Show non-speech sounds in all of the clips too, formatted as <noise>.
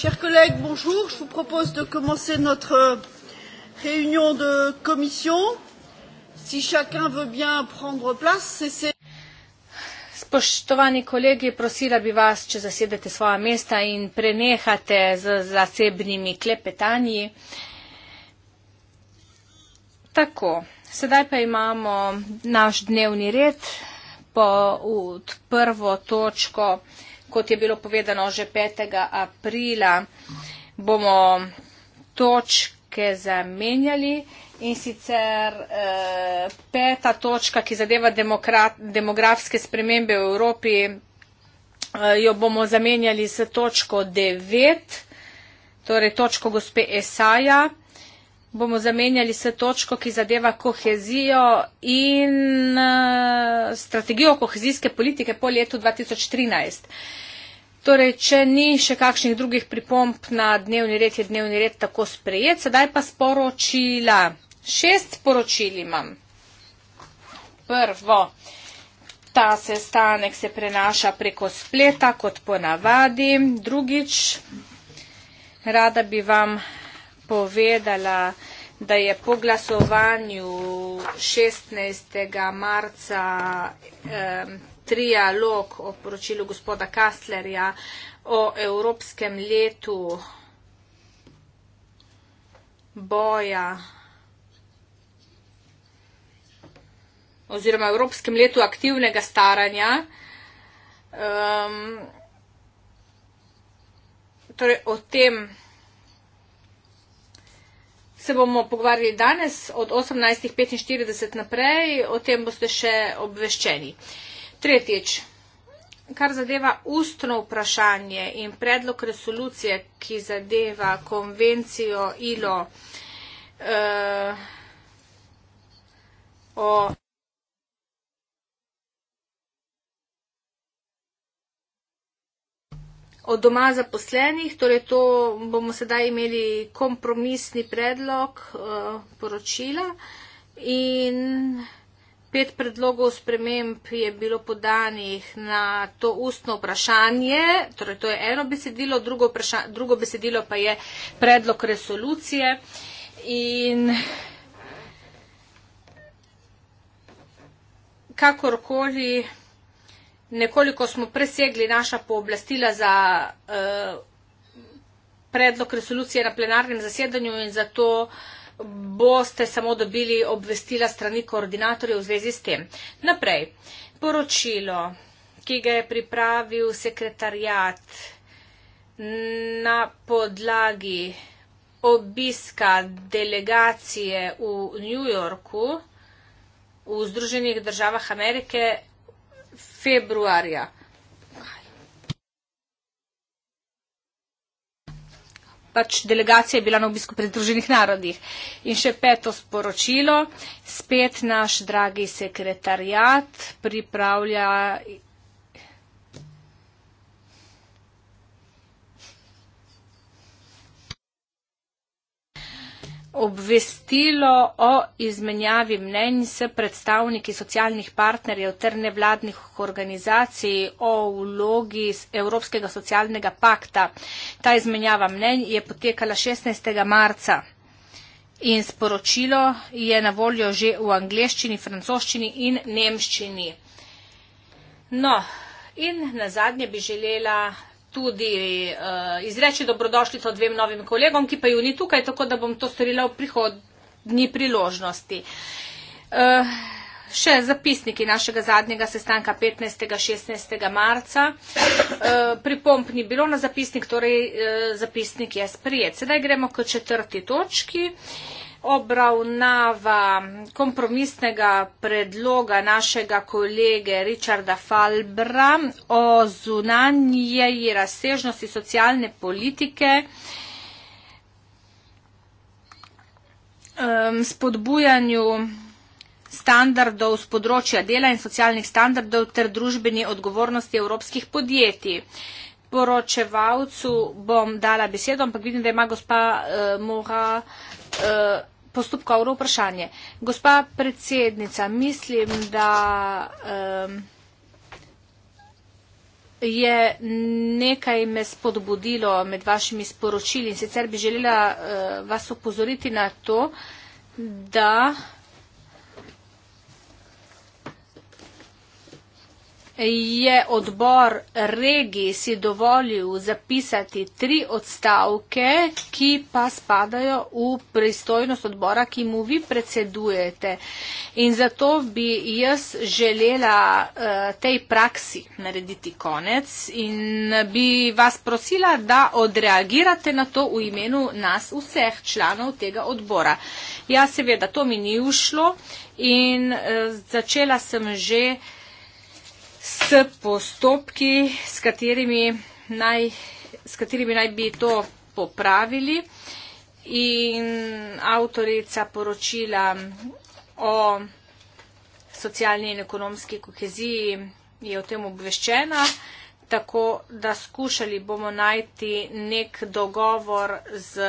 Chers collègues, bonjour. Je vous propose de commencer notre euh, réunion de commission. Si chacun veut bien prendre place, c'est. Spoštovani kolegi, prosila bi vas, če zasedete svoja mesta in prenehate z zasebnimi klepetanji. Tako, sedaj pa imamo naš dnevni red pod prvo točko kot je bilo povedano že 5. aprila, bomo točke zamenjali in sicer eh, peta točka, ki zadeva demografske spremembe v Evropi, eh, jo bomo zamenjali s točko 9, torej točko gospe Esaja, bomo zamenjali se točko, ki zadeva kohezijo in uh, strategijo kohezijske politike po letu 2013. Torej, če ni še kakšnih drugih pripomp na dnevni red, je dnevni red tako sprejet. Sedaj pa sporočila. Šest sporočil imam. Prvo. Ta sestanek se prenaša preko spleta, kot ponavadi. Drugič, rada bi vam povedala, da je po glasovanju 16. marca eh, trialog o poročilu gospoda Kastlerja o Evropskem letu boja oziroma Evropskem letu aktivnega staranja. Um, torej o tem se bomo pogovarjali danes od 18.45 naprej, o tem boste še obveščeni. Tretjič, kar zadeva ustno vprašanje in predlog resolucije, ki zadeva konvencijo ILO eh, o. od doma zaposlenih, torej to bomo sedaj imeli kompromisni predlog eh, poročila in pet predlogov sprememb je bilo podanih na to ustno vprašanje, torej to je eno besedilo, drugo, vprašan, drugo besedilo pa je predlog resolucije in kakorkoli nekoliko smo presegli naša pooblastila za eh, predlog resolucije na plenarnem zasedanju in zato boste samo dobili obvestila strani koordinatorjev v zvezi s tem. Naprej, poročilo, ki ga je pripravil sekretarjat na podlagi obiska delegacije v New Yorku v Združenih državah Amerike, februarja. Pač delegacija je bila na obisku pred Združenih narodih. In še peto sporočilo, spet naš dragi sekretarjat pripravlja obvestilo o izmenjavi mnenj s predstavniki socialnih partnerjev ter nevladnih organizacij o vlogi Evropskega socialnega pakta. Ta izmenjava mnenj je potekala 16. marca in sporočilo je na voljo že v angleščini, francoščini in nemščini. No, in na zadnje bi želela tudi uh, izreči dobrodošljico dvem novim kolegom, ki pa ju ni tukaj, tako da bom to storila v prihodni priložnosti. Uh, še zapisniki našega zadnjega sestanka 15.16. marca. Uh, pripomp ni bilo na zapisnik, torej uh, zapisnik je sprijet. Sedaj gremo k četrti točki. Uh, obravnava kompromisnega predloga našega kolege Richarda Falbra o zunanjeji razsežnosti socialne politike, spodbujanju standardov z področja dela in socialnih standardov ter družbeni odgovornosti evropskih podjetij. Poročevalcu bom dala besedo, ampak vidim, da ima gospa uh, Mora uh, Eh, postopkovno vprašanje. Gospa predsednica, mislim, da eh, je nekaj me spodbudilo med vašimi sporočili in sicer bi želela eh, vas upozoriti na to, da je odbor regij si dovolil zapisati tri odstavke, ki pa spadajo v pristojnost odbora, ki mu vi predsedujete. In zato bi jaz želela uh, tej praksi narediti konec in bi vas prosila, da odreagirate na to v imenu nas vseh članov tega odbora. Ja, seveda, to mi ni ušlo in uh, začela sem že s postopki, s katerimi naj, s katerimi naj bi to popravili in avtorica poročila o socialni in ekonomski koheziji je o tem obveščena, tako da skušali bomo najti nek dogovor z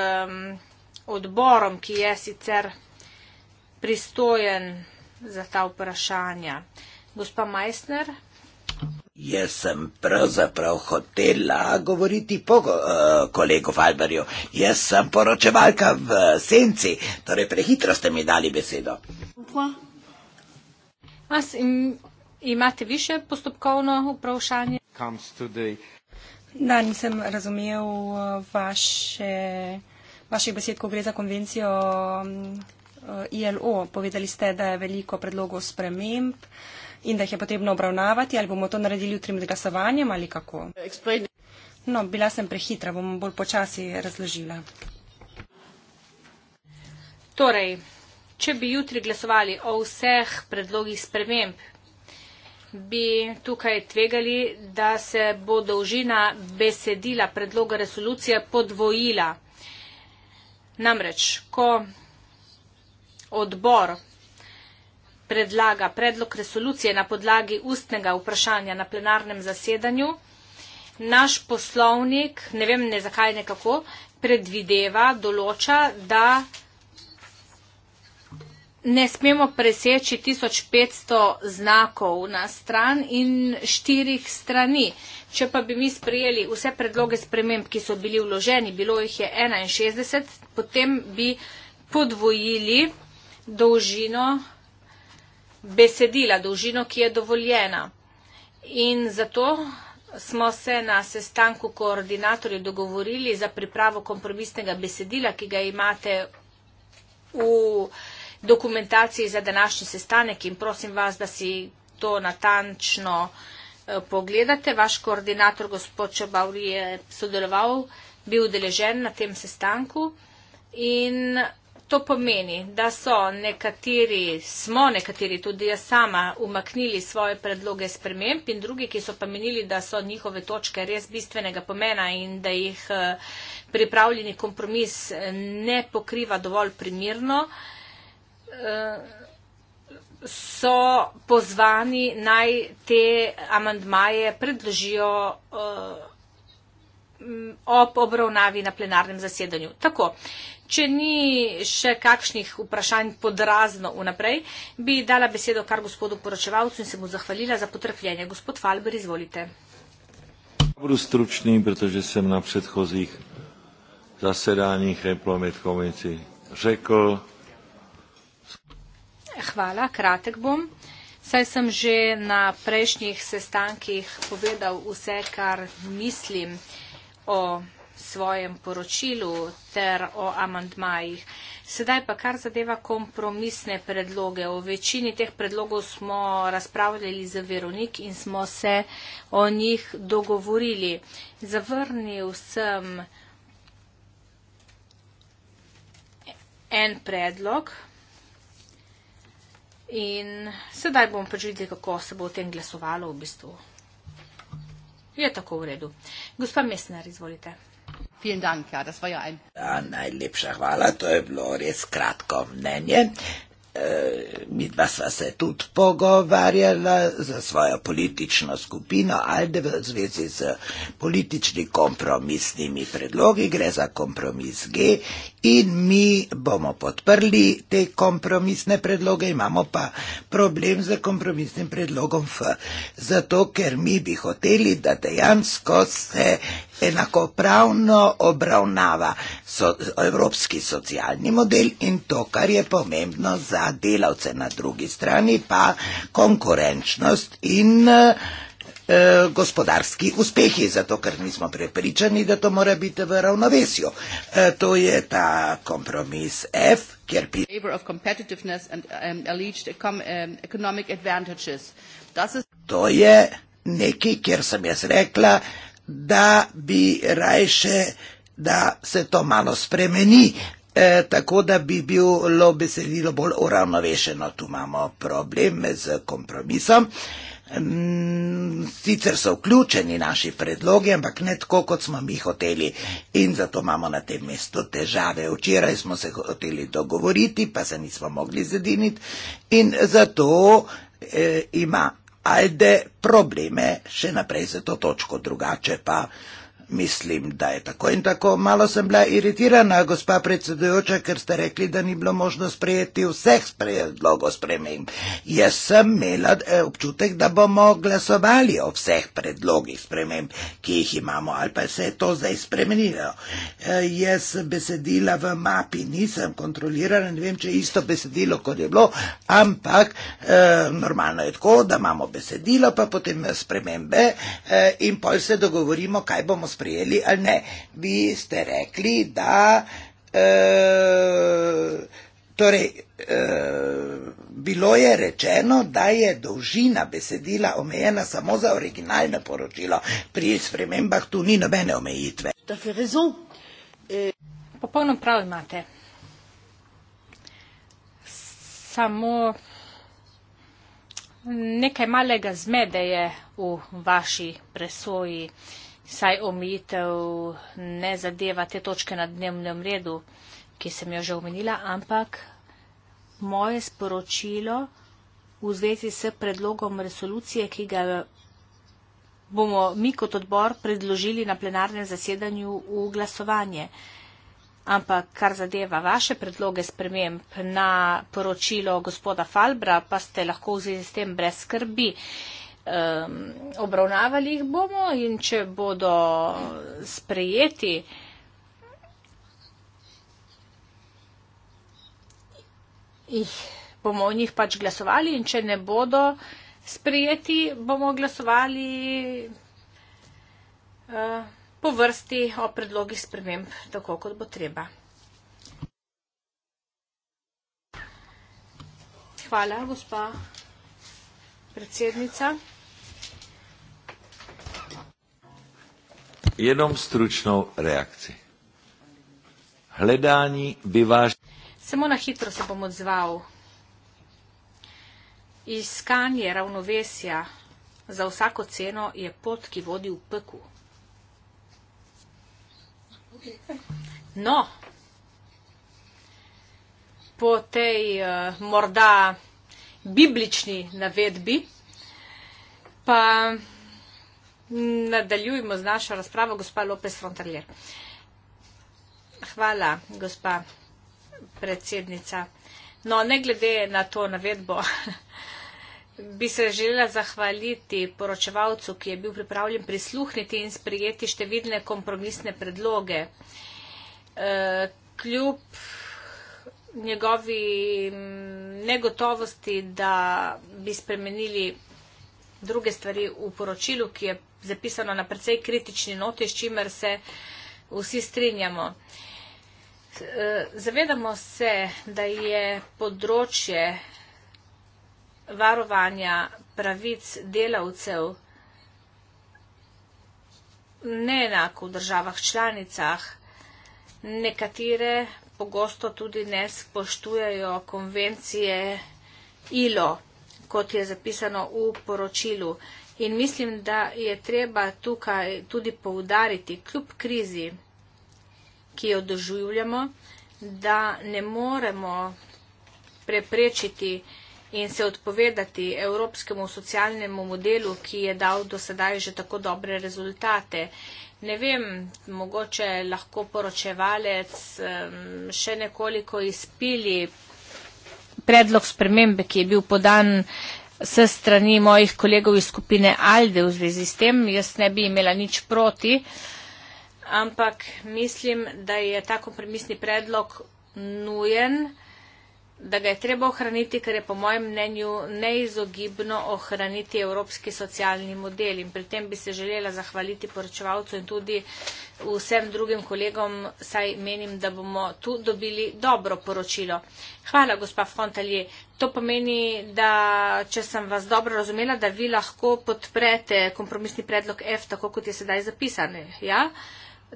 odborom, ki je sicer pristojen za ta vprašanja. Gospa Meissner. Jaz sem pravzaprav hotela govoriti po uh, kolegu Falbarju. Jaz sem poročevalka v eh, senci, torej prehitro ste mi dali besedo. Mas, im, imate više postopkovno vprašanje? Da, nisem razumel eh, vaše, vaše besed, ko gre za konvencijo ILO. Povedali ste, da je veliko predlogov sprememb. Uh, in da jih je potrebno obravnavati, ali bomo to naredili jutri med glasovanjem ali kako? No, bila sem prehitra, bom bolj počasi razložila. Torej, če bi jutri glasovali o vseh predlogih sprememb, bi tukaj tvegali, da se bo dolžina besedila predloga resolucije podvojila. Namreč, ko odbor predlaga predlog resolucije na podlagi ustnega vprašanja na plenarnem zasedanju, naš poslovnik, ne vem ne zakaj nekako, predvideva, določa, da ne smemo preseči 1500 znakov na stran in štirih strani. Če pa bi mi sprejeli vse predloge sprememb, ki so bili vloženi, bilo jih je 61, potem bi podvojili dolžino besedila, dolžino, ki je dovoljena. In zato smo se na sestanku koordinatorju dogovorili za pripravo kompromisnega besedila, ki ga imate v dokumentaciji za današnji sestanek in prosim vas, da si to natančno eh, pogledate. Vaš koordinator, gospod Čobavri, je sodeloval, bil deležen na tem sestanku in To pomeni, da so nekateri, smo nekateri, tudi jaz sama, umaknili svoje predloge sprememb in drugi, ki so pa menili, da so njihove točke res bistvenega pomena in da jih eh, pripravljeni kompromis eh, ne pokriva dovolj primirno, eh, so pozvani naj te amandmaje predložijo ob obravnavi na plenarnem zasedanju. Tako, Če ni še kakšnih vprašanj podrazno vnaprej, bi dala besedo kar gospodu poročevalcu in se mu zahvalila za potrpljenje. Gospod Falber, izvolite. Budu stručný, pretože sem na předchozích zasedáních Employment Committee řekl. Hvala, kratek bom. Saj sem že na prejšnjih sestankih povedal vse, kar mislim o svojem poročilu ter o amandmajih. Sedaj pa kar zadeva kompromisne predloge. O večini teh predlogov smo razpravljali z Veronik in smo se o njih dogovorili. Zavrnil sem en predlog. In sedaj bomo pač videli, kako se bo o tem glasovalo v bistvu. Je tako v redu. Gospa Mesner, izvolite. Vielen Dank, ja, das war ja ein. Ja, najlepša hvala, to je bilo res kratko mnenje. E, mi dva sva se tudi pogovarjala za svojo politično skupino, ajde v zvezi z političnimi kompromisnimi predlogi, gre za kompromis G in mi bomo podprli te kompromisne predloge, imamo pa problem z kompromisnim predlogom F. Zato, ker mi bi hoteli, da dejansko se enakopravno obravnava so, evropski socialni model in to, kar je pomembno za delavce na drugi strani, pa konkurenčnost in e, gospodarski uspehi, zato ker nismo prepričani, da to mora biti v ravnovesju. E, to je ta kompromis F, kjer piše. Um, um, to je nekaj, kjer sem jaz rekla, da bi raje, da se to malo spremeni, eh, tako da bi bilo besedilo bolj uravnovešeno. Tu imamo problem z kompromisom. Mm, sicer so vključeni naši predlogi, ampak ne tako, kot smo mi hoteli in zato imamo na tem mestu težave. Včeraj smo se hoteli dogovoriti, pa se nismo mogli zediniti in zato eh, ima ajde probleme še naprej za to točko, drugače pa Mislim, da je tako in tako. Malo sem bila iritirana, gospa predsedujoča, ker ste rekli, da ni bilo možno sprejeti vseh predlogov sprememb. Jaz sem imela eh, občutek, da bomo glasovali o vseh predlogih sprememb, ki jih imamo, ali pa se je to zdaj spremenilo. Eh, jaz besedila v mapi nisem kontrolirala, ne vem, če je isto besedilo, kot je bilo, ampak eh, normalno je tako, da imamo besedilo, pa potem spremembe in pol se dogovorimo, kaj bomo spremenili sprijeli ali ne, vi ste rekli, da e, torej, e, bilo je rečeno, da je dolžina besedila omejena samo za originalno poročilo. Pri spremembah tu ni nobene omejitve. Eh. Popolno prav imate. Samo nekaj malega zmede je v vaši presoji. E, saj omejitev ne zadeva te točke na dnevnem redu, ki sem jo že omenila, ampak moje sporočilo v zvezi s predlogom resolucije, ki ga bomo mi kot odbor predložili na plenarnem zasedanju v glasovanje. Ampak kar zadeva vaše predloge sprememb na poročilo gospoda Falbra, pa ste lahko v zvezi s tem brez skrbi. Uh, um, obravnavali jih bomo in če bodo sprejeti. Ih, bomo o njih pač glasovali in če ne bodo sprijeti, bomo glasovali uh, po vrsti o predlogih sprememb, tako kot bo treba. Hvala, gospa predsednica. Jenom stručnou reakci. Hledání vyvážení. Samo na hitro se bom odzval. Iskanje ravnovesja za vsako ceno je pot, ki vodi v peku. No, po tej uh, morda biblični navedbi. Pa nadaljujmo z našo razpravo, gospa Lopes Frontalier. Hvala, gospa predsednica. No, ne glede na to navedbo, <laughs> bi se želela zahvaliti poročevalcu, ki je bil pripravljen prisluhniti in sprijeti številne kompromisne predloge. E, kljub njegovi negotovosti, da bi spremenili druge stvari v poročilu, ki je zapisano na precej kritični noti, s čimer se vsi strinjamo. E, zavedamo se, da je področje varovanja pravic delavcev neenako v državah članicah. Nekatere pogosto tudi ne spoštujejo konvencije ILO, kot je zapisano v poročilu. In mislim, da je treba tukaj tudi poudariti, kljub krizi, ki jo doživljamo, da ne moremo preprečiti in se odpovedati evropskemu socialnemu modelu, ki je dal do sedaj že tako dobre rezultate. Ne vem, mogoče lahko poročevalec še nekoliko izpili predlog spremembe, ki je bil podan s strani mojih kolegov iz skupine Alde v zvezi s tem. Jaz ne bi imela nič proti, ampak mislim, da je ta kompromisni predlog nujen da ga je treba ohraniti, ker je po mojem mnenju neizogibno ohraniti evropski socialni model. In pri tem bi se želela zahvaliti poročevalcu in tudi vsem drugim kolegom, saj menim, da bomo tu dobili dobro poročilo. Hvala, gospa Fontalje. To pomeni, da če sem vas dobro razumela, da vi lahko podprete kompromisni predlog F, tako kot je sedaj zapisan. Ja?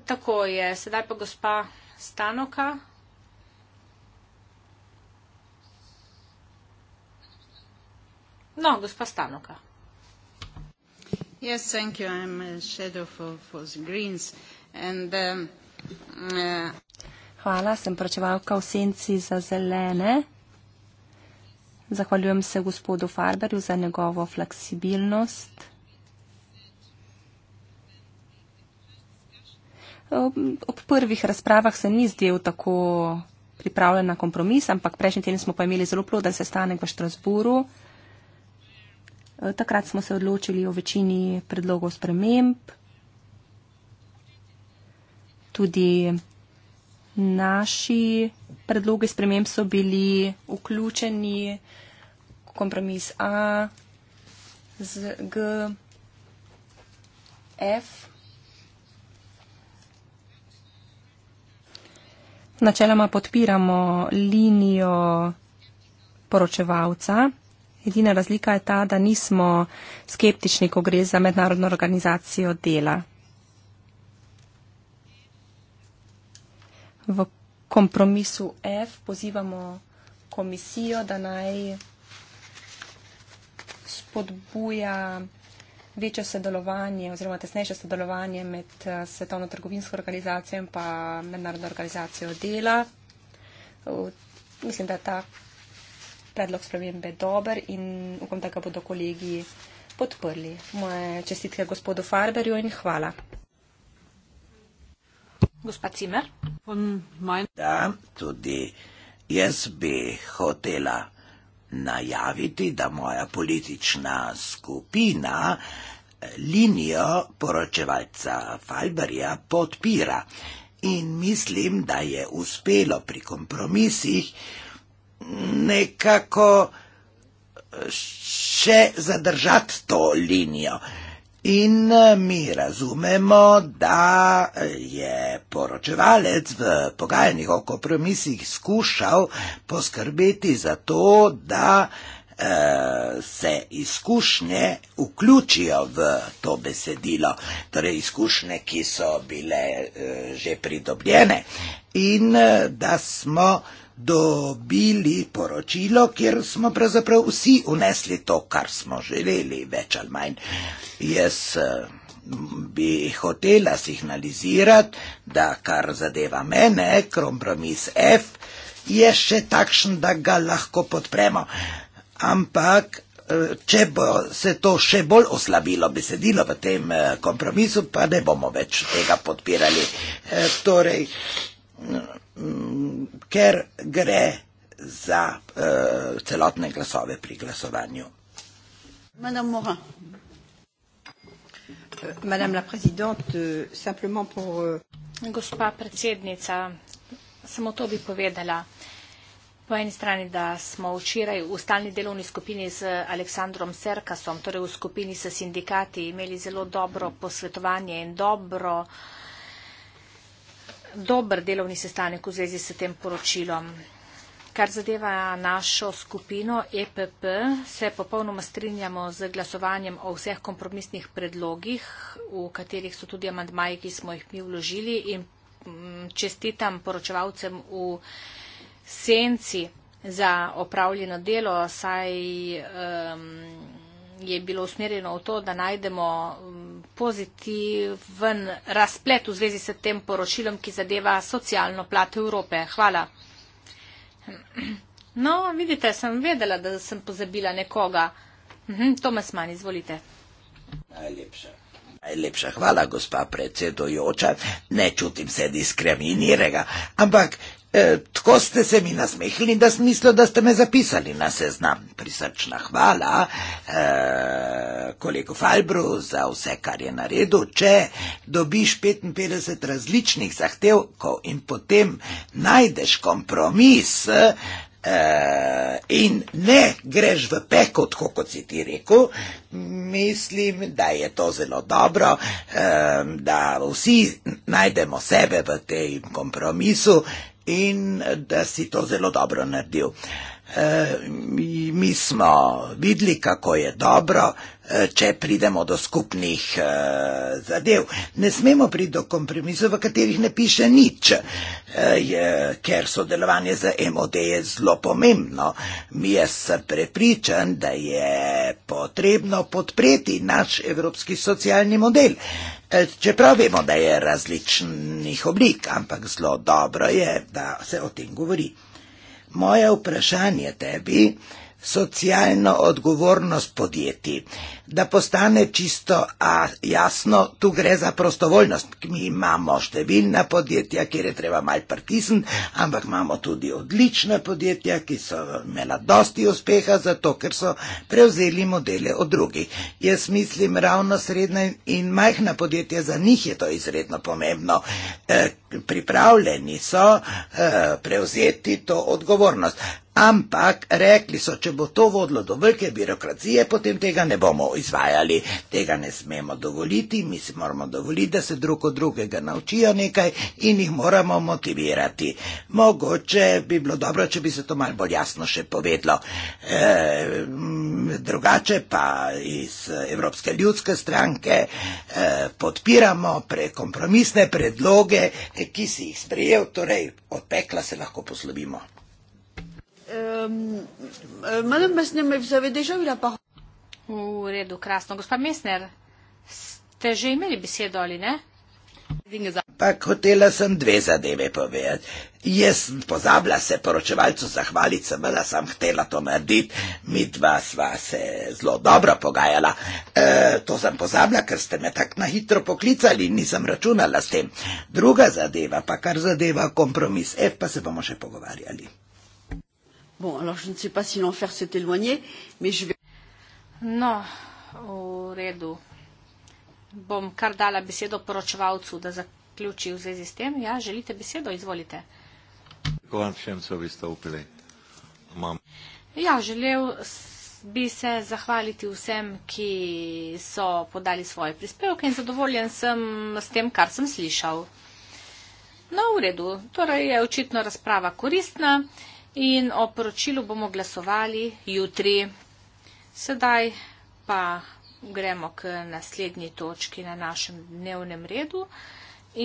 Tako je. Sedaj pa gospa Stanoka. No, gospa Stanoka. Yes, thank you. I'm a shadow for, for the Greens. And, um, uh... Hvala, sem pročevalka v senci za zelene. Zahvaljujem se gospodu Farberju za njegovo fleksibilnost. Ob prvih razpravah se ni zdel tako pripravljen na kompromis, ampak prejšnji teden smo pa imeli zelo ploden sestanek v Štrasburu. Eh, takrat smo se odločili o večini predlogov sprememb. Tudi naši predlogi sprememb so bili vključeni v kompromis A z G, F. Načeloma podpiramo linijo poročevalca. Edina razlika je ta, da nismo skeptični, ko gre za mednarodno organizacijo dela. V kompromisu F pozivamo komisijo, da naj spodbuja večje sodelovanje oziroma tesnejše sodelovanje med eh, Svetovno trgovinsko organizacijo in pa Mednarodno organizacijo dela. Mislim, da je ta predlog spremembe dober in upam, da ga bodo kolegi podprli. Moje čestitke gospodu Farberju in hvala. Gospa Cimer? Da, tudi jaz bi hotela najaviti, da moja politična skupina eh, linijo poročevalca Falberja podpira in mislim, da je uspelo pri kompromisih, nekako še zadržati to linijo. In eh, mi razumemo, da eh, je poročevalec v pogajanjih o kompromisih skušal poskrbeti za to, da eh, se izkušnje vključijo v to besedilo, torej izkušnje, ki so bile že pridobljene in da smo dobili poročilo, kjer smo pravzaprav vsi unesli to, kar smo želeli, več ali manj. Jaz eh, bi hotela signalizirati, da kar zadeva mene, kompromis F, je še takšen, da ga lahko podpremo. Ampak, eh, če bo se to še bolj oslabilo besedilo v tem eh, kompromisu, pa ne bomo več tega podpirali. Torej, Mm, ker gre za uh, celotne glasove pri glasovanju. Madame Morin. Euh, Madame la Présidente, euh, simplement pour. Euh, Gospa predsednica, samo to bi povedala. Po eni strani, da smo včeraj v stalni delovni skupini z Aleksandrom Serkasom, torej v skupini s sindikati, imeli zelo dobro posvetovanje in dobro uh, dober delovni sestanek v zvezi s tem poročilom. Kar zadeva našo skupino EPP, se popolnoma strinjamo z glasovanjem o vseh kompromisnih predlogih, v katerih so tudi amandmaji, ki smo jih mi vložili in mm, čestitam poročevalcem v senci za opravljeno delo, saj um, je bilo usmerjeno v to, da najdemo um, pozitiven razplet v zvezi s tem poročilom, ki zadeva socialno plat Evrope. Hvala. No, vidite, sem vedela, da sem pozabila nekoga. Mhm, Tomas Man, izvolite. Najlepša. Najlepša hvala, gospa predsedojoča. Ne čutim se diskriminiranega, ampak E, tako ste se mi nasmehili, da sem mislil, da ste me zapisali na seznam. Prisrčna hvala e, kolegu Falbru za vse, kar je naredil. Če dobiš 55 različnih zahtevkov in potem najdeš kompromis e, in ne greš v peko, tako kot si ti rekel, mislim, da je to zelo dobro, e, da vsi najdemo sebe v tem kompromisu in eh, da si to zelo dobro naredil. Eh, mi smo videli, kako je dobro, eh, če pridemo do skupnih eh, zadev. Ne smemo priti do kompromisov, v katerih ne piše nič, ker sodelovanje z MOD je zelo pomembno. Mi sem prepričan, da je potrebno podpreti naš evropski socialni model. Čeprav vemo, da je različnih oblik, ampak zelo dobro je, da se o tem govori. Moje vprašanje tebi, socialna odgovornost podjetij da postane čisto a, jasno, tu gre za prostovoljnost. Mi imamo številna podjetja, kjer je treba mal pritisniti, ampak imamo tudi odlična podjetja, ki so imela dosti uspeha, zato ker so prevzeli modele od drugih. Jaz mislim, ravno srednja in majhna podjetja, za njih je to izredno pomembno. E, pripravljeni so e, prevzeti to odgovornost. Ampak rekli so, če bo to vodilo do velike birokracije, potem tega ne bomo izvajali. Tega ne smemo dovoliti, mi si moramo dovoliti, da se drug od drugega naučijo nekaj in jih moramo motivirati. Mogoče bi bilo dobro, če bi se to malo bolj jasno še povedlo. E, drugače pa iz Evropske ljudske stranke e, podpiramo prekompromisne predloge, ki si jih sprejel, torej od pekla se lahko poslovimo. Madame Masnemev, vous avez déjà eu la parole. V redu, krasno. Gospa Mesner, ste že imeli besedo ali ne? Pa hotela sem dve zadeve povedati. Jaz sem pozabila se poročevalcu zahvaliti, sem bila sam htela to narediti, mi dva sva se zelo dobro pogajala. E, to sem pozabila, ker ste me tako na hitro poklicali, nisem računala s tem. Druga zadeva pa kar zadeva kompromis, F pa se bomo še pogovarjali. Bon, alors, No, v redu. Bom kar dala besedo poročevalcu, da zaključi v zvezi s tem. Ja, želite besedo? Izvolite. Kako vam všem so vi stopili? Mam. Ja, želel bi se zahvaliti vsem, ki so podali svoje prispevke in zadovoljen sem s tem, kar sem slišal. No, v redu. Torej je očitno razprava koristna in o poročilu bomo glasovali jutri. Sedaj pa gremo k naslednji točki na našem dnevnem redu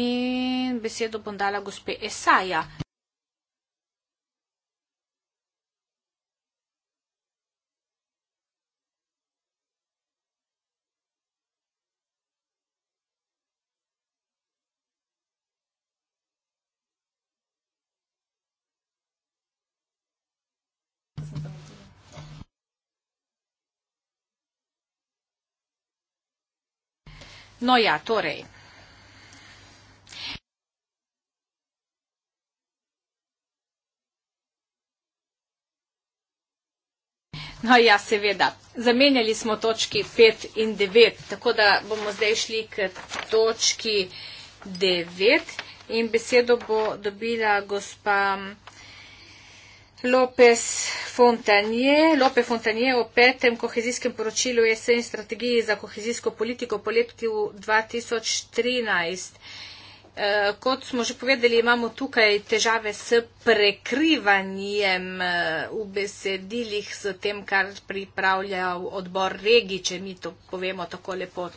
in besedo bom dala gospe Esaja. No ja, torej. No ja, seveda. Zamenjali smo točki 5 in 9, tako da bomo zdaj šli k točki 9 in besedo bo dobila gospa. Lopez Fontanje. Lope Fontanje o petem kohezijskem poročilu ESE in strategiji za kohezijsko politiko po letu 2013. Eh, kot smo že povedali, imamo tukaj težave s prekrivanjem eh, v besedilih s tem, kar pripravlja odbor regi, če mi to povemo tako lepo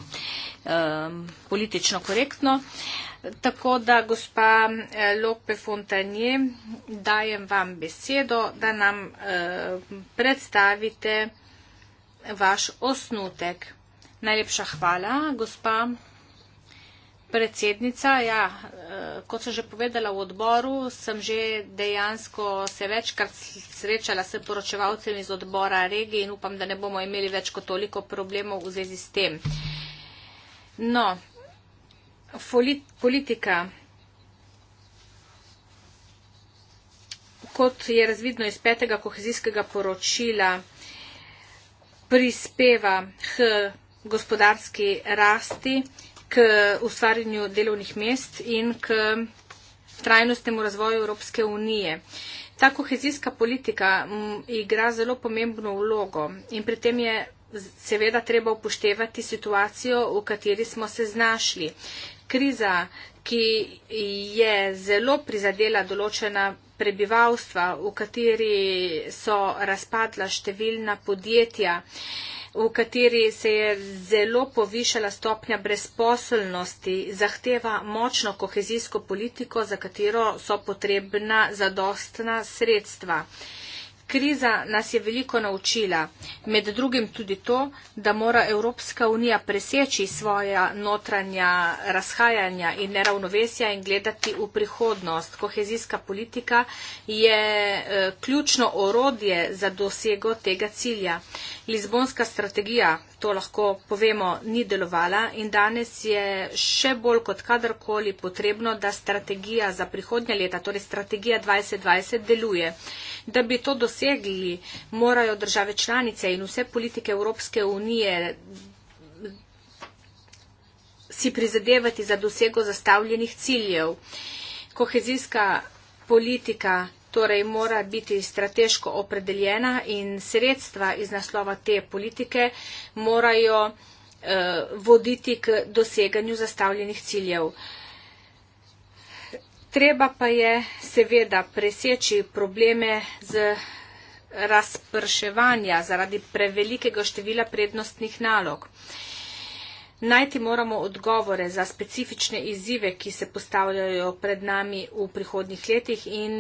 um, politično korektno. Uh, Tako da, gospa eh, Lope Fontanje, dajem vam besedo, da nam eh, predstavite vaš osnutek. Najlepša hvala, gospa predsednica. Ja, eh, kot sem že povedala v odboru, sem že dejansko se večkrat srečala s poročevalcem iz odbora regije in upam, da ne bomo imeli več kot toliko problemov v zvezi s tem. No, politika, kot je razvidno iz petega kohezijskega poročila, prispeva k gospodarski rasti, k ustvarjanju delovnih mest in k trajnostnemu razvoju Evropske unije. Ta kohezijska politika igra zelo pomembno vlogo in pri tem je seveda treba upoštevati situacijo, v kateri smo se znašli kriza, ki je zelo prizadela določena prebivalstva, v kateri so razpadla številna podjetja, v kateri se je zelo povišala stopnja brezposelnosti, zahteva močno kohezijsko politiko, za katero so potrebna zadostna sredstva. Kriza nas je veliko naučila, med drugim tudi to, da mora Evropska unija preseči svoja notranja razhajanja in neravnovesja in gledati v prihodnost. Kohezijska politika je eh, ključno orodje za dosego tega cilja. Lizbonska strategija, to lahko povemo, ni delovala in danes je še bolj kot kadarkoli potrebno, da strategija za prihodnje leta, torej strategija 2020, deluje. Da bi to dosegli, morajo države članice in vse politike Evropske unije si prizadevati za dosego zastavljenih ciljev. Kohezijska politika torej mora biti strateško opredeljena in sredstva iz naslova te politike morajo eh, voditi k doseganju zastavljenih ciljev. Treba pa je seveda preseči probleme z razprševanja zaradi prevelikega števila prednostnih nalog. Eh, Najti moramo odgovore za specifične izzive, ki se postavljajo pred nami v prihodnih letih in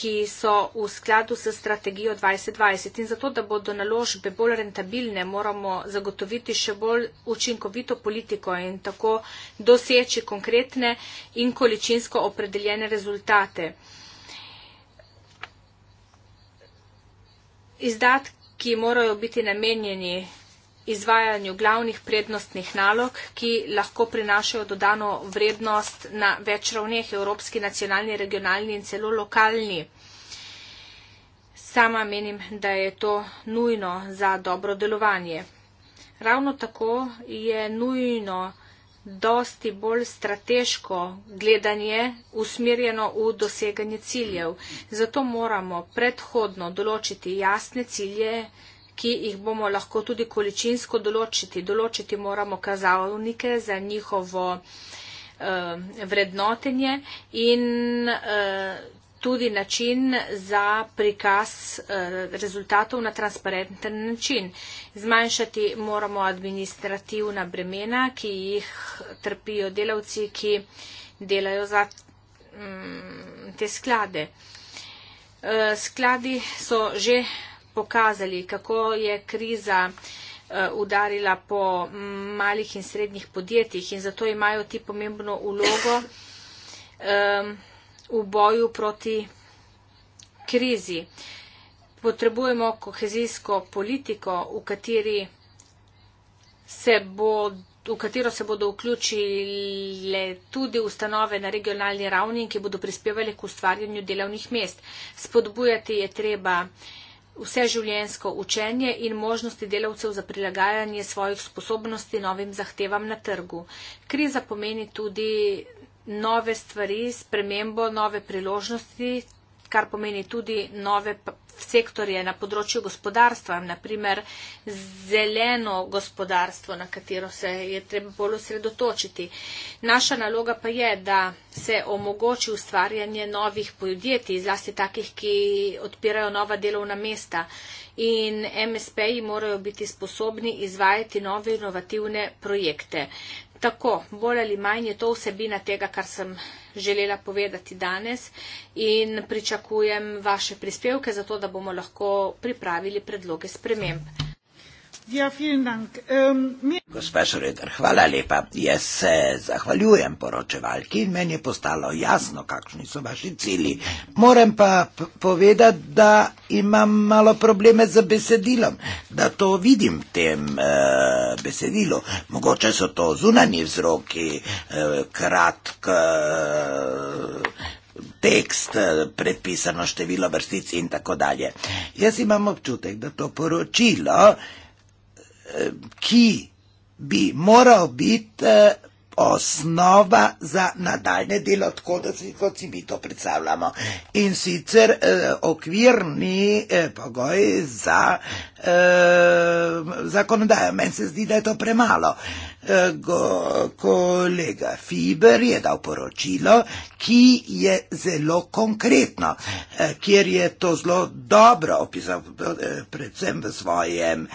ki so v skladu s strategijo 2020. In zato, da bodo naložbe bolj rentabilne, moramo zagotoviti še bolj učinkovito politiko in tako doseči konkretne in količinsko opredeljene rezultate. Izdatki morajo biti namenjeni izvajanju glavnih prednostnih nalog, ki lahko prinašajo dodano vrednost na več ravneh, evropski, nacionalni, regionalni in celo lokalni. Sama menim, da je to nujno za dobro delovanje. Ravno tako je nujno dosti bolj strateško gledanje usmerjeno v doseganje ciljev. Zato moramo predhodno določiti jasne cilje, ki jih bomo lahko tudi količinsko določiti. Določiti moramo kazalnike za njihovo eh, vrednotenje in eh, tudi način za prikaz eh, rezultatov na transparenten način. Zmanjšati moramo administrativna bremena, ki jih trpijo delavci, ki delajo za mm, te sklade. Skladi so že pokazali, kako je kriza eh, udarila po malih in srednjih podjetjih in zato imajo ti pomembno ulogo v boju proti krizi. Potrebujemo kohezijsko politiko, v, se bo, v katero se bodo vključile tudi ustanove na regionalni ravni, ki bodo prispevali k ustvarjanju delovnih mest. Spodbujati je treba uh, vseživljensko učenje in možnosti delavcev za prilagajanje svojih sposobnosti novim zahtevam na trgu. Kriza pomeni tudi nove stvari, spremembo, nove priložnosti, kar pomeni tudi nove sektorje na področju gospodarstva, naprimer zeleno gospodarstvo, na katero se je treba bolj osredotočiti. Naša naloga pa je, da se omogoči ustvarjanje novih podjetij, zlasti takih, ki odpirajo nova delovna mesta. In MSP-ji morajo biti sposobni izvajati nove inovativne projekte. Tako, bolj ali manj je to vsebina tega, kar sem želela povedati danes in pričakujem vaše prispevke za to, da bomo lahko pripravili predloge sprememb. Ja, vielen Dank. Um, ähm, mi... Gospa Šreder, hvala lepa. Jaz se zahvaljujem poročevalki in meni je postalo jasno, kakšni so vaši cili. Moram pa povedati, da imam malo probleme z besedilom, da to vidim v tem uh, besedilu. Mogoče so to zunanji vzroki, uh, kratk. Uh, tekst, predpisano število vrstic in tako dalje. Jaz imam občutek, da to poročilo ki bi moral biti eh, osnova za nadaljne delo, tako da si, si mi to predstavljamo. In sicer eh, okvirni eh, pogoj za Eh, zakonodajo. Meni se zdi, da je to premalo. Eh, go, kolega Fiber je dal poročilo, ki je zelo konkretno, eh, kjer je to zelo dobro opisal, predvsem v svojem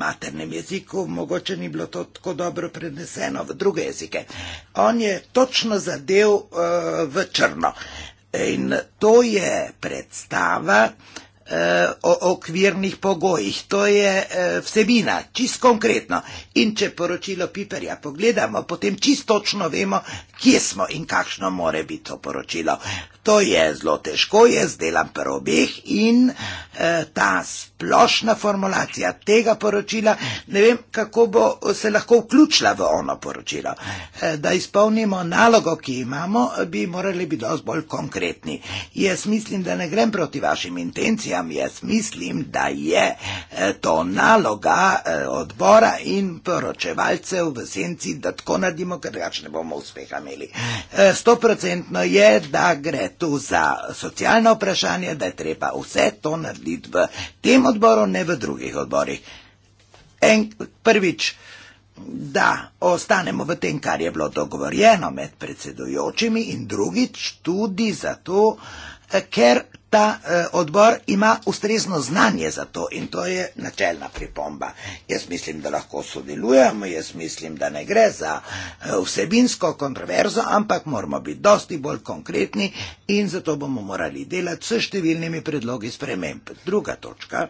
maternem jeziku, mogoče ni bilo to tako dobro preneseno v druge jezike. On je točno zadev v črno. In to je predstava, uh, Eh, o okvirnih pogojih. To je eh, vsebina, čist konkretno. In če poročilo Piperja pogledamo, potem čist točno vemo, kje smo in kakšno more biti to poročilo. To je zelo težko, jaz delam prvo obeh in eh, ta splošna formulacija tega poročila, ne vem, kako bo se lahko vključila v ono poročilo. E, da izpolnimo nalogo, ki imamo, bi morali biti dosti bolj konkretni. Jaz mislim, da ne grem proti vašim intencijam, jaz mislim, da je e, to naloga e, odbora in poročevalcev v senci, da tako naredimo, ker drugač ne bomo uspeha imeli. Stoprocentno je, da gre tu za socialno vprašanje, da je treba vse to narediti v temo, odboru, ne v drugih odborih. En, prvič, da ostanemo v tem, kar je bilo dogovorjeno med predsedujočimi, in drugič tudi zato, ker ta eh, odbor ima ustrezno znanje za to in to je načelna pripomba. Jaz mislim, da lahko sodelujemo, jaz mislim, da ne gre za eh, vsebinsko kontroverzo, ampak moramo biti dosti bolj konkretni in zato bomo morali delati s številnimi predlogi sprememb. Druga točka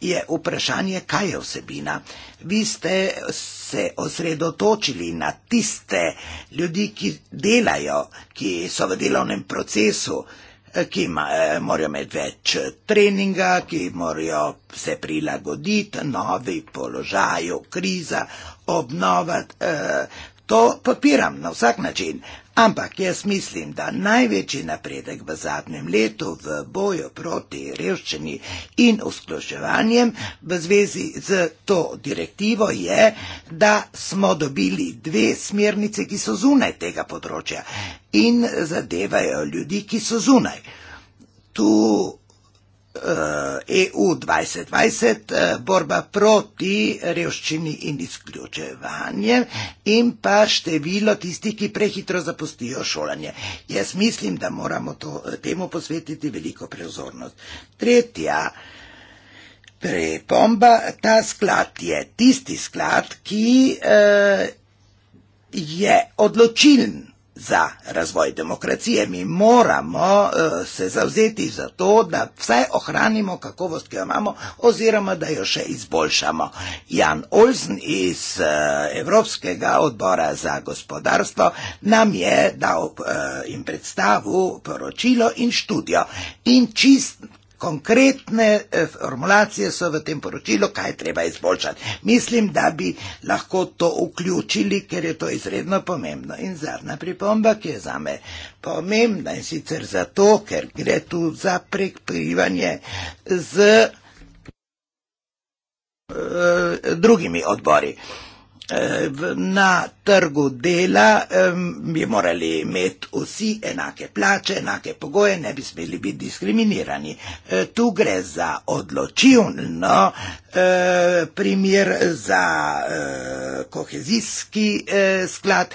je vprašanje, kaj je vsebina. Vi ste se osredotočili na tiste ljudi, ki delajo, ki so v delovnem procesu, Eh, ki ima, eh, morajo imeti več eh, treninga, ki morajo se prilagoditi novi položaju, kriza, obnovati. To podpiram na vsak način, Ampak jaz mislim, da največji napredek v zadnjem letu v boju proti revščini in usklaševanjem v zvezi z to direktivo je, da smo dobili dve smernice, ki so zunaj tega področja in zadevajo ljudi, ki so zunaj. Tu EU e 2020, e, borba proti revščini in izključevanje in pa število tistih, ki prehitro zapustijo šolanje. Jaz mislim, da moramo to, temu posvetiti veliko preozornost. Tretja prepomba, ta sklad je tisti sklad, ki eh, je odločilen Za razvoj demokracije mi moramo uh, se zavzeti za to, da vse ohranimo kakovost, ki jo imamo, oziroma da jo še izboljšamo. Jan Olsen iz uh, Evropskega odbora za gospodarstvo nam je dal uh, in predstavu poročilo in študijo in čist konkretne eh, formulacije so v tem poročilu, kaj je treba izboljšati. Mislim, da bi lahko to vključili, ker je to izredno pomembno. In zadnja pripomba, ki je za me pomembna in sicer zato, ker gre tu za prekrivanje z eh, drugimi odbori. Eh, na trgu dela bi morali imeti vsi enake plače, enake pogoje, ne bi smeli biti diskriminirani. E, tu gre za odločilno e, primer za e, kohezijski sklad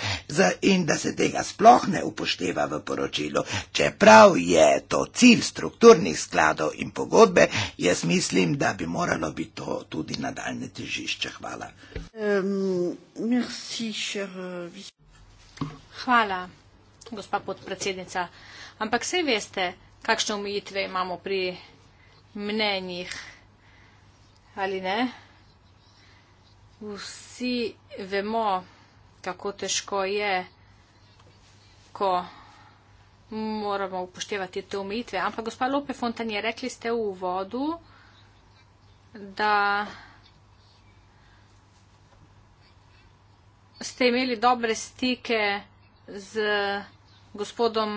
in da se tega sploh ne upošteva v poročilu. Čeprav je to cilj strukturnih skladov in pogodbe, jaz mislim, da bi moralo biti to tudi nadaljne težišče. Hvala. Um, merci, še večer. Eh, Hvala, gospa podpredsednica. Ampak vse veste, kakšne omejitve imamo pri mnenjih, ali ne? Vsi vemo, kako težko je, ko moramo upoštevati te omejitve. Ampak gospa Lope Fontanje, rekli ste v uvodu, da ste imeli dobre stike z gospodom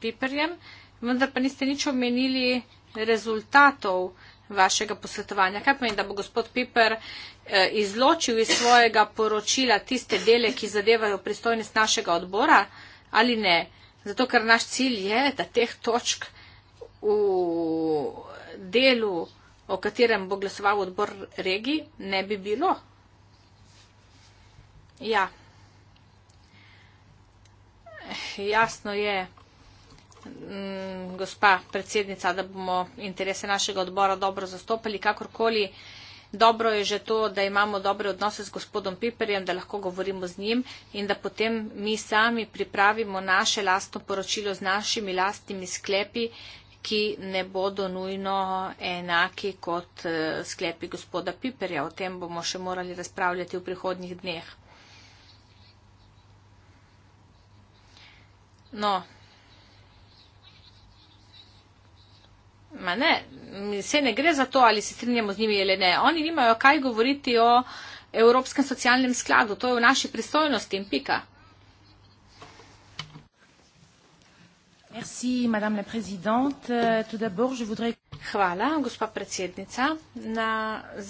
Piperjem, vendar pa niste nič omenili rezultatov vašega posvetovanja. Kaj pomeni, da bo gospod Piper eh, izločil iz svojega poročila tiste dele, ki zadevajo pristojnost našega odbora ali ne? Zato, ker naš cilj je, da teh točk v delu, o katerem bo glasoval odbor regij, ne bi bilo. Ja, jasno je, mm, gospa predsednica, da bomo interese našega odbora dobro zastopali, kakorkoli. Dobro je že to, da imamo dobre odnose z gospodom Piperjem, da lahko govorimo z njim in da potem mi sami pripravimo naše lastno poročilo z našimi lastnimi sklepi, ki ne bodo nujno enaki kot eh, sklepi gospoda Piperja. O tem bomo še morali razpravljati v prihodnjih dneh. No. Ma ne, se ne gre za to, ali se strinjamo z njimi ali ne. Oni nimajo kaj govoriti o Evropskem socialnem skladu. To je v naši pristojnosti in pika. Merci, madame la présidente. Euh, tout d'abord, je voudrais... Hvala, gospa predsednica. Na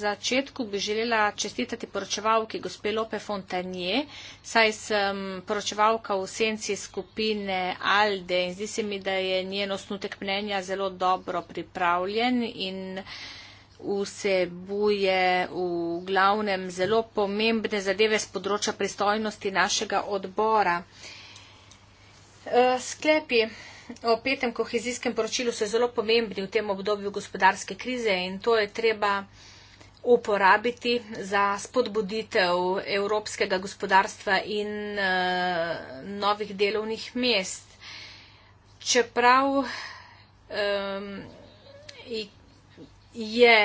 začetku bi želela čestitati poročevalki gospe Lope Fontanje, saj sem poročevalka v senci skupine Alde in zdi se mi, da je njen osnutek mnenja zelo dobro pripravljen in vsebuje v glavnem zelo pomembne zadeve z področja pristojnosti našega odbora. Eh, sklepi. O petem kohezijskem poročilu so zelo pomembni v tem obdobju gospodarske krize in to je treba uporabiti za spodbuditev evropskega gospodarstva in uh, novih delovnih mest. Čeprav um, je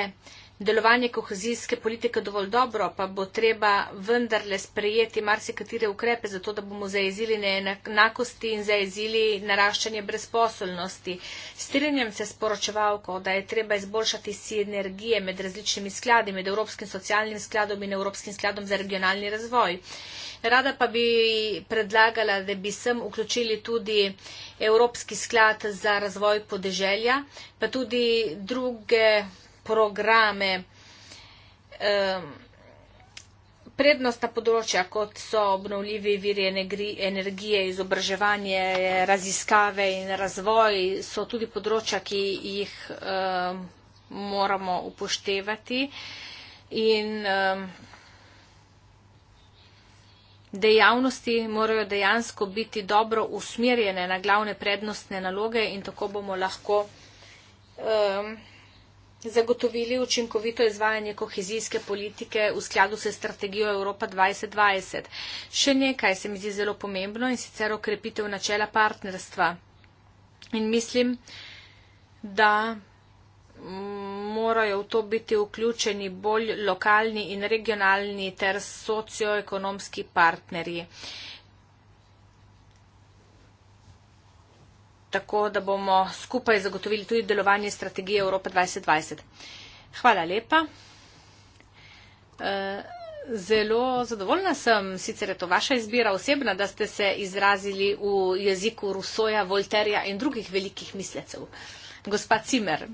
delovanje kohezijske politike dovolj dobro, pa bo treba vendarle sprejeti marsikatere ukrepe, zato da bomo zaezili neenakosti in zaezili naraščanje brezposobnosti. Strinjam se s poročevalko, da je treba izboljšati sinergije med različnimi skladi, med Evropskim socialnim skladom in Evropskim skladom za regionalni razvoj. Rada pa bi predlagala, da bi sem vključili tudi Evropski sklad za razvoj podeželja, pa tudi druge programe, prednostna področja, kot so obnovljivi viri energije, izobraževanje, raziskave in razvoj, so tudi področja, ki jih moramo upoštevati. In dejavnosti morajo dejansko biti dobro usmerjene na glavne prednostne naloge in tako bomo lahko zagotovili učinkovito izvajanje kohezijske politike v skladu se strategijo Evropa 2020. Še nekaj se mi zdi zelo pomembno in sicer okrepitev načela partnerstva. In mislim, da morajo v to biti vključeni bolj lokalni in regionalni ter socioekonomski partnerji. Uh, tako da bomo skupaj zagotovili tudi delovanje strategije Evropa 2020. Hvala lepa. Eh, zelo zadovoljna sem, sicer je to vaša izbira osebna, da ste se izrazili v jeziku Rusoja, Volterja in drugih velikih mislecev. Gospa Cimer.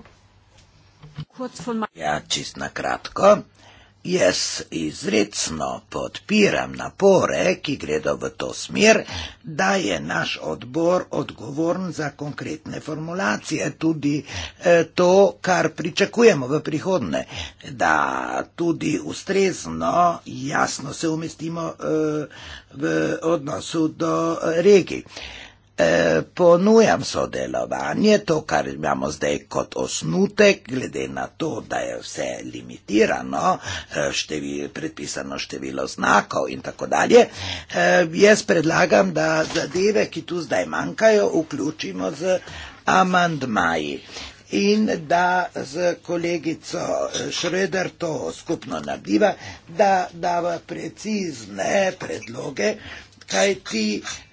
Ja, čist na kratko. Uh, Jaz izredno podpiram napore, ki gredo v to smer, da je naš odbor odgovoren za konkretne formulacije, tudi eh, to, kar pričakujemo v prihodne, da tudi ustrezno jasno se umestimo eh, v odnosu do eh, regij. Eh, ponujam sodelovanje, to, kar imamo zdaj kot osnutek, glede na to, da je vse limitirano, eh, števi, predpisano število znakov in tako dalje. Eh, jaz predlagam, da zadeve, ki tu zdaj manjkajo, vključimo z amandmaji. In da z kolegico Šreder to skupno nadiva, da dava precizne predloge, kaj ti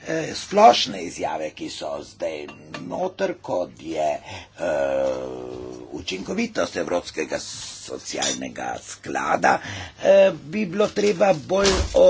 eh, splošne izjave, ki so zdaj notr, kot je eh, učinkovitost Evropskega socialnega sklada, eh, bi bilo treba bolj o,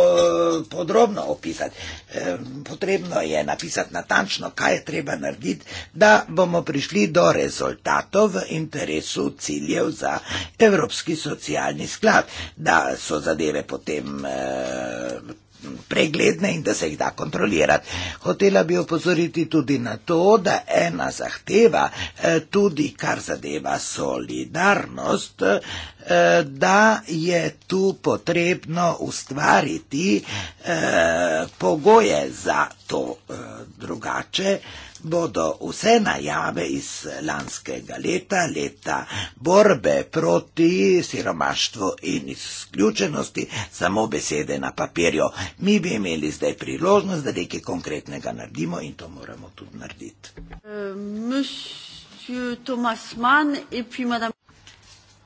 podrobno opisati. Eh, potrebno je napisati natančno, kaj je treba narediti, da bomo prišli do rezultatov v interesu ciljev za Evropski socialni sklad, da so zadeve potem. Eh, pregledne in da se jih da kontrolirati. Hotela bi opozoriti tudi na to, da ena zahteva, eh, tudi kar zadeva solidarnost, eh, da je tu potrebno ustvariti eh, pogoje za to drugače, bodo vse najave iz lanskega leta, leta borbe proti siromaštvu in izključenosti, samo besede na papirju. Mi bi imeli zdaj priložnost, da nekaj konkretnega naredimo in to moramo tudi narediti.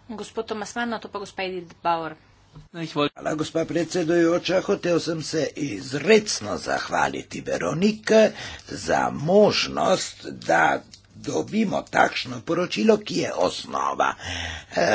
Gospod Tomasman, na to pa gospod Edith Bauer. Hvala, gospa predsedujoča. Hotev sem se izredno zahvaliti Veronike za možnost, da dobimo takšno poročilo, ki je osnova. E,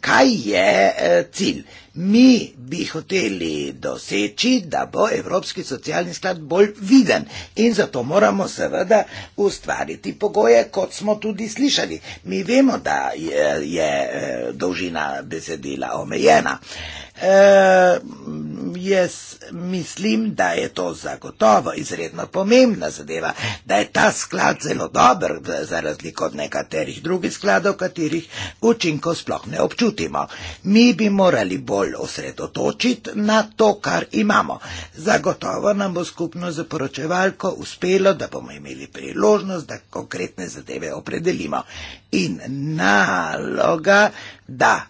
Kaj je e, cilj? Mi bi hoteli doseči, da bo Evropski socialni sklad bolj viden in zato moramo seveda ustvariti pogoje, kot smo tudi slišali. Mi vemo, da je, je e, dolžina besedila omejena. Eh, jaz mislim, da je to zagotovo izredno pomembna zadeva, da je ta sklad zelo dober, za razliko od nekaterih drugih skladov, katerih učinkov sploh ne občutimo. Mi bi morali bolj osredotočiti na to, kar imamo. Zagotovo nam bo skupno zaporočevalko uspelo, da bomo imeli priložnost, da konkretne zadeve opredelimo. In naloga, da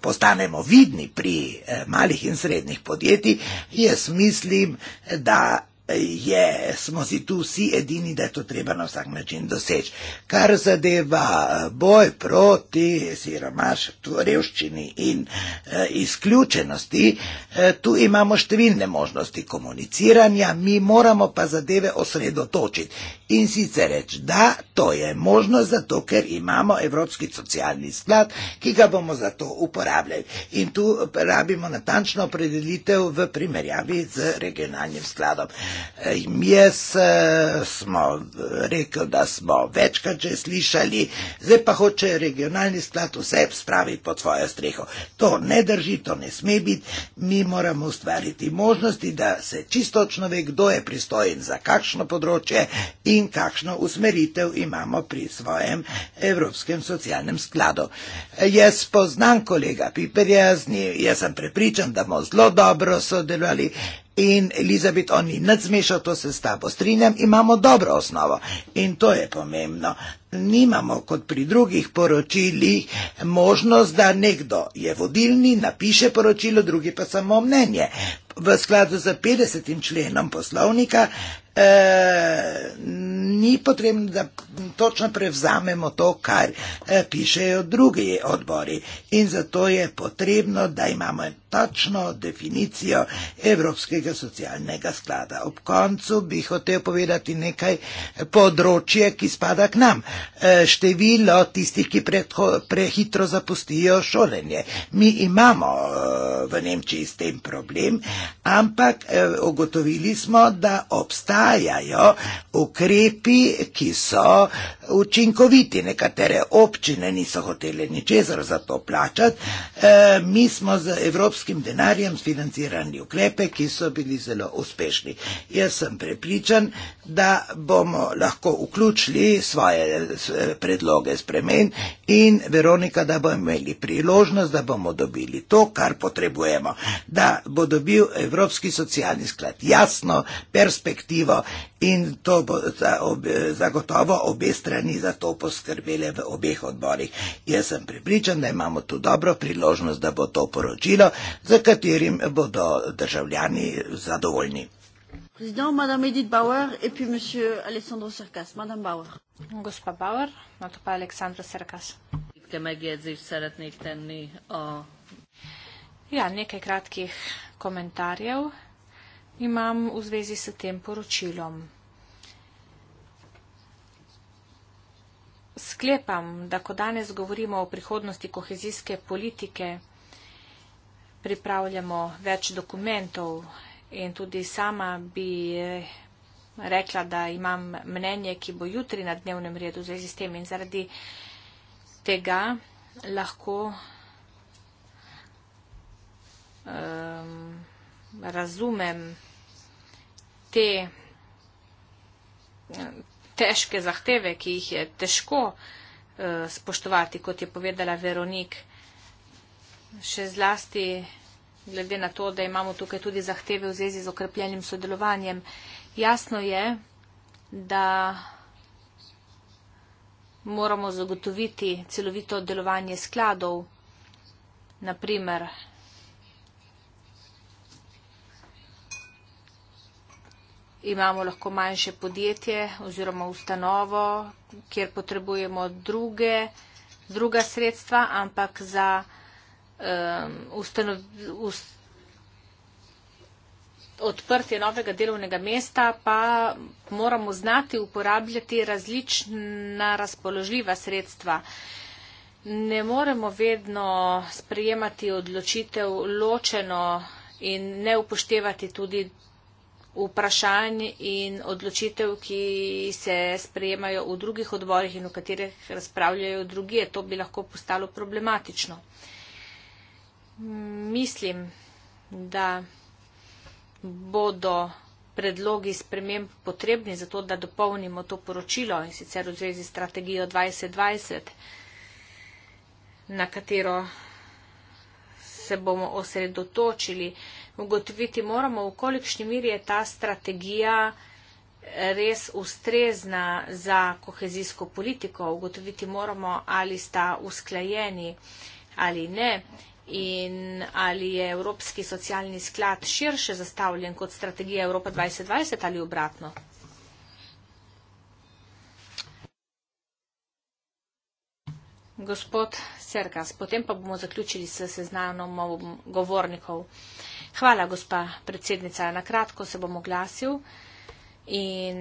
postanemo vidni pri eh, malih in srednjih podjetij, jaz mislim, da je, smo si tu vsi edini, da je to treba na vsak način doseči. Kar zadeva eh, boj proti siromaštvu, revščini in e, izključenosti, e, tu imamo številne možnosti komuniciranja, mi moramo pa zadeve osredotočiti in sicer reči, da to je možnost zato, ker imamo Evropski socialni sklad, ki ga bomo za to uporabljali. In tu rabimo natančno opredelitev v primerjavi z regionalnim skladom. Jaz eh, smo rekel, da smo večkrat že slišali, zdaj pa hoče regionalni sklad vse spraviti pod svojo streho. To ne drži, to ne sme biti. Mi moramo ustvariti možnosti, da se čistočno ve, kdo je pristojen za kakšno področje in kakšno usmeritev imamo pri svojem Evropskem socialnem skladu. Eh, jaz poznam kolega Piperjazni, jaz sem prepričan, da bomo zelo dobro sodelovali in Elizabet Oni, nad zmešal to sestavo. Strinjam, imamo dobro osnovo in to je pomembno. Nimamo, kot pri drugih poročilih, možnost, da nekdo je vodilni, napiše poročilo, drugi pa samo mnenje. V skladu z 50. členom poslovnika eh, ni potrebno, da točno prevzamemo to, kar eh, pišejo drugi odbori. In zato je potrebno, da imamo točno definicijo Evropskega socialnega sklada. Ob koncu bi hotel povedati nekaj eh, področje, ki spada k nam. Eh, Eh, število tistih, ki predho, prehitro zapustijo šolanje. Mi imamo eh, v Nemčiji s tem problem, ampak eh, ugotovili smo, da obstajajo ukrepi, ki so učinkoviti. Nekatere občine niso hotele ničesar za to plačati. Mi smo z evropskim denarjem financirali ukrepe, ki so bili zelo uspešni. Jaz sem prepričan, da bomo lahko vključili svoje Eh, predloge spremen in Veronika, da bomo imeli priložnost, da bomo dobili to, kar potrebujemo, da bo dobil Evropski socialni sklad jasno perspektivo in to bo za ob, zagotovo obe strani za to poskrbele v obeh odborih. Jaz sem pripričan, da imamo tu dobro priložnost, da bo to poročilo, za katerim bodo državljani zadovoljni président, madame Edith Bauer et puis monsieur Alessandro Serkas. Madame Bauer. Gospa Bauer, nato pa Aleksandra Serkas. Ja, nekaj kratkih komentarjev imam v zvezi s tem poročilom. Sklepam, da ko danes govorimo o prihodnosti kohezijske politike, pripravljamo več dokumentov, In tudi sama bi eh, rekla, da imam mnenje, ki bo jutri na dnevnem redu v zvezi s tem in zaradi tega lahko um, razumem te težke zahteve, ki jih je težko uh, spoštovati, kot je povedala Veronik. Še zlasti glede na to, da imamo tukaj tudi zahteve v zvezi z okrepljenim sodelovanjem. Jasno je, da moramo zagotoviti celovito delovanje skladov, naprimer imamo lahko manjše podjetje oziroma ustanovo, kjer potrebujemo druge, druga sredstva, ampak za Um, ustanov, ust, odprtje novega delovnega mesta, pa moramo znati uporabljati različna razpoložljiva sredstva. Ne moremo vedno sprejemati odločitev ločeno in ne upoštevati tudi vprašanj in odločitev, ki se sprejemajo v drugih odborih in v katerih razpravljajo drugi. To bi lahko postalo problematično mislim, da bodo predlogi sprememb potrebni za to, da dopolnimo to poročilo in sicer v zvezi s strategijo 2020, na katero se bomo osredotočili. Ugotoviti moramo, v kolikšni miri je ta strategija res ustrezna za kohezijsko politiko. Ugotoviti moramo, ali sta usklajeni ali ne in ali je Evropski socialni sklad širše zastavljen kot strategija Evropa 2020 ali obratno? Gospod Serkas, potem pa bomo zaključili s seznanom govornikov. Hvala, gospa predsednica. Na kratko se bom oglasil in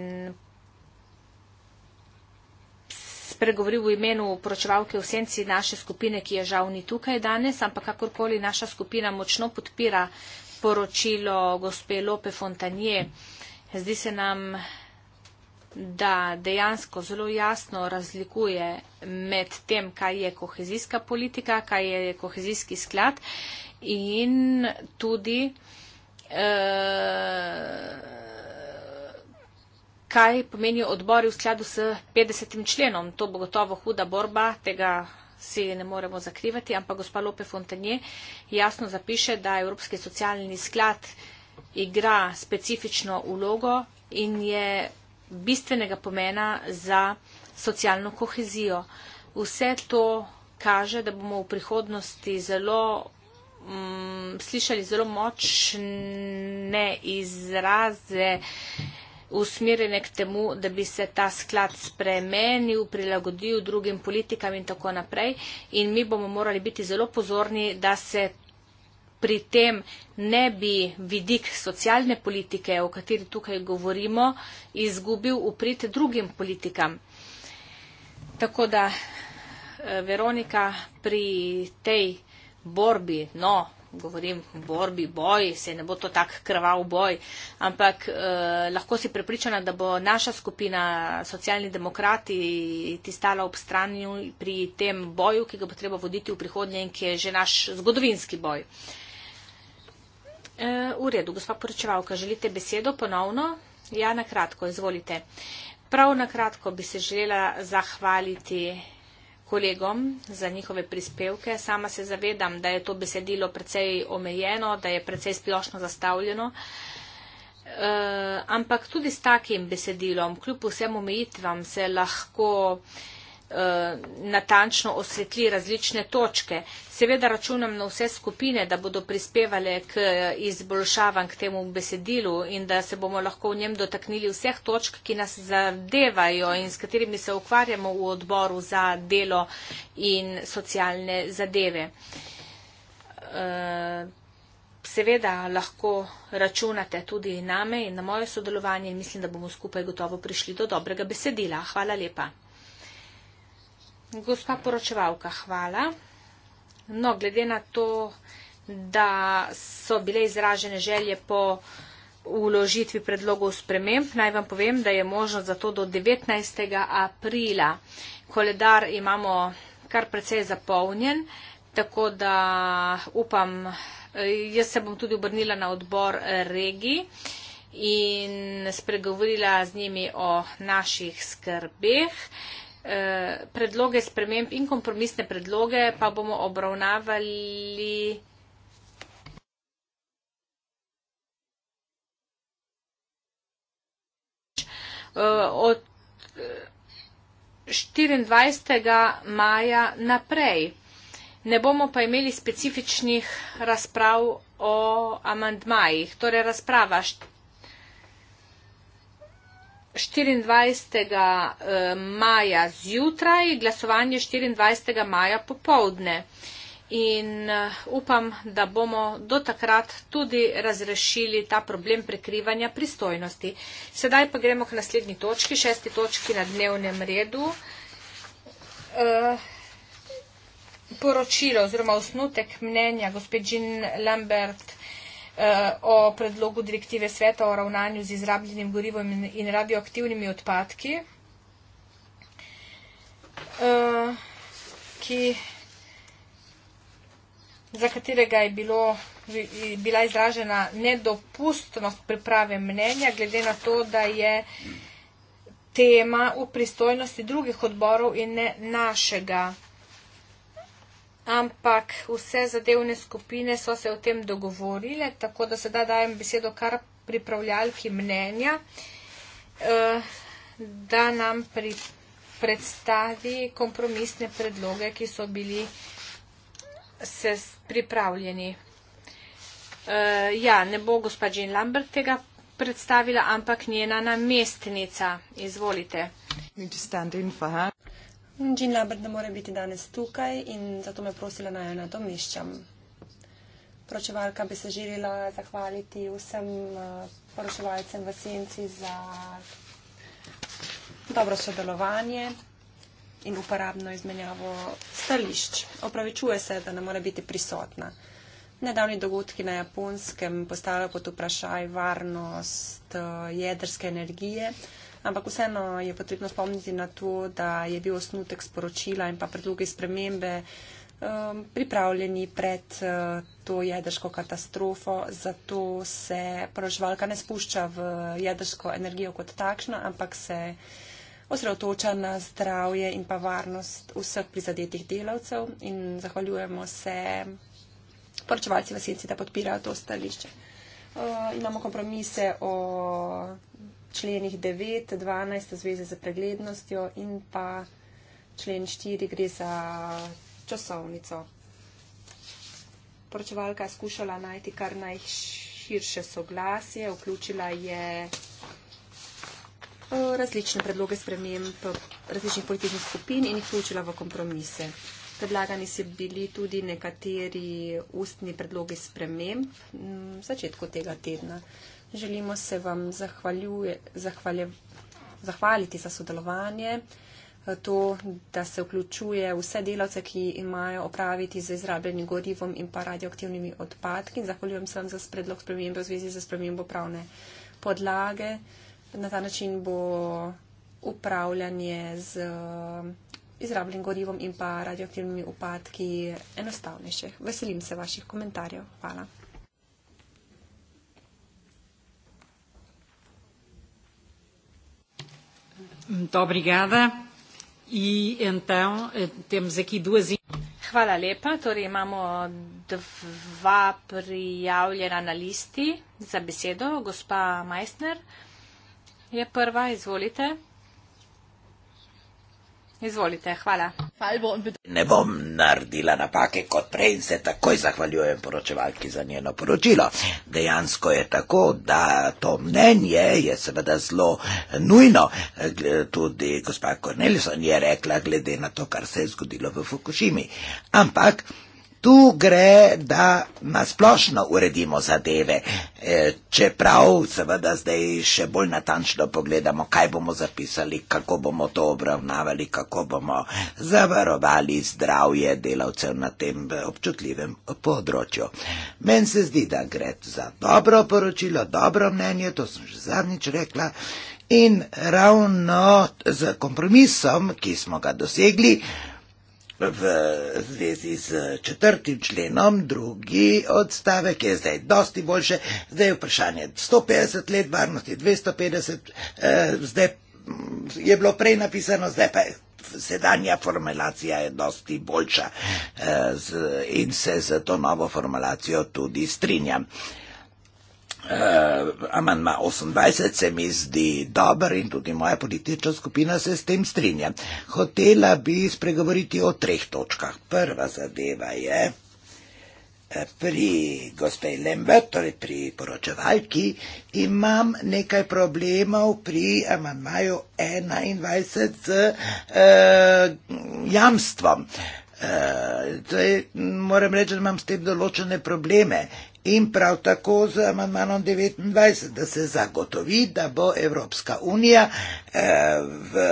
spregovoril v imenu poročevalke v senci naše skupine, ki je žal ni tukaj danes, ampak kakorkoli naša skupina močno podpira poročilo gospe Lope Fontanije. Zdi se nam, da dejansko zelo jasno razlikuje med tem, kaj je kohezijska politika, kaj je kohezijski sklad in tudi. Eh, kaj pomenijo odbori v skladu s 50. členom. To bo gotovo huda borba, tega si ne moremo zakrivati, ampak gospa Lope Fontanje jasno zapiše, da Evropski socialni sklad igra specifično ulogo in je bistvenega pomena za socialno kohezijo. Vse to kaže, da bomo v prihodnosti zelo mm, slišali zelo močne izraze usmerjene k temu, da bi se ta sklad spremenil, prilagodil drugim politikam in tako naprej. In mi bomo morali biti zelo pozorni, da se pri tem ne bi vidik socialne politike, o kateri tukaj govorimo, izgubil uprit drugim politikam. Tako da, eh, Veronika, pri tej borbi, no, govorim, borbi, boj, se ne bo to tak krval boj, ampak eh, lahko si prepričana, da bo naša skupina, socialni demokrati, ti stala ob strani pri tem boju, ki ga bo treba voditi v prihodnje in ki je že naš zgodovinski boj. Eh, v redu, gospa poročevalka, želite besedo ponovno? Ja, na kratko, izvolite. Prav na kratko bi se želela zahvaliti kolegom za njihove prispevke. Sama se zavedam, da je to besedilo precej omejeno, da je precej splošno zastavljeno. E, ampak tudi s takim besedilom, kljub vsem omejitvam, se lahko. E, Eh, natančno osvetli različne točke. Seveda računam na vse skupine, da bodo prispevale k izboljšavam k temu besedilu in da se bomo lahko v njem dotaknili vseh točk, ki nas zadevajo in s katerimi se ukvarjamo v odboru za delo in socialne zadeve. Eh, seveda lahko računate tudi name in na moje sodelovanje in mislim, da bomo skupaj gotovo prišli do dobrega besedila. Hvala lepa. Gospa poročevalka, hvala. No, glede na to, da so bile izražene želje po uložitvi predlogov sprememb, naj vam povem, da je možno za to do 19. aprila. Koledar imamo kar precej zapolnjen, tako da upam, jaz se bom tudi obrnila na odbor regij in spregovorila z njimi o naših skrbeh. Eh, predloge sprememb in kompromisne predloge pa bomo obravnavali. Eh, od 24. Eh, maja naprej. Ne bomo pa imeli specifičnih razprav o amandmajih. Torej, razprava 24. Eh, maja zjutraj, glasovanje 24. maja popovdne. In eh, upam, da bomo do takrat tudi razrešili ta problem prekrivanja pristojnosti. Sedaj pa gremo k naslednji točki, šesti točki na dnevnem redu. Eh, poročilo oziroma osnutek mnenja gospe Jean Lambert Eh, o predlogu direktive sveta o ravnanju z izrabljenim gorivom in radioaktivnimi odpadki, eh, ki, za katerega je bilo, bila izražena nedopustnost priprave mnenja, glede na to, da je tema v pristojnosti drugih odborov in ne našega ampak vse zadevne skupine so se o tem dogovorile, tako da sedaj dajem besedo kar pripravljalki mnenja, eh, da nam pri, predstavi kompromisne predloge, ki so bili se pripravljeni. Eh, ja, ne bo gospod Jean Lambert tega predstavila, ampak njena namestnica. Izvolite. Džin Labrd ne more biti danes tukaj in zato me prosila naj jo nadomeščam. Pročevalka bi se želila zahvaliti vsem eh, poročevalcem v senci za dobro sodelovanje in uporabno izmenjavo stališč. Opravičuje se, da ne more biti prisotna. Nedavni dogodki na Japonskem postavljajo pod vprašaj varnost eh, jedrske energije ampak vseeno je potrebno spomniti na to, da je bil osnutek sporočila in pa predlogi spremembe um, pripravljeni pred uh, to jedrsko katastrofo, zato se proražvalka ne spušča v jedrsko energijo kot takšno, ampak se osredotoča na zdravje in pa varnost vseh prizadetih delavcev in zahvaljujemo se poročevalci v senci, da podpirajo to stališče. Uh, imamo kompromise o členih 9, 12 v zvezi z preglednostjo in pa člen 4 gre za časovnico. Poročevalka je skušala najti kar najširše soglasje, vključila je eh, različne predloge sprememb različnih političnih skupin in jih vključila v kompromise. Predlagani so bili tudi nekateri ustni predlogi sprememb v začetku tega tedna. Želimo se vam zahvaliti za sodelovanje, eh, to, da se vključuje vse delavce, ki imajo opraviti z izrabljenim gorivom in pa radioaktivnimi odpadki. Zahvaljujem se vam za predlog spremembe v zvezi z spremembo pravne podlage. Na ta način bo upravljanje z eh, izrabljenim gorivom in pa radioaktivnimi odpadki enostavnejše. Veselim se vaših komentarjev. Hvala. Muito obrigada. E então eh, temos aqui duas. Hvala lepa. Torej imamo dva prijavljena na listi za besedo. Gospa Meissner je prva, izvolite. Izvolite, hvala. Falbo, bet... Ne bom naredila napake kot prej in se takoj zahvaljujem poročevalki za njeno poročilo. Dejansko je tako, da to mnenje je seveda zelo nujno. Tudi gospa Cornelison je rekla glede na to, kar se je zgodilo v Fukushimi. Ampak. Tu gre, da nasplošno uredimo zadeve, e, čeprav seveda zdaj še bolj natančno pogledamo, kaj bomo zapisali, kako bomo to obravnavali, kako bomo zavarovali zdravje delavcev na tem občutljivem področju. Men se zdi, da gre za dobro poročilo, dobro mnenje, to sem že zadnjič rekla. In ravno z kompromisom, ki smo ga dosegli, v zvezi z četrtim členom, drugi odstavek je zdaj dosti boljše, zdaj je vprašanje 150 let varnosti, 250, eh, zdaj mm, je bilo prej napisano, zdaj pa je. Sedanja formulacija je dosti boljša eh, z, in se z to novo formulacijo tudi strinjam. Eh, Uh, amandma 28 se mi zdi dober in tudi moja politična skupina se s tem strinja. Hotela bi spregovoriti o treh točkah. Prva zadeva je eh, pri gospej Lembe, torej pri poročevalki, imam nekaj problemov pri amandmaju 21 z uh, jamstvom. Uh, torej, moram reči, da imam s tem določene probleme in prav tako z amandmanom 29, da se zagotovi, da bo Evropska unija eh, v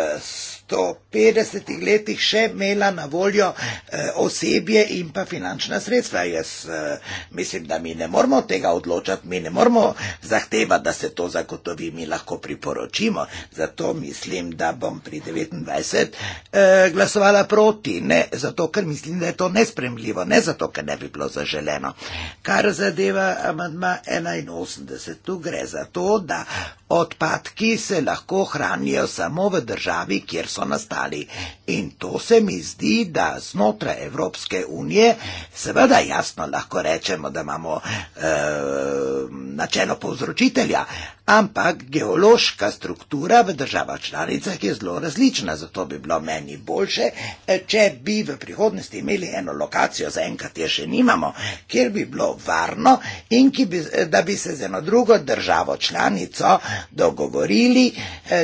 150 letih še imela na voljo eh, osebje in pa finančna sredstva. Jaz eh, mislim, da mi ne moramo tega odločati, mi ne moramo zahtevati, da se to zagotovi, mi lahko priporočimo. Zato mislim, da bom pri 29 eh, glasovala proti. Ne zato, ker mislim, da je to nespremljivo, ne zato, ker ne bi bilo zaželeno. Kar zadeva amadma 81, tu gre za to, da odpadki se lahko hranijo samo v državi, kjer so so nastali. In to se mi zdi, da znotraj Evropske unije, seveda jasno lahko rečemo, da imamo e, načelo povzročitelja, ampak geološka struktura v državah članicah je zelo različna. Zato bi bilo meni boljše, eh, če bi v prihodnosti imeli eno lokacijo, zaenkrat je še nimamo, kjer bi bilo varno in bi, eh, da bi se z eno drugo državo članico dogovorili,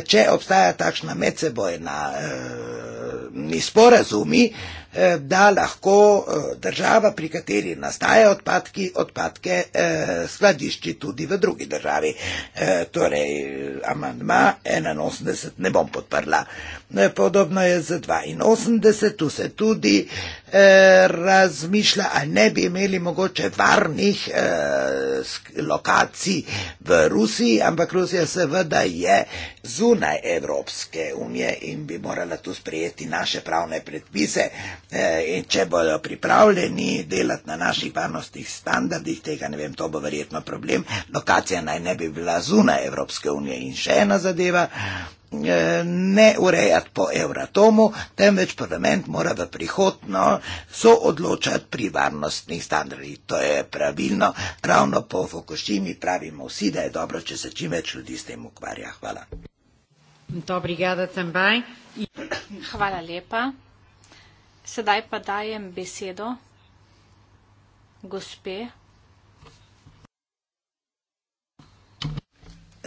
če obstaja takšna medsebojna ni eh, sporazumi, eh, da lahko eh, država, pri kateri nastaja odpadki, odpadke skladišči tudi v drugi državi. Torej, amandma 81 ne bom podprla podobno je z 82, tu se tudi eh, razmišlja, ali ne bi imeli mogoče varnih eh, lokacij v Rusiji, ampak Rusija seveda je zunaj Evropske unije in bi morala tu sprejeti naše pravne predpise eh, in če bodo pripravljeni delati na naših varnostnih standardih, tega ne vem, to bo verjetno problem, lokacija naj ne bi bila zunaj Evropske unije in še ena zadeva. Eh, ne urejati po Euratomu, temveč parlament mora v prihodno so odločati pri varnostnih standardih. To je pravilno, ravno po Fukushimi pravimo vsi, da je dobro, če se čim več ljudi s tem ukvarja. Hvala. E- Hvala lepa. Sedaj pa dajem besedo gospe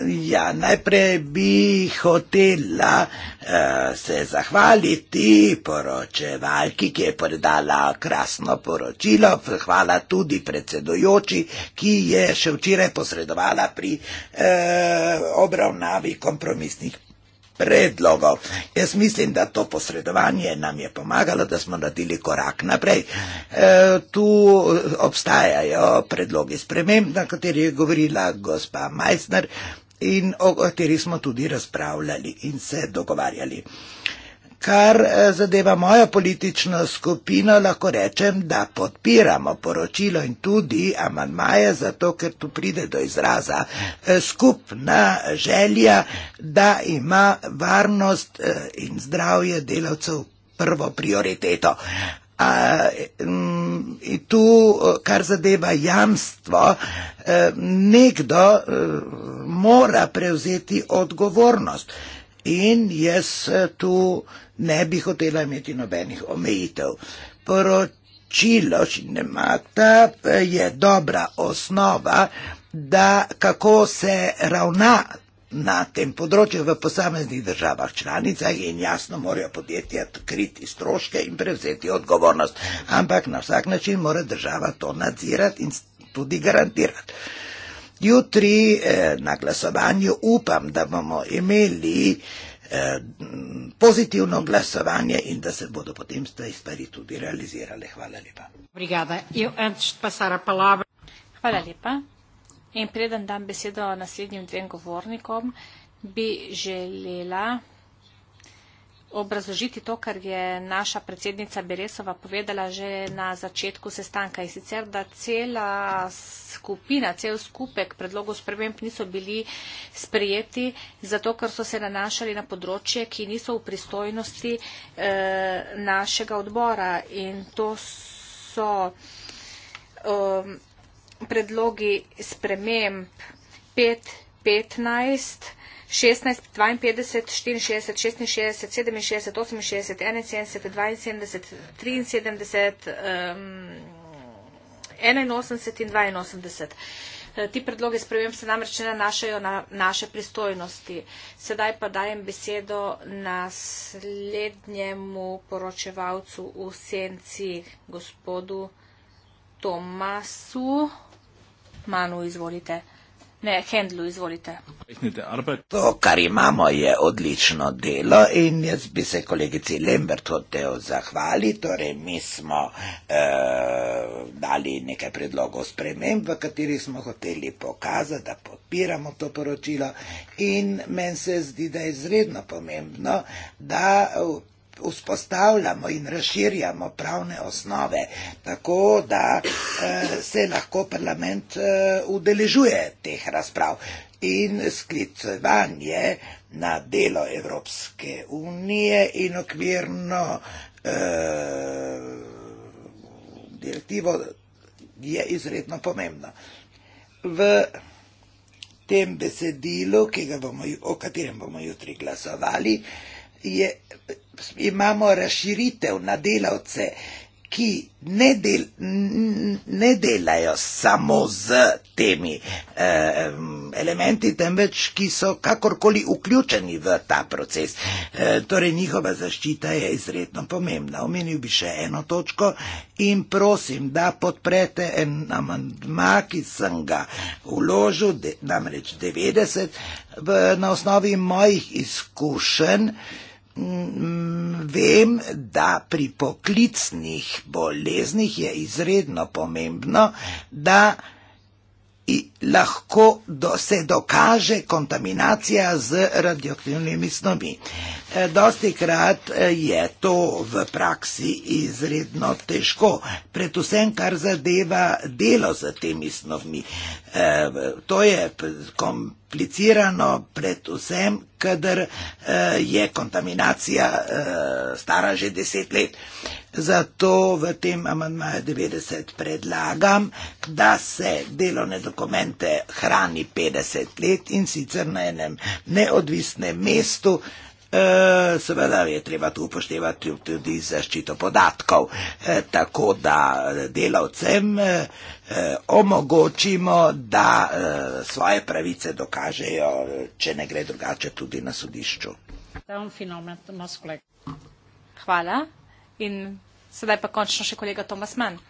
Ja, najprej bi hotela uh, se zahvaliti poročevalki, ki je predala krasno poročilo. Hvala tudi predsedojoči, ki je še včeraj posredovala pri uh, obravnavi kompromisnih predlogov. Jaz mislim, da to posredovanje nam je pomagalo, da smo naredili korak naprej. E, tu obstajajo predlogi sprememb, na katerih je govorila gospa Meissner in o kateri smo tudi razpravljali in se dogovarjali. Kar eh, zadeva mojo politično skupino, lahko rečem, da podpiramo poročilo in tudi amanmaje, zato ker tu pride do izraza eh, skupna želja, da ima varnost eh, in zdravje delavcev prvo prioriteto. A, in tu, eh, kar zadeva jamstvo, eh, nekdo eh, mora prevzeti odgovornost. In jaz tu ne bi hotela imeti nobenih omejitev. Poročilo Šinemata je dobra osnova, da kako se ravna na tem področju v posameznih državah članicah in jasno morajo podjetja kriti stroške in prevzeti odgovornost. Ampak na vsak način mora država to nadzirati in tudi garantirati. Jutri eh, na glasovanju upam, da bomo imeli eh, pozitivno glasovanje in da se bodo potem stvari tudi realizirale. Hvala lepa. Hvala lepa. In preden dam besedo naslednjim dvem govornikom, bi želela obrazložiti to, kar je naša predsednica Beresova povedala že na začetku sestanka. In sicer, da cela skupina, cel skupek predlogov sprememb niso bili sprejeti, zato ker so se nanašali na področje, ki niso v pristojnosti eh, našega odbora. In to so. Eh, predlogi sprememb 5, 15, 16, 52, 64, 66, 67, 68, 71, 72, 73, um, 81 in 82. Eh, ti predloge spremem se namreč ne nanašajo na naše pristojnosti. Sedaj pa dajem besedo naslednjemu poročevalcu v senci, gospodu Tomasu. Manu, izvolite. Ne, Hendlu, izvolite. To, kar imamo, je odlično delo in jaz bi se kolegici Lembert hotel zahvaliti. Torej, mi smo eh, dali nekaj predlogov sprememb, v katerih smo hoteli pokazati, da podpiramo to poročilo in meni se zdi, da je izredno pomembno, da vzpostavljamo in razširjamo pravne osnove, tako da eh, se lahko parlament eh, udeležuje teh razprav. In sklicovanje na delo Evropske unije in okvirno eh, direktivo je izredno pomembno. V tem besedilu, bomo, o katerem bomo jutri glasovali, je imamo razširitev na delavce, ki ne, del, ne delajo samo z temi eh, elementi, temveč ki so kakorkoli vključeni v ta proces. Eh, torej njihova zaščita je izredno pomembna. Omenil bi še eno točko in prosim, da podprete en amandma, ki sem ga uložil, de, namreč 90, v, na osnovi mojih izkušenj. Mm, vem, da pri poklicnih boleznih je izredno pomembno, da lahko do, se dokaže kontaminacija z radioaktivnimi snovmi. E, Dosti krat e, je to v praksi izredno težko, predvsem kar zadeva delo z temi snovmi. E, to je komplicirano predvsem, kadar je kontaminacija stara že deset let. Zato v tem amantmaju 90 predlagam, da se delovne dokumente hrani 50 let in sicer na enem neodvisnem mestu. E, seveda je treba tu upoštevati tudi zaščito podatkov, e, tako da delavcem e, omogočimo, da svoje pravice dokažejo, če ne gre drugače, tudi na sodišču. Hvala. In Sedaj pa končno še kolega Tomas Mann.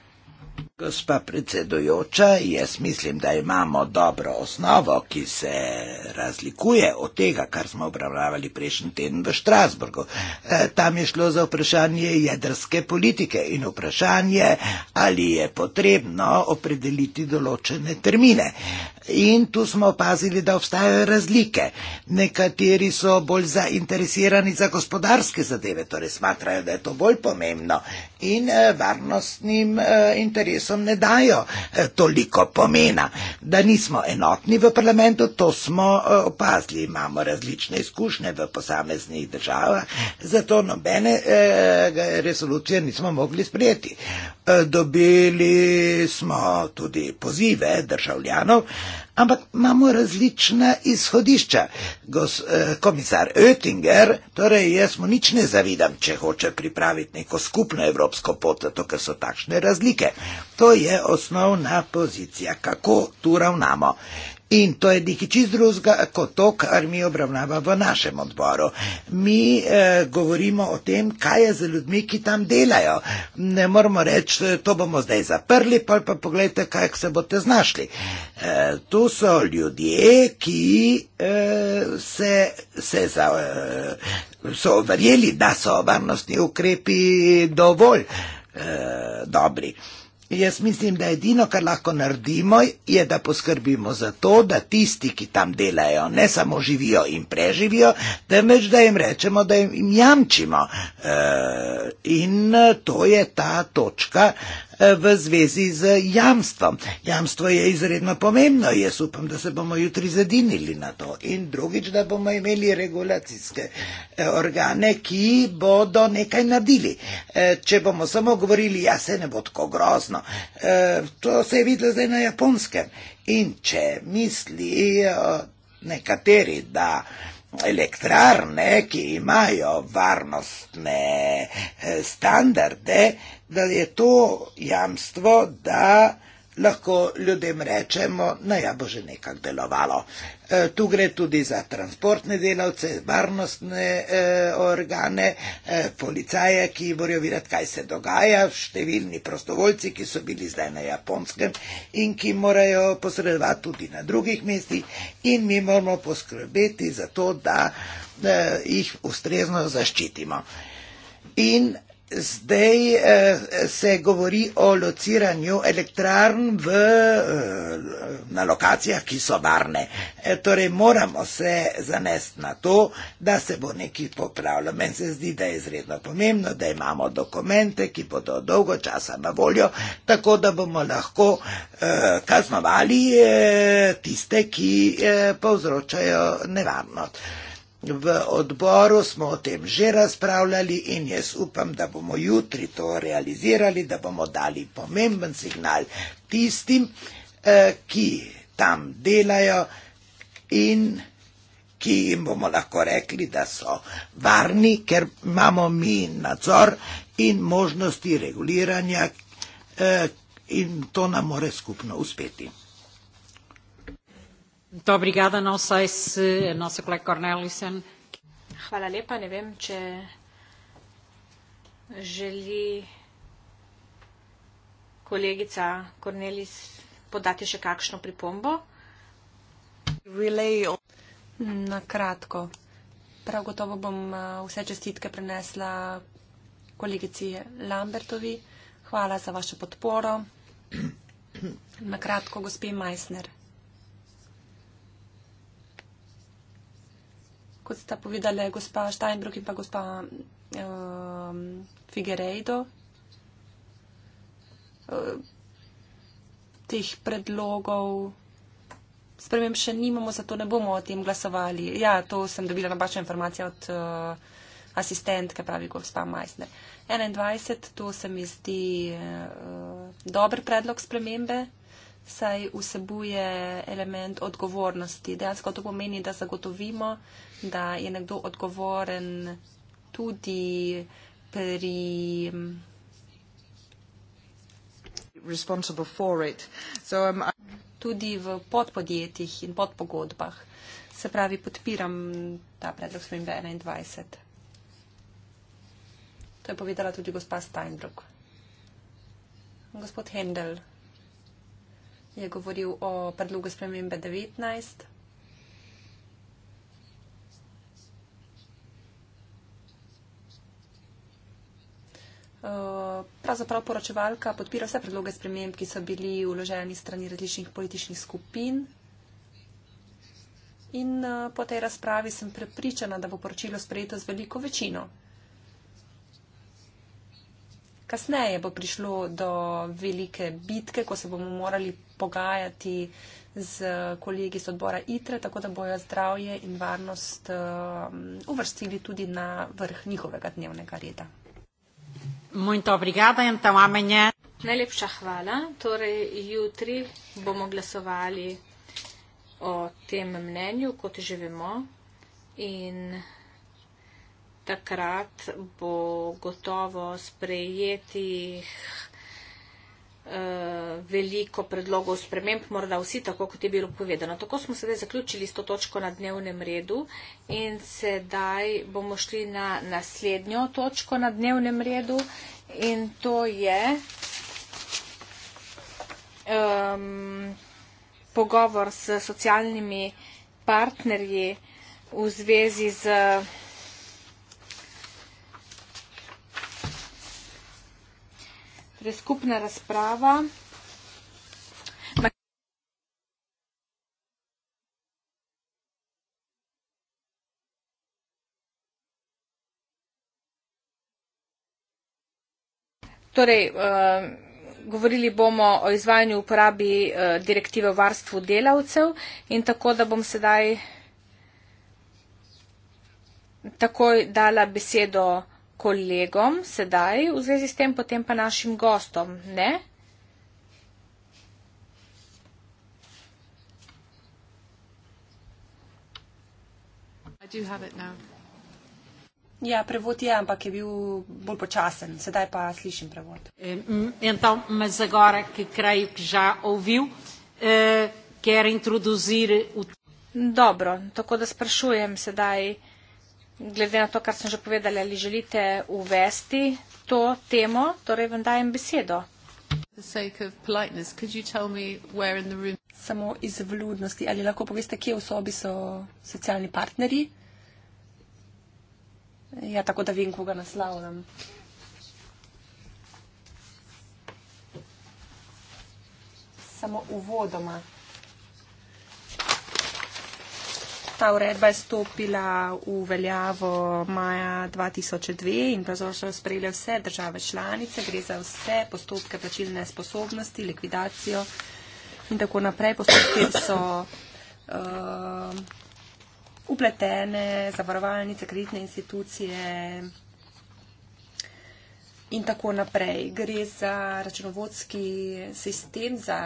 Gospa predsedujoča, jaz mislim, da imamo dobro osnovo, ki se razlikuje od tega, kar smo obravnavali prejšnji teden v Štrasburgu. E, tam je šlo za vprašanje jedrske politike in vprašanje, ali je potrebno opredeliti določene termine. In tu smo opazili, da obstajajo razlike. Nekateri so bolj zainteresirani za gospodarske zadeve, torej smatrajo, da je to bolj pomembno. In, e, interesom ne dajo eh, toliko pomena. Da nismo enotni v parlamentu, to smo eh, opazili. Imamo različne izkušnje v posameznih državah, zato nobene eh, resolucije nismo mogli sprejeti. Dobili smo tudi pozive državljanov, ampak imamo različna izhodišča. Gos, eh, komisar Oettinger, torej jaz mu nič ne zavidam, če hoče pripraviti neko skupno evropsko pot, zato ker so takšne razlike. To je osnovna pozicija, kako tu ravnamo. In to je nekaj čist drugega, kot to, kar mi obravnavamo v našem odboru. Mi e, govorimo o tem, kaj je za ljudmi, ki tam delajo. Ne moramo reči, eh, to bomo zdaj zaprli, pa pa pogledajte, kaj se boste znašli. E, eh, tu so ljudje, ki e, se, se za, e, so verjeli, da so varnostni ukrepi dovolj e, dobri. E, Jaz mislim, da edino, kar lahko naredimo, je, da poskrbimo za to, da tisti, ki tam delajo, ne samo živijo in preživijo, temveč da jim rečemo, da jim jamčimo. Eh, in eh, to je ta točka, Eh, v zvezi z jamstvom. Jamstvo je izredno pomembno. Jaz upam, da se bomo jutri zadinili na to in drugič, da bomo imeli regulacijske eh, organe, ki bodo nekaj nadili. Eh, če bomo samo govorili, ja se ne bo tako grozno. To se je videlo zdaj na japonskem. In če mislijo nekateri, da elektrarne, ki imajo varnostne eh, standarde, da je to jamstvo, da lahko ljudem rečemo, da ja bo že nekako delovalo. Eh, tu gre tudi za transportne delavce, varnostne eh, organe, eh, policaje, ki morajo videti, kaj se dogaja, številni prostovoljci, ki so bili zdaj na japonskem in ki morajo posredovati tudi na drugih mestih in mi moramo poskrbeti za to, da eh, jih ustrezno zaščitimo. In Zdaj eh, se govori o lociranju elektrarn v, eh, na lokacijah, ki so varne. E, torej moramo se zanesti na to, da se bo nekaj popravilo. Meni se zdi, da je izredno pomembno, da imamo dokumente, ki bodo dolgo časa na voljo, tako da bomo lahko e, kaznovali e, tiste, ki e, povzročajo nevarnost. E, V odboru smo o tem že razpravljali in jaz upam, da bomo jutri to realizirali, da bomo dali pomemben signal tistim, eh, ki tam delajo in ki jim bomo lahko rekli, da so varni, ker imamo mi nadzor in možnosti reguliranja eh, in to nam more skupno uspeti. Hvala lepa. Ne vem, če želi kolegica Kornelis podati še kakšno pripombo. Na kratko. Prav gotovo bom eh, vse čestitke prenesla kolegici Lambertovi. Hvala za vašo podporo. Na kratko, gospe Meissner. kot sta povedala gospa Steinbrück in pa gospa um, Figueiredo, eh, teh predlogov. Spremem še nimamo, zato ne bomo o tem glasovali. Ja, to sem dobila napačno informacijo od uh, asistentke, pravi gospa Majsne. 21, to se mi zdi uh, dober predlog spremembe saj vsebuje element odgovornosti. Dejansko to pomeni, da zagotovimo, da je nekdo odgovoren tudi pri. Mm, so, um, I... Tudi v podpodjetjih in podpogodbah. Se pravi, podpiram ta predlog spremembe 21. To je povedala tudi gospa Steinbrück. Gospod Hendel je govoril o predlogu spremembe 19. Eh, pravzaprav poročevalka podpira vse predloge sprememb, ki so bili uloženi strani različnih političnih skupin. In eh, po tej razpravi sem prepričana, da bo poročilo sprejeto z veliko večino kasneje bo prišlo do velike bitke, ko se bomo morali pogajati z kolegi iz odbora ITRE, tako da bojo zdravje in varnost um, uvrstili tudi na vrh njihovega dnevnega reda. Najlepša hvala. Torej, jutri bomo glasovali o tem mnenju, kot že vemo. In takrat bo gotovo sprejetih eh, veliko predlogov sprememb, morda vsi tako, kot je bilo povedano. Tako smo sedaj zaključili s to točko na dnevnem redu in sedaj bomo šli na naslednjo točko na dnevnem redu in to je um, pogovor s socialnimi partnerji v zvezi z. torej skupna razprava. Torej, uh, govorili bomo o izvajanju uporabi uh, direktive o varstvu delavcev in tako, da bom sedaj takoj dala besedo kolegom sedaj v zvezi s tem, potem pa našim gostom, ne? Ja, prevod je, ampak je bil bolj počasen. Sedaj pa slišim prevod. Então, mas agora que creio que já ouviu, eh, quer introduzir o... Dobro, tako da sprašujem sedaj glede na to, kar sem že povedala, ali želite uvesti to temo, torej vam dajem besedo. Room... Samo iz vljudnosti, ali lahko poveste, kje v sobi so socialni partnerji? Ja, tako da vem, koga naslavljam. Samo uvodoma. ta uredba je stopila v veljavo maja 2002 in pravzaprav sprejele vse države članice, gre za vse postopke plačilne sposobnosti, likvidacijo in tako naprej. Postopke so uh, upletene, zavarovalnice, kreditne institucije. In tako naprej. Gre za računovodski sistem, za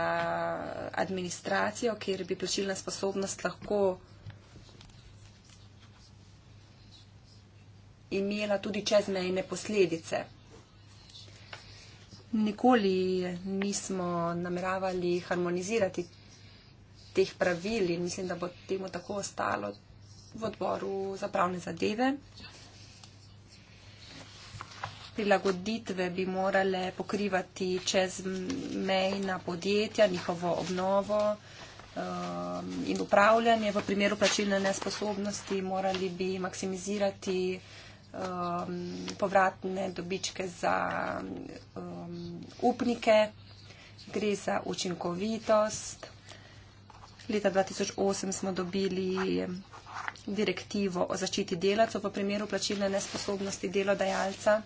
administracijo, kjer bi plačilna sposobnost lahko imela tudi čezmejne posledice. Nikoli nismo nameravali harmonizirati teh pravil in mislim, da bo temu tako ostalo v odboru za pravne zadeve. Prilagoditve bi morale pokrivati čezmejna podjetja, njihovo obnovo um, in upravljanje. V primeru plačilne nesposobnosti morali bi maksimizirati uh, um, povratne dobičke za um, upnike, gre za učinkovitost. Leta 2008 smo dobili direktivo o zaščiti delavcev v primeru plačilne nesposobnosti delodajalca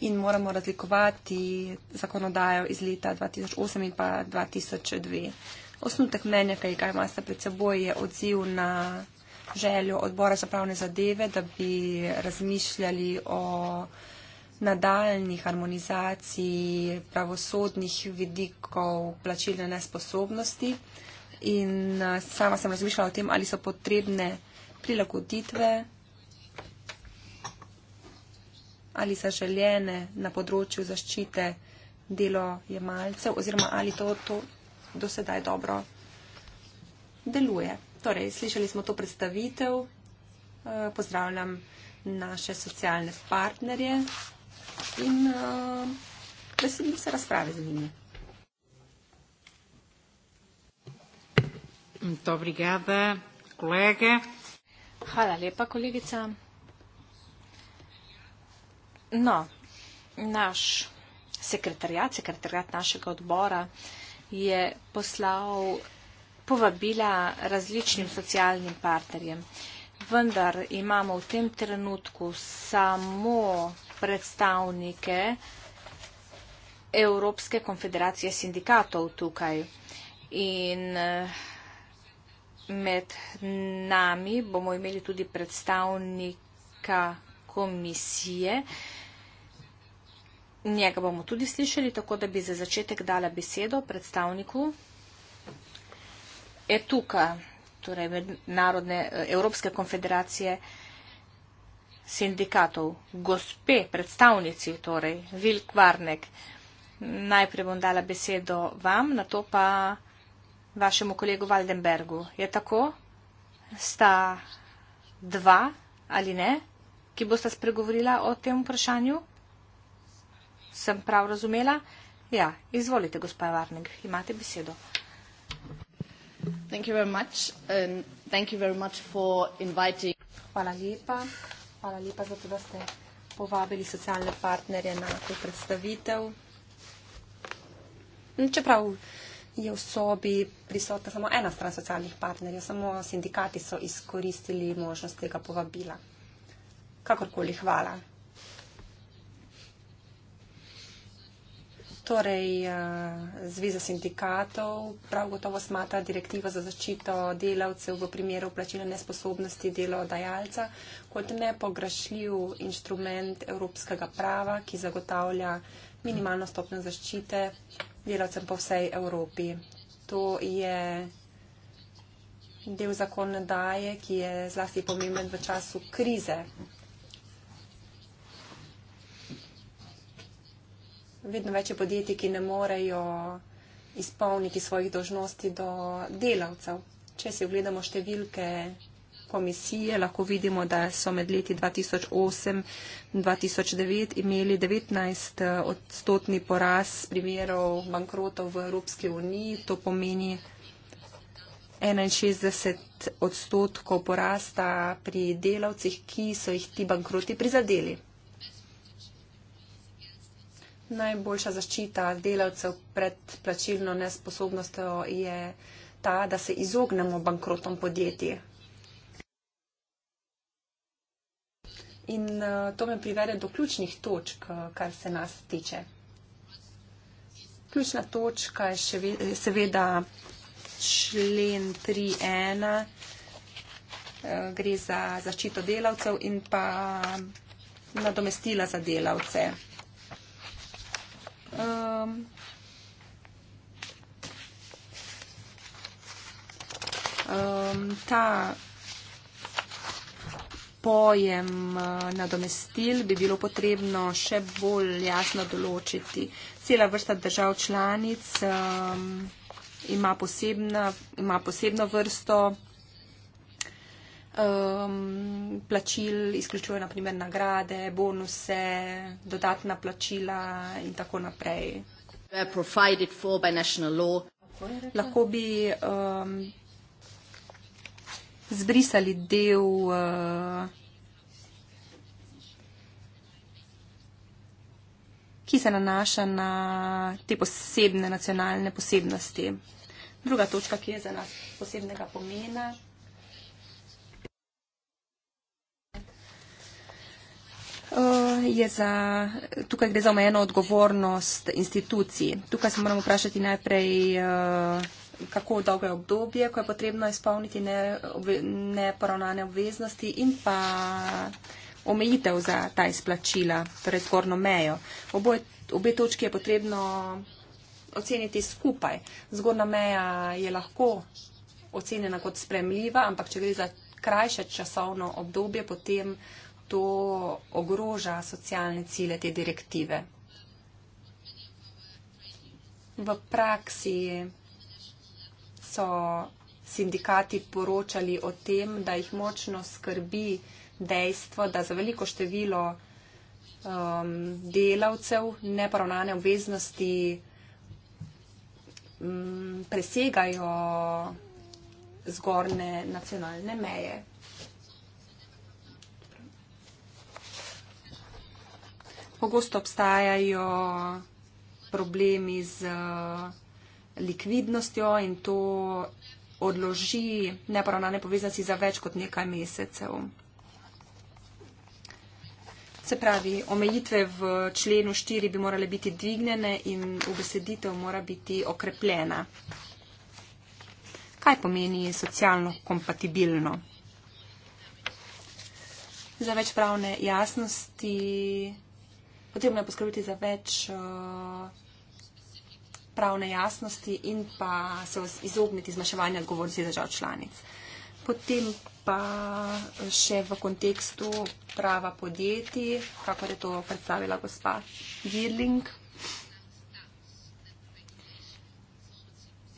in moramo razlikovati zakonodajo iz leta 2008 in pa 2002. Osnutek mnenja, kaj ga imate pred seboj, je odziv na željo odbora za pravne zadeve, da bi razmišljali o nadaljni harmonizaciji pravosodnih vidikov plačilne nesposobnosti. In eh, sama sem razmišljala o tem, ali so potrebne prilagoditve ali zaželjene na področju zaščite delo jemalcev oziroma ali to, to do sedaj dobro deluje. Torej, slišali smo to predstavitev. Eh, pozdravljam naše socialne partnerje in eh, veselim se razprave z njimi. Dobrigada, kolege. Hvala lepa, kolegica. No, naš sekretarjat, sekretarjat našega odbora je poslal povabila različnim socialnim partnerjem. Vendar imamo v tem trenutku samo predstavnike Evropske konfederacije sindikatov tukaj. In eh, med nami bomo imeli tudi predstavnika komisije. Njega bomo tudi slišali, tako da bi za začetek dala besedo predstavniku ETUKA, torej Narodne eh, Evropske konfederacije sindikatov, gospe, predstavnici, torej Vilk Varnek. Najprej bom dala besedo vam, na to pa vašemu kolegu Valdenbergu. Je tako? Sta dva ali ne, ki boste spregovorila o tem vprašanju? Sem prav razumela? Ja, izvolite, gospa Varnek, imate besedo. Thank you very much and thank you very much for inviting. Hvala lepa. Hvala lepa za to, da ste povabili socialne partnerje na to predstavitev. Čeprav je v sobi prisotna samo ena stran socialnih partnerjev, samo sindikati so izkoristili možnost tega povabila. Kakorkoli, hvala. Torej, eh, Zveza sindikatov prav gotovo smata direktivo za zaščito delavcev v primeru plačila nesposobnosti delodajalca kot nepogrešljiv inštrument evropskega prava, ki zagotavlja minimalno stopnjo zaščite delavcem po vsej Evropi. To je del zakonodaje, ki je zlasti pomemben v času krize. vedno več je podjetij, ki ne morejo izpolniti svojih dožnosti do delavcev. Če si ogledamo številke komisije, lahko vidimo, da so med leti 2008-2009 imeli 19 eh, odstotni poraz primerov bankrotov v Evropski uniji. To pomeni 61 odstotkov porasta pri delavcih, ki so jih ti bankroti prizadeli najboljša zaščita delavcev pred plačilno nesposobnostjo je ta, da se izognemo bankrotom podjetij. In eh, to me privede do ključnih točk, eh, kar se nas tiče. Ključna točka je seveda člen 3.1, eh, gre za zaščito delavcev in pa nadomestila za delavce. Um, um, ta pojem uh, nadomestil bi bilo potrebno še bolj jasno določiti. Cela vrsta držav članic um, ima, posebna, ima posebno vrsto um, plačil, izključuje naprimer nagrade, bonuse, dodatna plačila in tako naprej. Lahko bi um, zbrisali del eh, ki se nanaša na te posebne nacionalne posebnosti. Druga točka, ki je za nas posebnega pomena. Eh, je za, tukaj gre za omejeno odgovornost institucij. Tukaj se moramo vprašati najprej, eh, kako dolgo je obdobje, ko je potrebno izpolniti neporavnane ne obveznosti in pa omejitev za ta izplačila, torej zgornjo mejo. Oboje, obe točki je potrebno oceniti skupaj. Zgornja meja je lahko ocenjena kot spremljiva, ampak če gre za krajše časovno obdobje, potem to ogroža socialne cile te direktive. V praksi so sindikati poročali o tem, da jih močno skrbi dejstvo, da za veliko število um, delavcev neporavnane obveznosti um, presegajo zgorne nacionalne meje. Pogosto obstajajo problemi z eh, likvidnostjo in to odloži neporavnane povezanosti za več kot nekaj mesecev. Se pravi, omejitve v členu 4 bi morale biti dvignjene in ubeseditev mora biti okrepljena. Kaj pomeni socialno kompatibilno? Za več pravne jasnosti potrebno je poskrbeti za več eh, pravne jasnosti in pa se izogniti zmaševanja odgovornosti držav članic. Potem pa še v kontekstu prava podjetij, kako je to predstavila gospa Girling.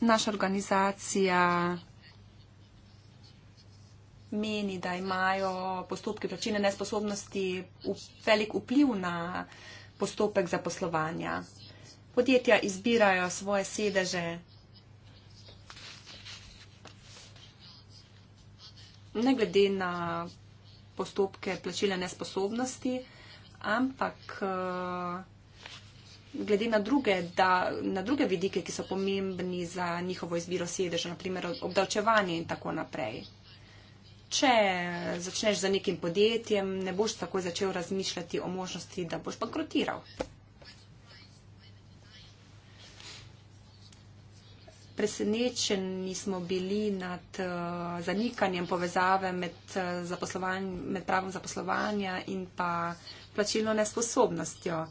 Naša organizacija meni, da imajo postopki plačilne nesposobnosti velik vpliv na postopek zaposlovanja. Podjetja izbirajo svoje sedeže. Ne glede na postopke plačile nesposobnosti, ampak eh, glede na druge, da, na druge vidike, ki so pomembni za njihovo izbiro sedeža, naprimer obdavčevanje in tako naprej če začneš za nekim podjetjem, ne boš takoj začel razmišljati o možnosti, da boš bankrotiral. Presenečeni smo bili nad uh, zanikanjem povezave med, uh, med pravom zaposlovanja in pa plačilno nesposobnostjo.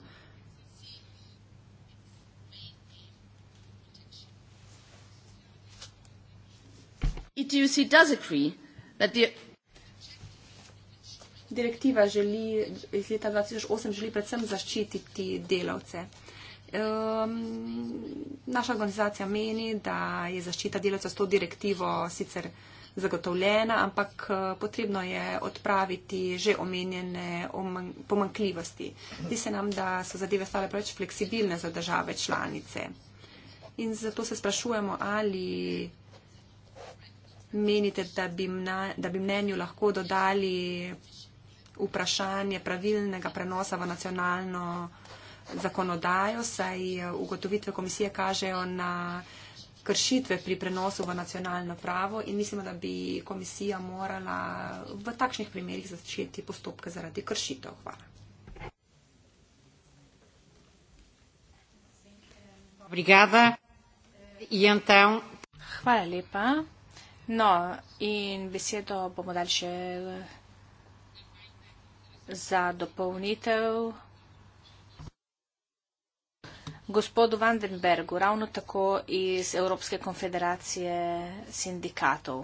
ITUC does agree Direktiva želi, iz leta 2008 želi predvsem zaščititi delavce. Um, naša organizacija meni, da je zaščita delavcev s to direktivo sicer zagotovljena, ampak eh, potrebno je odpraviti že omenjene pomankljivosti. Zdi se nam, da so zadeve stale preveč fleksibilne za države članice. In zato se sprašujemo, ali menite, da bi, mna, da bi mnenju lahko dodali vprašanje pravilnega prenosa v nacionalno zakonodajo, saj eh, ugotovitve komisije kažejo na kršitve pri prenosu v nacionalno pravo in mislimo, da bi komisija morala v takšnih primerjih začeti postopke zaradi kršitev. Hvala. Obrigada. In e tam. Hvala lepa. No, in besedo bomo dal še eh, za dopolnitev. Gospodu Vandenbergu, ravno tako iz Evropske konfederacije sindikatov.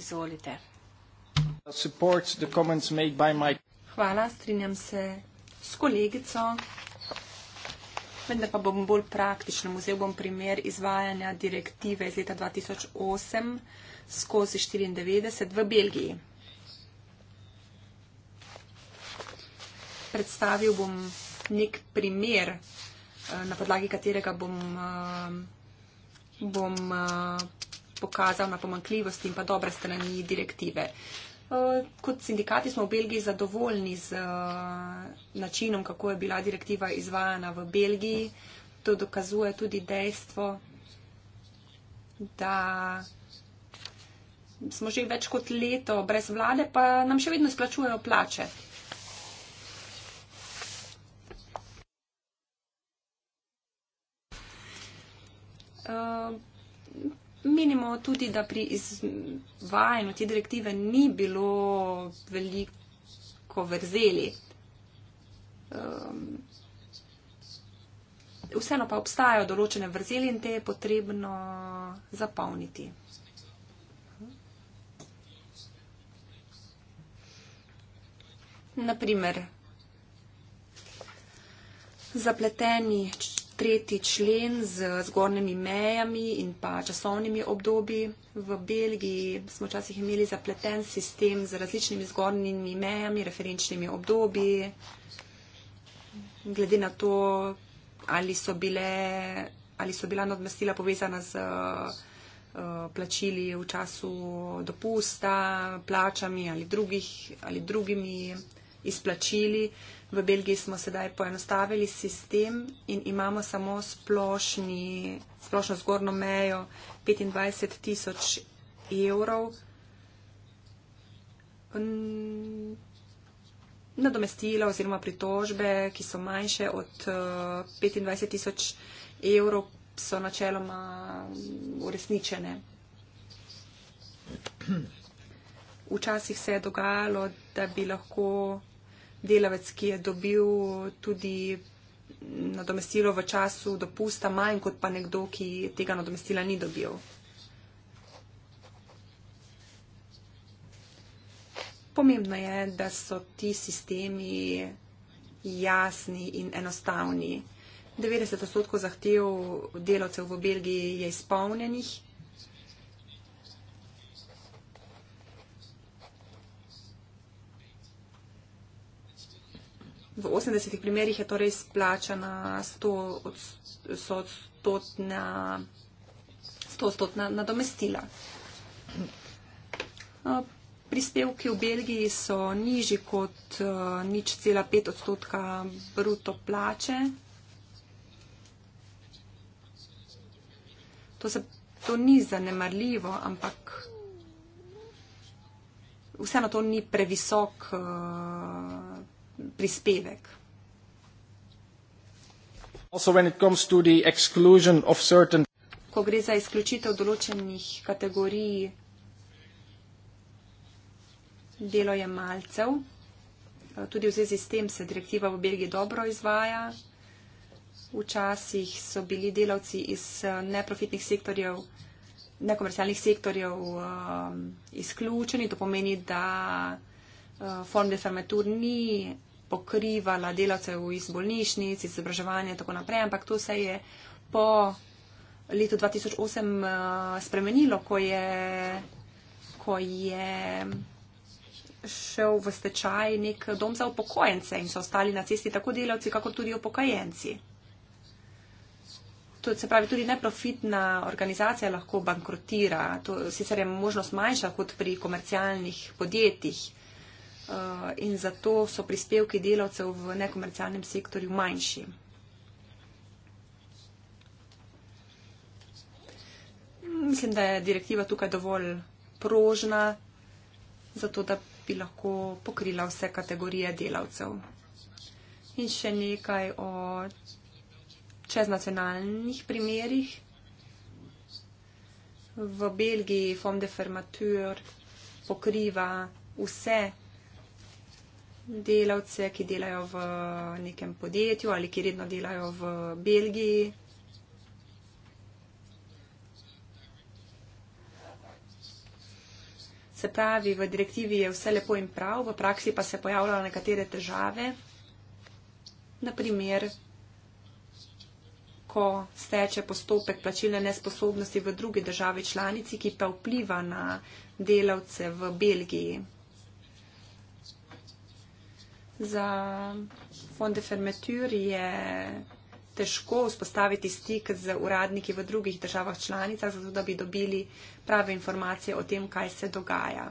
Izvolite. Hvala, strinjam se s kolegico. Vendar pa bom bolj praktično. Vzel bom primer izvajanja direktive iz leta 2008 skozi 94 v Belgiji. Predstavil bom nek primer, eh, na podlagi katerega bom, eh, bom eh, pokazal na pomankljivosti in pa dobre strani direktive. Kot sindikati smo v Belgiji zadovoljni z načinom, kako je bila direktiva izvajana v Belgiji. To dokazuje tudi dejstvo, da smo že več kot leto brez vlade, pa nam še vedno splačujejo plače. Uh, menimo tudi, da pri izvajanju te direktive ni bilo veliko vrzeli. Um, vseeno pa obstajajo določene vrzeli in te je potrebno zapolniti. Naprimer, zapleteni tretji člen z zgornjimi mejami in pa časovnimi obdobji. V Belgiji smo včasih imeli zapleten sistem z različnimi zgornjimi mejami, referenčnimi obdobji, glede na to, ali so, bile, ali so bila nadmestila povezana z eh, plačili v času dopusta, plačami ali, drugih, ali drugimi izplačili. V Belgiji smo sedaj poenostavili sistem in imamo samo splošni, splošno zgornjo mejo 25 tisoč evrov nadomestila oziroma pritožbe, ki so manjše od 25 eh, tisoč evrov, so načeloma uresničene. Včasih se je dogajalo, da bi lahko delavec, ki je dobil tudi nadomestilo v času dopusta, manj kot pa nekdo, ki tega nadomestila ni dobil. Pomembno je, da so ti sistemi jasni in enostavni. 90 odstotkov zahtev delavcev v Belgiji je izpolnjenih. v 80 primerjih je torej splačana 100-stotna 100 100 nadomestila. Prispevki v Belgiji so nižji kot nič cela pet odstotka bruto plače. To, se, to ni zanemarljivo, ampak vseeno to ni previsok. Uh, prispevek. Certain... Ko gre za izključitev določenih kategorij delojemalcev, eh, tudi v zvezi s tem se direktiva v Belgiji dobro izvaja. Včasih so bili delavci iz eh, neprofitnih sektorjev, nekomercialnih sektorjev um, izključeni, to pomeni, da Eh, form de fermetur ni pokrivala delavcev iz bolnišnic, iz izobraževanja in tako naprej, ampak to se je po letu 2008 uh, eh, spremenilo, ko je, ko je šel v stečaj nek dom za upokojence in so ostali na cesti tako delavci, kako tudi upokojenci. To se pravi, tudi neprofitna organizacija lahko bankrotira. To sicer je možnost manjša kot pri komercialnih podjetjih. Eh, in zato so prispevki delavcev v nekomercialnem sektorju manjši. Mislim, da je direktiva tukaj dovolj prožna, zato da bi lahko pokrila vse kategorije delavcev. In še nekaj o čeznacionalnih primerih. V Belgiji Fond de Fermature pokriva vse delavce, ki delajo v nekem podjetju ali ki redno delajo v Belgiji. Se pravi, v direktivi je vse lepo in prav, v praksi pa se pojavljajo nekatere težave. Naprimer, ko steče postopek plačilne nesposobnosti v drugi državi članici, ki pa vpliva na delavce v Belgiji. Za fonde fermeture je težko vzpostaviti stik z uradniki v drugih državah članicah, zato da bi dobili prave informacije o tem, kaj se dogaja.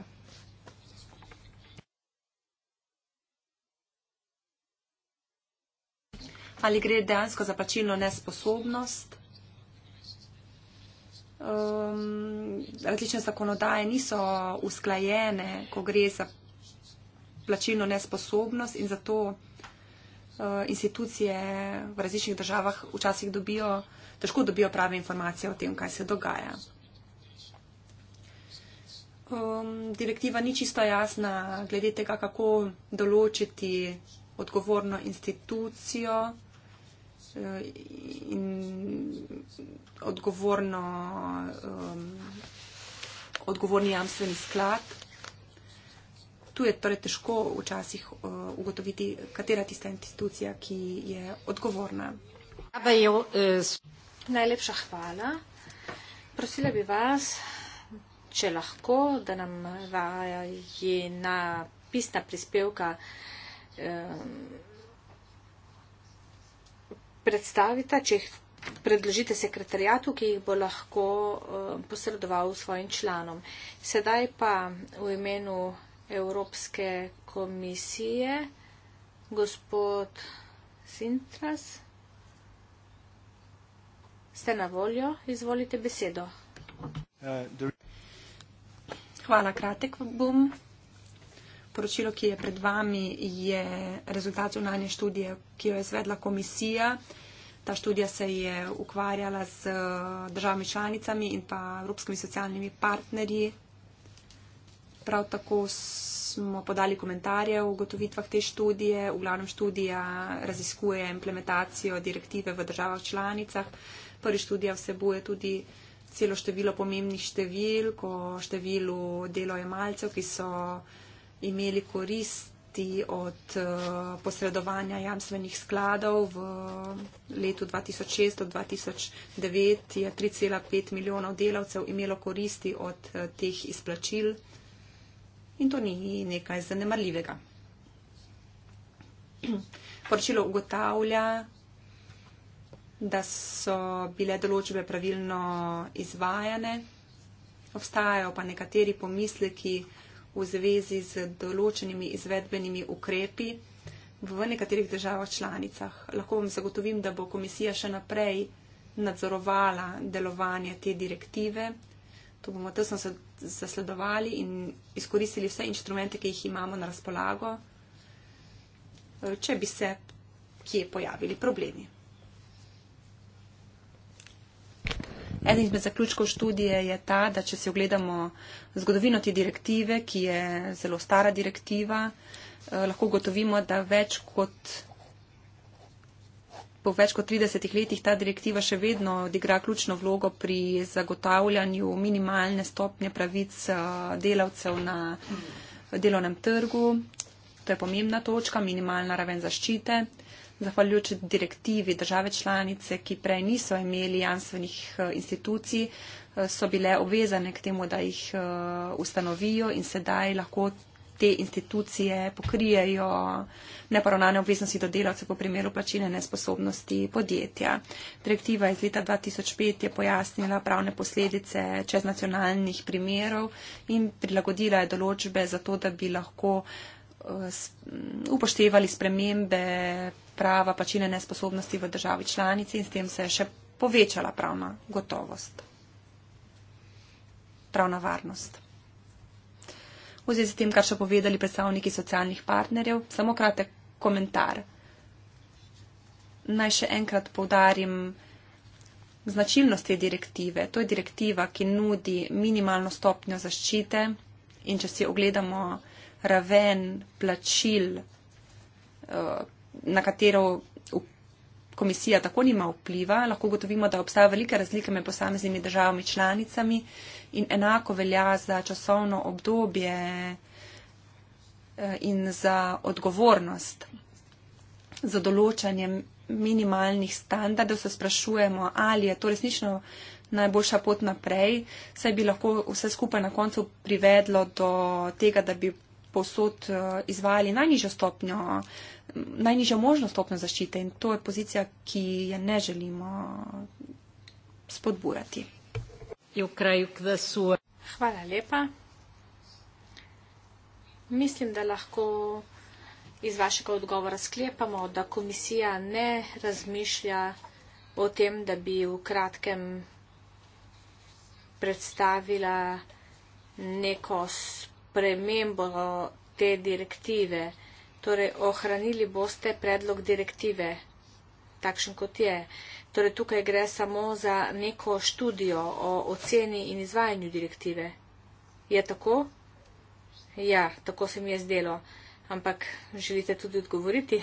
Ali gre dejansko za plačilno nesposobnost? Um, različne zakonodaje niso usklajene, ko gre za plačilno nesposobnost in zato uh, institucije v različnih državah včasih dobijo, težko dobijo prave informacije o tem, kaj se dogaja. Um, direktiva ni čisto jasna glede tega, kako določiti odgovorno institucijo uh, in odgovorno, um, odgovorni jamstveni sklad tu je torej težko včasih uh, ugotoviti, katera tista institucija, ki je odgovorna. Najlepša hvala. Prosila bi vas, če lahko, da nam vaje na pisna prispevka um, predstavite, če jih. Predložite sekretarijatu, ki jih bo lahko uh, posredoval svojim članom. Sedaj pa v imenu Evropske komisije, gospod Sintras. Ste na voljo, izvolite besedo. Hvala, kratek bom. Poročilo, ki je pred vami, je rezultat zunanje študije, ki jo je izvedla komisija. Ta študija se je ukvarjala z eh, državami članicami in pa evropskimi socialnimi partnerji Prav tako smo podali komentarje o ugotovitvah te študije. V glavnem študija raziskuje implementacijo direktive v državah članicah. Prvi študija vsebuje tudi celo število pomembnih števil, ko številu delojemalcev, ki so imeli koristi od eh, posredovanja jamstvenih skladov v letu 2006 do 2009, je 3,5 milijonov delavcev imelo koristi od eh, teh izplačil in to ni nekaj zanemarljivega. Poročilo ugotavlja, da so bile določbe pravilno izvajane, obstajajo pa nekateri pomisleki v zvezi z določenimi izvedbenimi ukrepi v nekaterih državah članicah. Lahko vam zagotovim, da bo komisija še naprej nadzorovala delovanje te direktive. To bomo tesno zasledovali in izkoristili vse inštrumente, ki jih imamo na razpolago, če bi se kje pojavili problemi. Eden izmed zaključkov študije je ta, da če si ogledamo zgodovino te direktive, ki je zelo stara direktiva, eh, lahko gotovimo, da več kot po več kot 30 letih ta direktiva še vedno odigra ključno vlogo pri zagotavljanju minimalne stopnje pravic eh, delavcev na delovnem trgu. To je pomembna točka, minimalna raven zaščite. Zahvaljujoč direktivi države članice, ki prej niso imeli jamstvenih eh, institucij, eh, so bile obvezane k temu, da jih ustanovijo in sedaj lahko te institucije pokrijejo neporavnane obveznosti do delavcev po primeru plačine nesposobnosti podjetja. Direktiva iz leta 2005 je pojasnila pravne posledice čeznacionalnih primerov in prilagodila je določbe za to, da bi lahko eh, upoštevali spremembe prava plačine nesposobnosti v državi članici in s tem se je še povečala pravna gotovost, pravna varnost v zvezi s tem, kar so povedali predstavniki socialnih partnerjev. Samo kratek komentar. Naj še enkrat povdarim značilnost te direktive. To je direktiva, ki nudi minimalno stopnjo zaščite in če si ogledamo raven plačil, eh, na katero komisija tako nima vpliva, lahko gotovimo, da obstaja velike razlike med posameznimi državami članicami in enako velja za časovno obdobje eh, in za odgovornost za določanje minimalnih standardov, se sprašujemo, ali je to resnično najboljša pot naprej, saj bi lahko vse skupaj na koncu privedlo do tega, da bi povsod eh, izvajali najnižjo stopnjo, najnižjo možno stopnjo zaščite in to je pozicija, ki je ne želimo spodbujati. Hvala lepa. Mislim, da lahko iz vašega odgovora sklepamo, da komisija ne razmišlja o tem, da bi v kratkem predstavila neko premembo te direktive. Torej, ohranili boste predlog direktive, takšen kot je. Torej, tukaj gre samo za neko študijo o oceni in izvajanju direktive. Je tako? Ja, tako se mi je zdelo. Ampak želite tudi odgovoriti?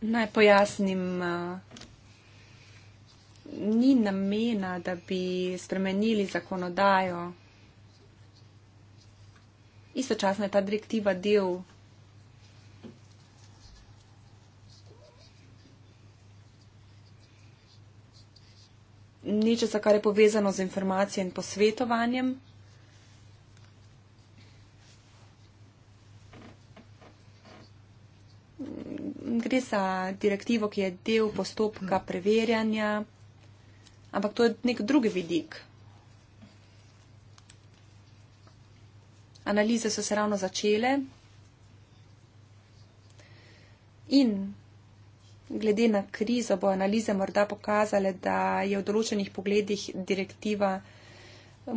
Naj pojasnim uh, ni namena, da bi spremenili zakonodajo. Istočasno je ta direktiva del nečesa, kar je povezano z informacijo in posvetovanjem. Gre za direktivo, ki je del postopka preverjanja ampak to je nek drugi vidik. Analize so se ravno začele in glede na krizo bo analize morda pokazale, da je v določenih pogledih direktiva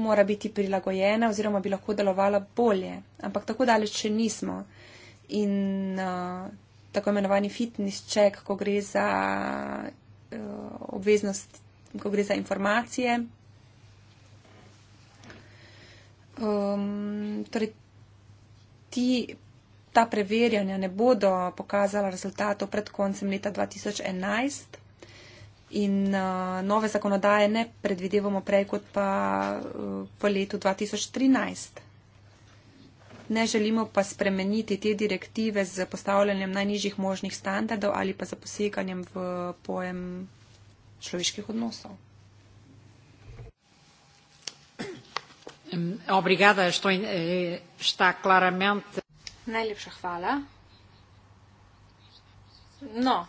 mora biti prilagojena oziroma bi lahko delovala bolje. Ampak tako daleč še nismo. In uh, tako imenovani fitness check, ko gre za uh, obveznost ko gre za informacije. Um, torej, ti, ta preverjanja ne bodo pokazala rezultatov pred koncem leta 2011 in uh, nove zakonodaje ne predvidevamo prej kot pa uh, po letu 2013. Ne želimo pa spremeniti te direktive z postavljanjem najnižjih možnih standardov ali pa za poseganjem v pojem človeških odnosov. Obrigada, što in, šta eh, klarament. Najlepša hvala. No,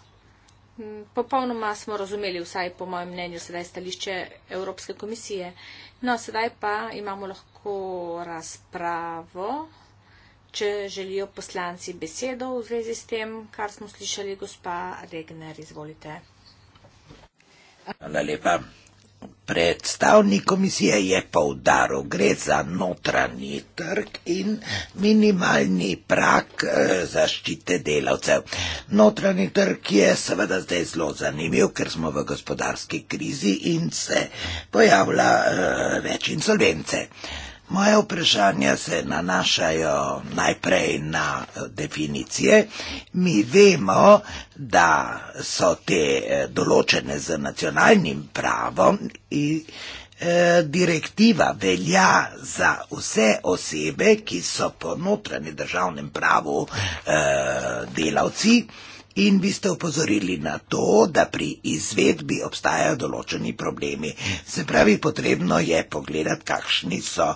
popolnoma smo razumeli vsaj po mojem mnenju sedaj stališče Evropske komisije. No, sedaj pa imamo lahko razpravo, če želijo poslanci besedo v zvezi s tem, kar smo slišali, gospa Regner, izvolite. Hvala lepa. Predstavnik komisije je povdaril, gre za notranji trg in minimalni prak eh, zaščite delavcev. Notranji trg je seveda zdaj zelo zanimiv, ker smo v gospodarski krizi in se pojavlja eh, več insolvence. Moje vprašanja se nanašajo najprej na eh, definicije. Mi vemo, da so te eh, določene z nacionalnim pravom in eh, direktiva velja za vse osebe, ki so po notranjem državnem pravu delavci in bi ste upozorili na to, da pri izvedbi obstajajo določeni problemi. Se pravi, potrebno je pogledati, kakšni so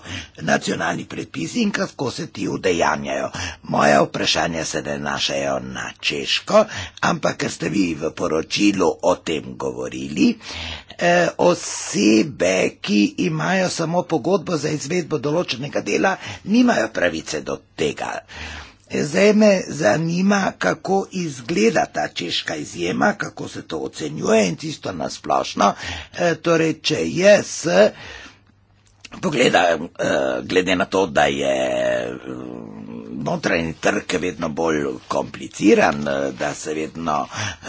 nacionalni predpisi in kako se ti udejanjajo. Moja vprašanja se nanašajo na Češko, ampak ker ste vi v poročilu o tem govorili, eh, osebe, ki imajo samo pogodbo za izvedbo določenega dela, nimajo pravice do tega. Zdaj me zanima, kako izgleda ta češka izjema, kako se to ocenjuje in tisto nasplošno. E, torej, če jaz pogledam, e, glede na to, da je e, notranji trg vedno bolj kompliciran, e, da se vedno e,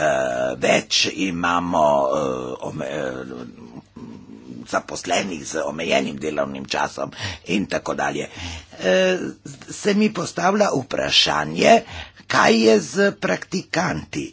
več imamo. E, e zaposlenih z omejenim delovnim časom in tako dalje. E, se mi postavlja vprašanje, kaj je z praktikanti?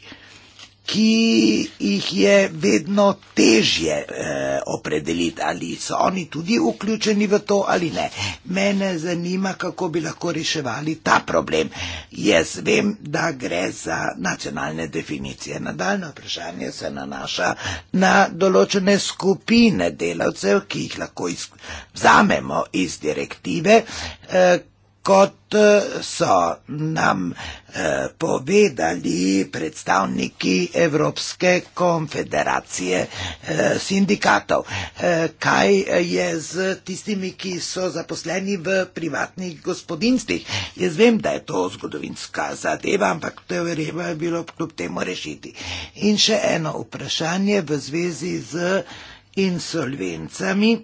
ki jih je vedno težje eh, opredeliti, ali so oni tudi vključeni v to ali ne. Mene zanima, kako bi lahko reševali ta problem. Jaz vem, da gre za nacionalne definicije. Nadaljno vprašanje se nanaša na določene skupine delavcev, ki jih lahko iz, vzamemo iz direktive. Eh, Kot eh, so nam eh, povedali predstavniki Evropske konfederacije eh, sindikatov, eh, kaj je z tistimi, ki so zaposleni v privatnih gospodinstvih. Jaz vem, da je to zgodovinska zadeva, ampak to je verjetno bilo kljub temu rešiti. In še eno vprašanje v zvezi z insolvencami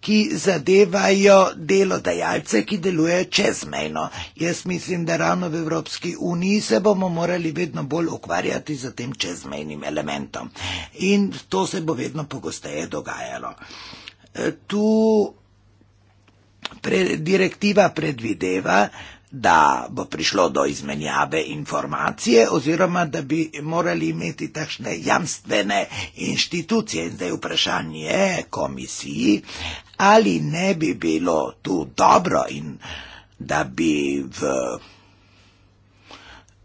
ki zadevajo delodajalce, ki delujejo čezmejno. Jaz mislim, da ravno v Evropski uniji se bomo morali vedno bolj ukvarjati z tem čezmejnim elementom. In to se bo vedno pogosteje dogajalo. E, tu pre, direktiva predvideva, da bo prišlo do izmenjave informacije oziroma da bi morali imeti takšne jamstvene inštitucije. In zdaj vprašanje komisiji, ali ne bi bilo tu dobro in da bi v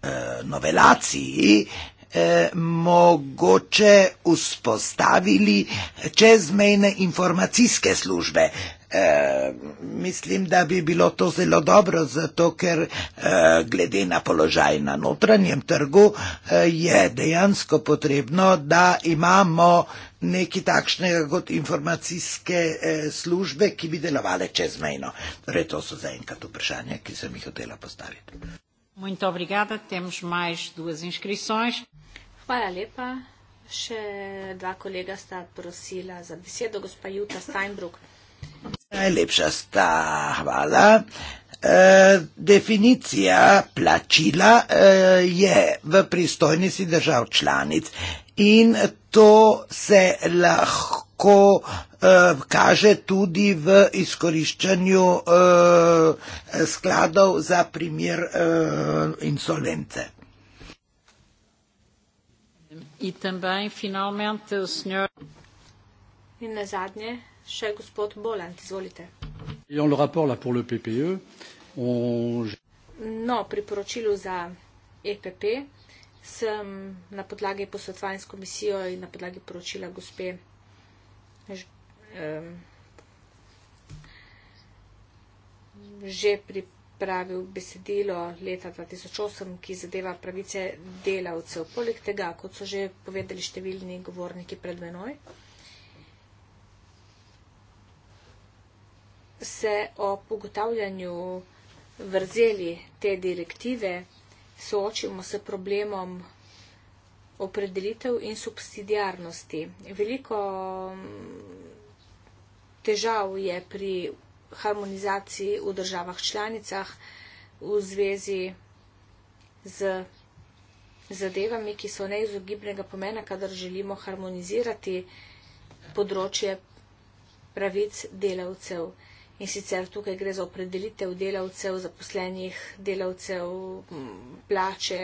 eh, novelaciji eh, mogoče vzpostavili čezmejne informacijske službe, Eh, mislim, da bi bilo to zelo dobro, zato ker eh, glede na položaj na notranjem trgu eh, je dejansko potrebno, da imamo neki takšnega kot informacijske eh, službe, ki bi delovale čezmejno. Torej, to so zaenkrat vprašanja, ki sem jih hotela postaviti. Muito obrigada, temos mais duas inscrições. Hvala lepa. Še dva kolega sta prosila za besedo, gospa Juta Steinbrück. Najlepša sta, hvala. E, definicija plačila e, je v pristojnosti držav članic in to se lahko e, kaže tudi v izkoriščanju e, skladov za primer e, insolence. In na zadnje. Še gospod Boland, izvolite. E, no, pri poročilu za EPP sem na podlagi posvetovanja s komisijo in na podlagi poročila gospe že pripravil besedilo leta 2008, ki zadeva pravice delavcev. Poleg tega, kot so že povedali številni govorniki pred menoj, se ob ugotavljanju vrzeli te direktive soočimo s problemom opredelitev in subsidijarnosti. Veliko mm, težav je pri harmonizaciji v državah članicah v zvezi z zadevami, ki so neizogibnega pomena, kadar želimo harmonizirati področje pravic delavcev. In sicer tukaj gre za opredelitev delavcev, zaposlenih delavcev, plače,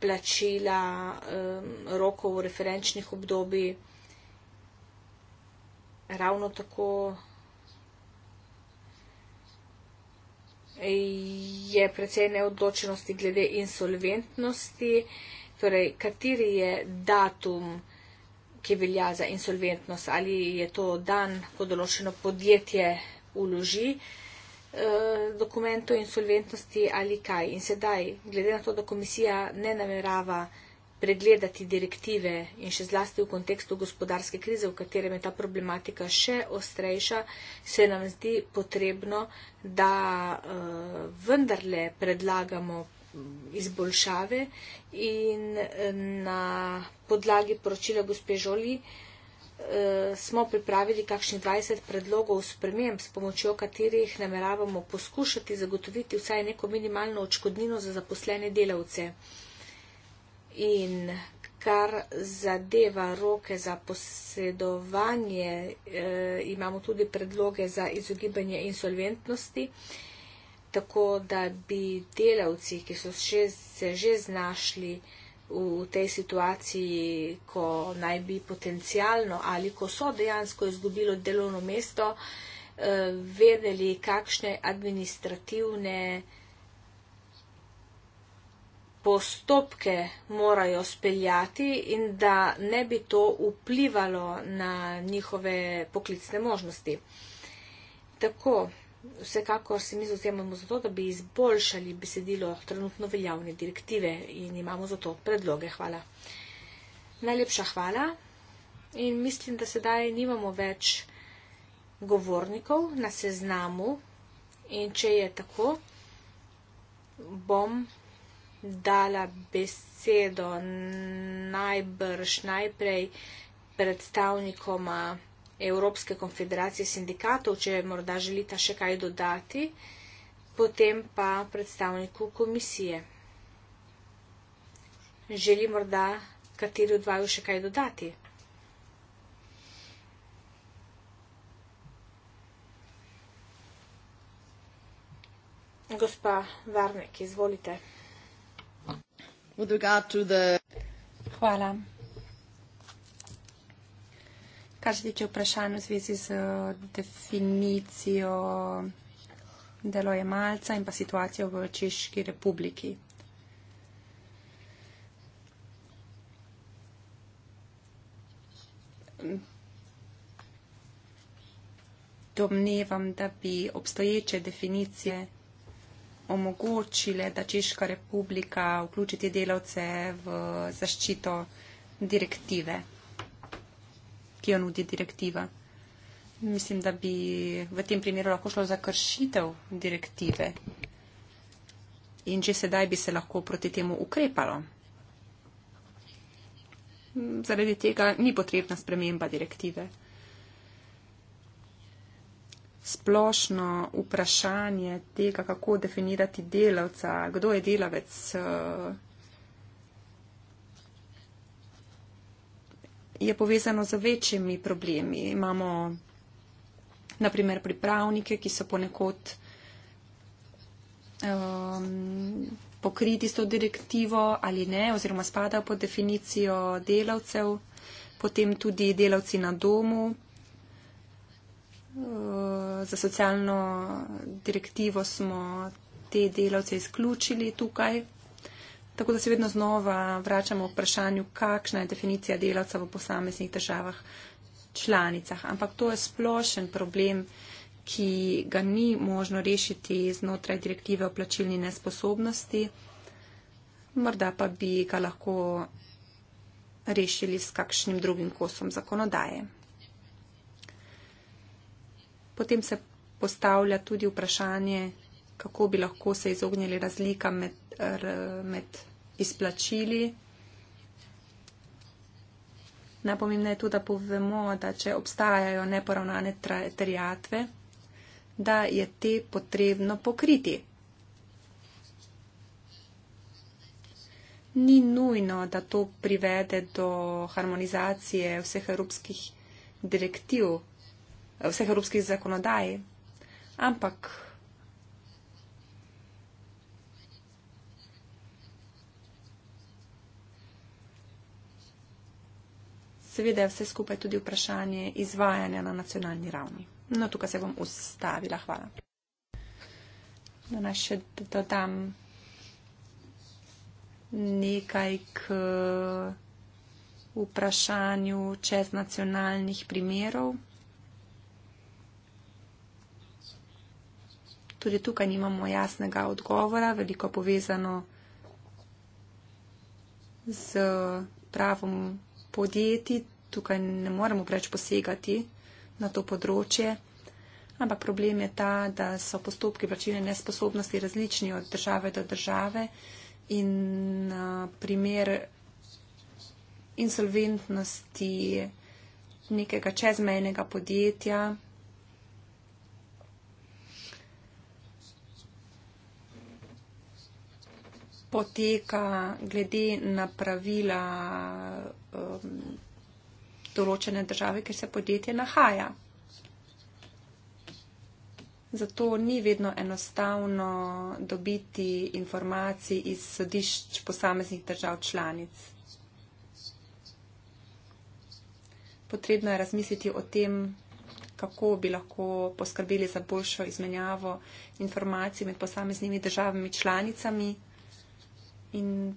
plačila, rokov, referenčnih obdobji. Ravno tako je precej neodločenosti glede insolventnosti, torej kateri je datum, ki velja za insolventnost, ali je to dan, ko določeno podjetje uloži eh, dokument o insolventnosti ali kaj. In sedaj, glede na to, da komisija ne namerava pregledati direktive in še zlasti v kontekstu gospodarske krize, v katerem je ta problematika še ostrejša, se nam zdi potrebno, da eh, vendarle predlagamo izboljšave in eh, na podlagi poročila gospe Žoli eh, smo pripravili kakšnih 20 predlogov sprememb, s pomočjo katerih nameravamo poskušati zagotoviti vsaj neko minimalno očkodnino za zaposlene delavce. In kar zadeva roke za posedovanje, eh, imamo tudi predloge za izogibanje insolventnosti tako da bi delavci, ki so še, se že znašli v, v tej situaciji, ko naj bi potencialno ali ko so dejansko izgubili delovno mesto, eh, vedeli, kakšne administrativne postopke morajo speljati in da ne bi to vplivalo na njihove poklicne možnosti. Tako vsekakor se mi zauzemamo za to, da bi izboljšali besedilo trenutno veljavne direktive in imamo za to predloge. Hvala. Najlepša hvala in mislim, da sedaj nimamo več govornikov na seznamu in če je tako, bom dala besedo najbrž najprej predstavnikoma Evropske konfederacije sindikatov, če morda želita še kaj dodati, potem pa predstavniku komisije. Želi morda kateri od vaju še kaj dodati? Gospa Varnek, izvolite. Hvala. Kar se tiče vprašanja v zvezi z eh, definicijo delojemalca in pa situacijo v Češki republiki. Domnevam, da bi obstoječe definicije omogočile, da Češka republika vključi te delavce v zaščito direktive ki jo nudi direktiva. Mislim, da bi v tem primeru lahko šlo za kršitev direktive. In že sedaj bi se lahko proti temu ukrepalo. Zaradi tega ni potrebna sprememba direktive. Splošno vprašanje tega, kako definirati delavca, kdo je delavec, eh, je povezano z večjimi problemi. Imamo naprimer pripravnike, ki so ponekod um, pokriti s to direktivo ali ne, oziroma spadajo pod definicijo delavcev, potem tudi delavci na domu. Uh, za socialno direktivo smo te delavce izključili tukaj tako da se vedno znova vračamo v vprašanju, kakšna je definicija delavca v posameznih državah članicah. Ampak to je splošen problem, ki ga ni možno rešiti znotraj direktive o plačilni nesposobnosti. Morda pa bi ga lahko rešili s kakšnim drugim kosom zakonodaje. Potem se postavlja tudi vprašanje, kako bi lahko se izognili razlika med, med izplačili. Najpomembne je tudi, da povemo, da če obstajajo neporavnane terjatve, da je te potrebno pokriti. Ni nujno, da to privede do harmonizacije vseh evropskih direktiv, vseh evropskih zakonodaj, ampak seveda je vse skupaj tudi vprašanje izvajanja na nacionalni ravni. No, tukaj se bom ustavila. Hvala. Da naj še dodam nekaj k vprašanju čez nacionalnih primerov. Tudi tukaj nimamo jasnega odgovora, veliko povezano z pravom podjetij, tukaj ne moremo preveč posegati na to področje. Ampak problem je ta, da so postopki plačilne nesposobnosti različni od države do države in uh, primer insolventnosti nekega čezmejnega podjetja poteka glede na pravila um, določene države, kjer se podjetje nahaja. Zato ni vedno enostavno dobiti informacij iz sodišč posameznih držav članic. Potrebno je razmisliti o tem, kako bi lahko poskrbeli za boljšo izmenjavo informacij med posameznimi državami članicami in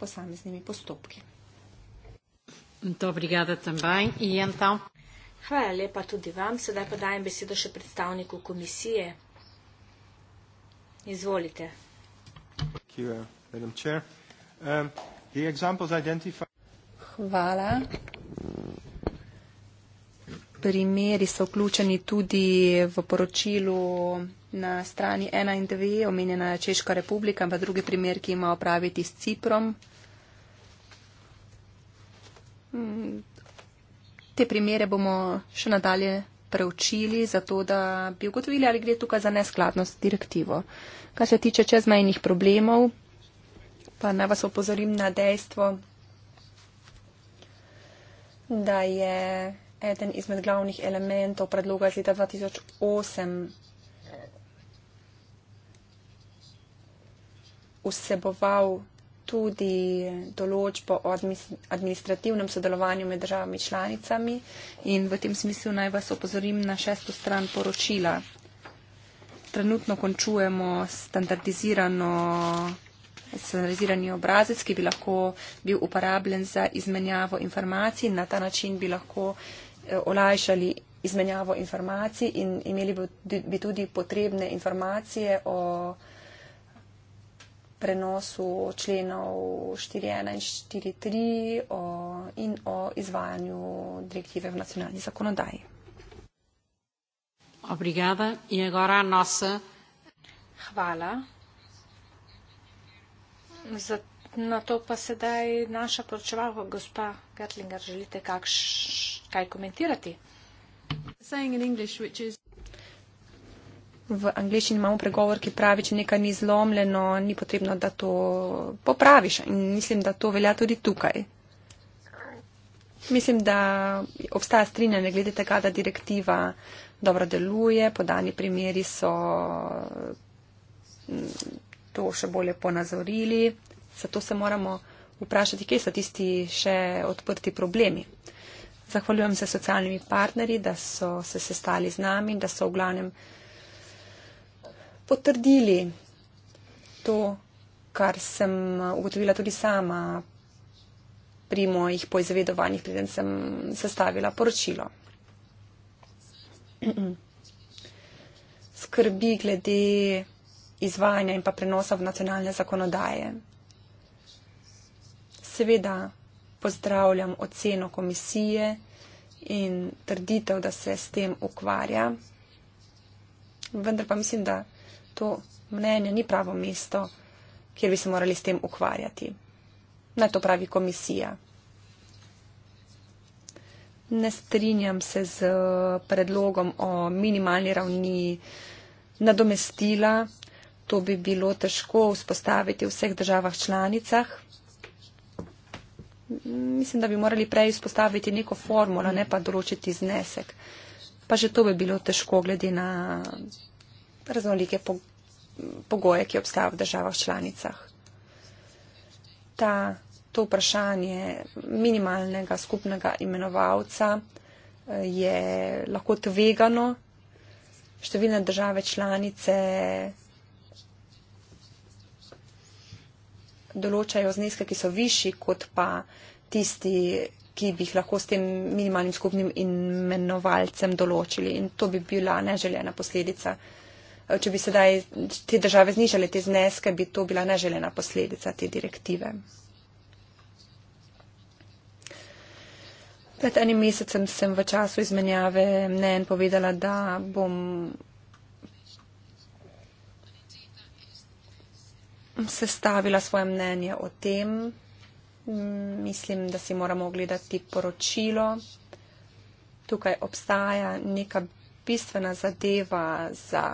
posameznimi postopki. Dobrigada tambaj, Ian Tam. E Hvala lepa tudi vam. Sedaj pa dajem besedo še predstavniku komisije. Izvolite. Uh, um, Hvala. Primeri so vključeni tudi v poročilu na strani 1 in 2 omenjena je Češka republika, pa drugi primer, ki ima opraviti s Ciprom. Mm, te primere bomo še nadalje preučili, zato da bi ugotovili, ali gre tukaj za neskladnost direktivo. Kar se tiče čezmejnih problemov, pa naj vas opozorim na dejstvo, da je eden izmed glavnih elementov predloga iz leta 2008 vseboval tudi določbo o administrativnem sodelovanju med državami članicami in v tem smislu naj vas opozorim na šesto stran poročila. Trenutno končujemo standardizirano standardizirani obrazec, ki bi lahko bil uporabljen za izmenjavo informacij. Na ta način bi lahko eh, olajšali izmenjavo informacij in imeli bi tudi potrebne informacije o prenosu členov 4.1.4.3 in o izvajanju direktive v nacionalni zakonodaji. Obrigada. Jegora Nose. Hvala. Na to pa sedaj naša poročevalka, gospa Gertlinger, želite kaj komentirati? Saying in English, which is v angliščini imamo pregovor, ki pravi, če nekaj ni zlomljeno, ni potrebno, da to popraviš. In mislim, da to velja tudi tukaj. Mislim, da obstaja strinjanje glede tega, da direktiva dobro deluje, podani primeri so mm, to še bolje ponazorili, zato se moramo vprašati, kje so tisti še odprti problemi. Zahvaljujem se socialnimi partnerji, da so se sestali z nami, da so v glavnem potrdili to, kar sem ugotovila tudi sama pri mojih poizvedovanjih, preden sem sestavila poročilo. Skrbi glede izvajanja in pa prenosa v nacionalne zakonodaje. Seveda pozdravljam oceno komisije in trditev, da se s tem ukvarja, vendar pa mislim, da to mnenje ni pravo mesto, kjer bi se morali s tem ukvarjati. Naj to pravi komisija. Ne strinjam se z predlogom o minimalni ravni nadomestila. To bi bilo težko vzpostaviti v vseh državah članicah. Mislim, da bi morali prej vzpostaviti neko formulo, ne pa določiti znesek. Pa že to bi bilo težko glede na raznolike pogoje, ki obstajajo v državah članicah. Ta, to vprašanje minimalnega skupnega imenovalca eh, je lahko tvegano. Številne države članice določajo zneske, ki so višji kot pa tisti, ki bi jih lahko s tem minimalnim skupnim imenovalcem določili. In to bi bila neželjena posledica. Eh, če bi sedaj te države znižale te zneske, bi to bila neželena posledica te direktive. Pred enim mesecem sem v času izmenjave mnen povedala, da bom sestavila svoje mnenje o tem. Mislim, da si moramo ogledati poročilo. Tukaj obstaja neka bistvena zadeva za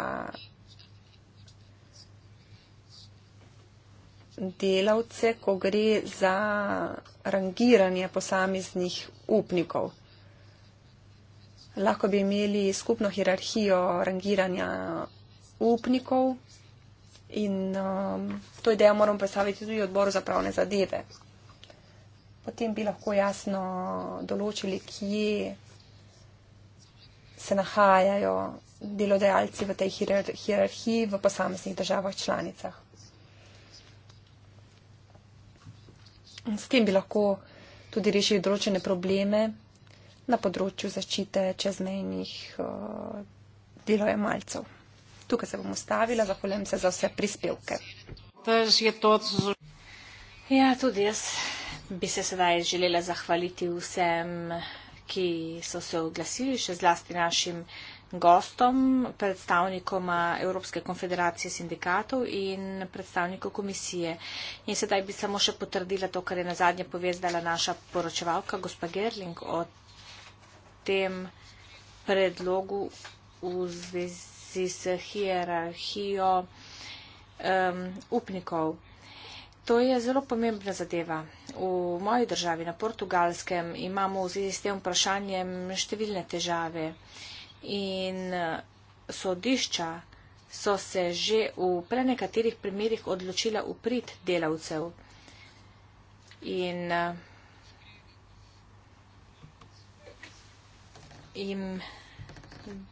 delavce, ko gre za rangiranje posameznih upnikov. Lahko bi imeli skupno hierarhijo rangiranja upnikov in um, to idejo moramo predstaviti tudi odboru za pravne zadeve. Potem bi lahko jasno določili, kje se nahajajo delodajalci v tej hierar hierarhiji v posameznih državah članicah. S tem bi lahko tudi rešili določene probleme na področju zaščite čezmejnih uh, delojemalcev. Tukaj se bom ustavila, zahvaljujem se za vse prispevke. Ja, tudi jaz bi se sedaj želela zahvaliti vsem ki so se oglasili, še zlasti našim gostom, predstavnikom Evropske konfederacije sindikatov in predstavnikom komisije. In sedaj bi samo še potrdila to, kar je na zadnje povezdala naša poročevalka, gospa Gerling, o tem predlogu v zvezi z hierarhijo um, upnikov. To je zelo pomembna zadeva. V moji državi, na portugalskem, imamo v zvezi s tem vprašanjem številne težave in eh, sodišča so se že v prenekaterih primerih odločila uprit delavcev. In eh, jim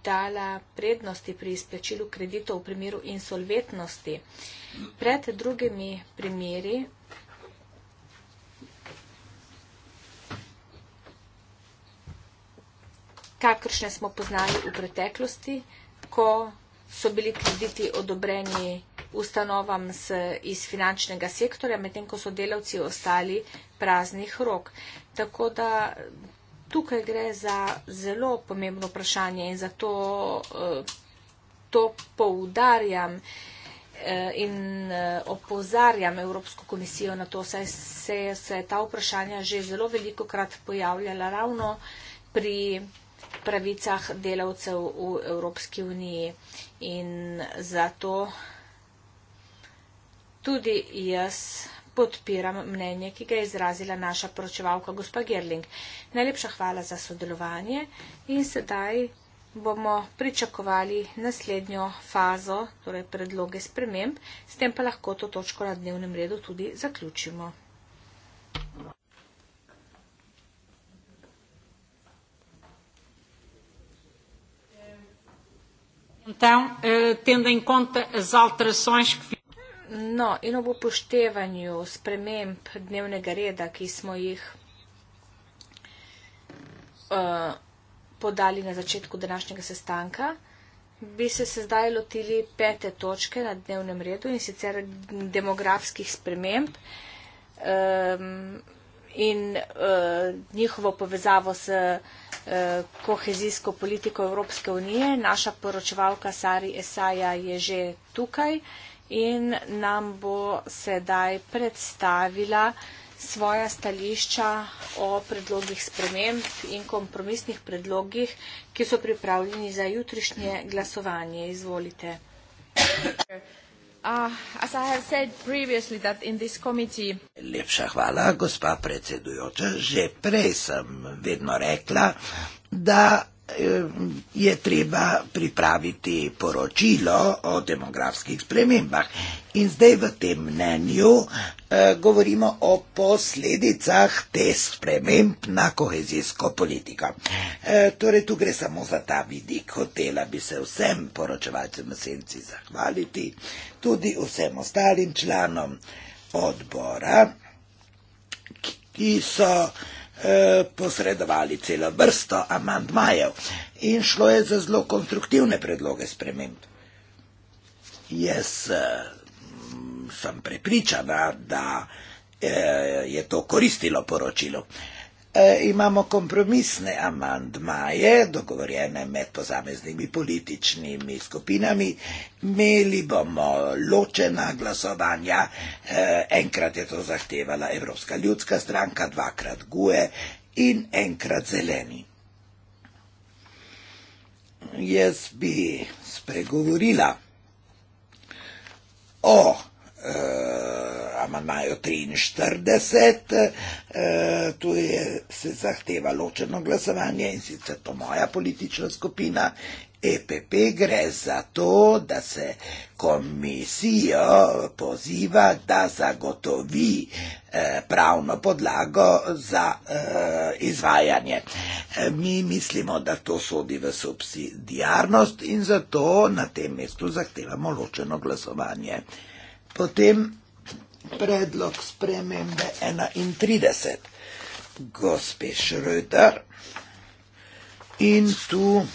dala prednosti pri izplačilu kreditov v primeru insolventnosti. Pred drugimi primeri kakršne smo poznali v preteklosti, ko so bili krediti odobreni ustanovam z, iz finančnega sektorja, medtem ko so delavci ostali praznih rok. Tako da tukaj gre za zelo pomembno vprašanje in zato eh, to poudarjam eh, in eh, opozarjam Evropsko komisijo na to, saj se je ta vprašanja že zelo veliko krat pojavljala ravno pri pravicah delavcev v Evropski uniji. In zato tudi jaz podpiram mnenje, ki ga je izrazila naša poročevalka gospa Gerling. Najlepša hvala za sodelovanje in sedaj bomo pričakovali naslednjo fazo, torej predloge sprememb, s tem pa lahko to točko na dnevnem redu tudi zaključimo. Então, eh, tendo em conta as alterações que No, in ob upoštevanju sprememb dnevnega reda, ki smo jih uh, podali na začetku današnjega sestanka, bi se, se zdaj lotili pete točke na dnevnem redu in sicer demografskih sprememb um, in uh, njihovo povezavo s eh, kohezijsko politiko Evropske unije. Naša poročevalka Sari Esaja je že tukaj. Uh, in nam bo sedaj predstavila svoja stališča o predlogih sprememb in kompromisnih predlogih, ki so pripravljeni za jutrišnje glasovanje. Izvolite. Ah, Lepša hvala, gospa predsedujoča. Že prej sem vedno rekla, da Eh, je treba pripraviti poročilo o demografskih spremembah. In zdaj v tem mnenju eh, govorimo o posledicah te sprememb na kohezijsko politiko. Eh, torej, tu gre samo za ta vidik. Hotela bi se vsem poročevalcem v senci zahvaliti, tudi vsem ostalim članom odbora, ki so Eh, posredovali celo vrsto amantmajev in šlo je za zelo konstruktivne predloge sprememb. Jaz eh, sem prepričana, da eh, je to koristilo poročilo. E, imamo kompromisne amandmaje, dogovorjene med pozameznimi političnimi skupinami. Imeli bomo ločena glasovanja, e, enkrat je to zahtevala Evropska ljudska stranka, dvakrat GUE in enkrat zeleni. Jaz bi spregovorila o eh, amandmaju 43, eh, tu je se zahteva ločeno glasovanje in sicer to moja politična skupina. EPP gre za to, da se komisijo poziva, da zagotovi eh, pravno podlago za eh, izvajanje. Eh, mi mislimo, da to sodi v subsidijarnost in zato na tem mestu zahtevamo ločeno glasovanje. Potem predlog spremembe 31, gospe Šrödar. In tu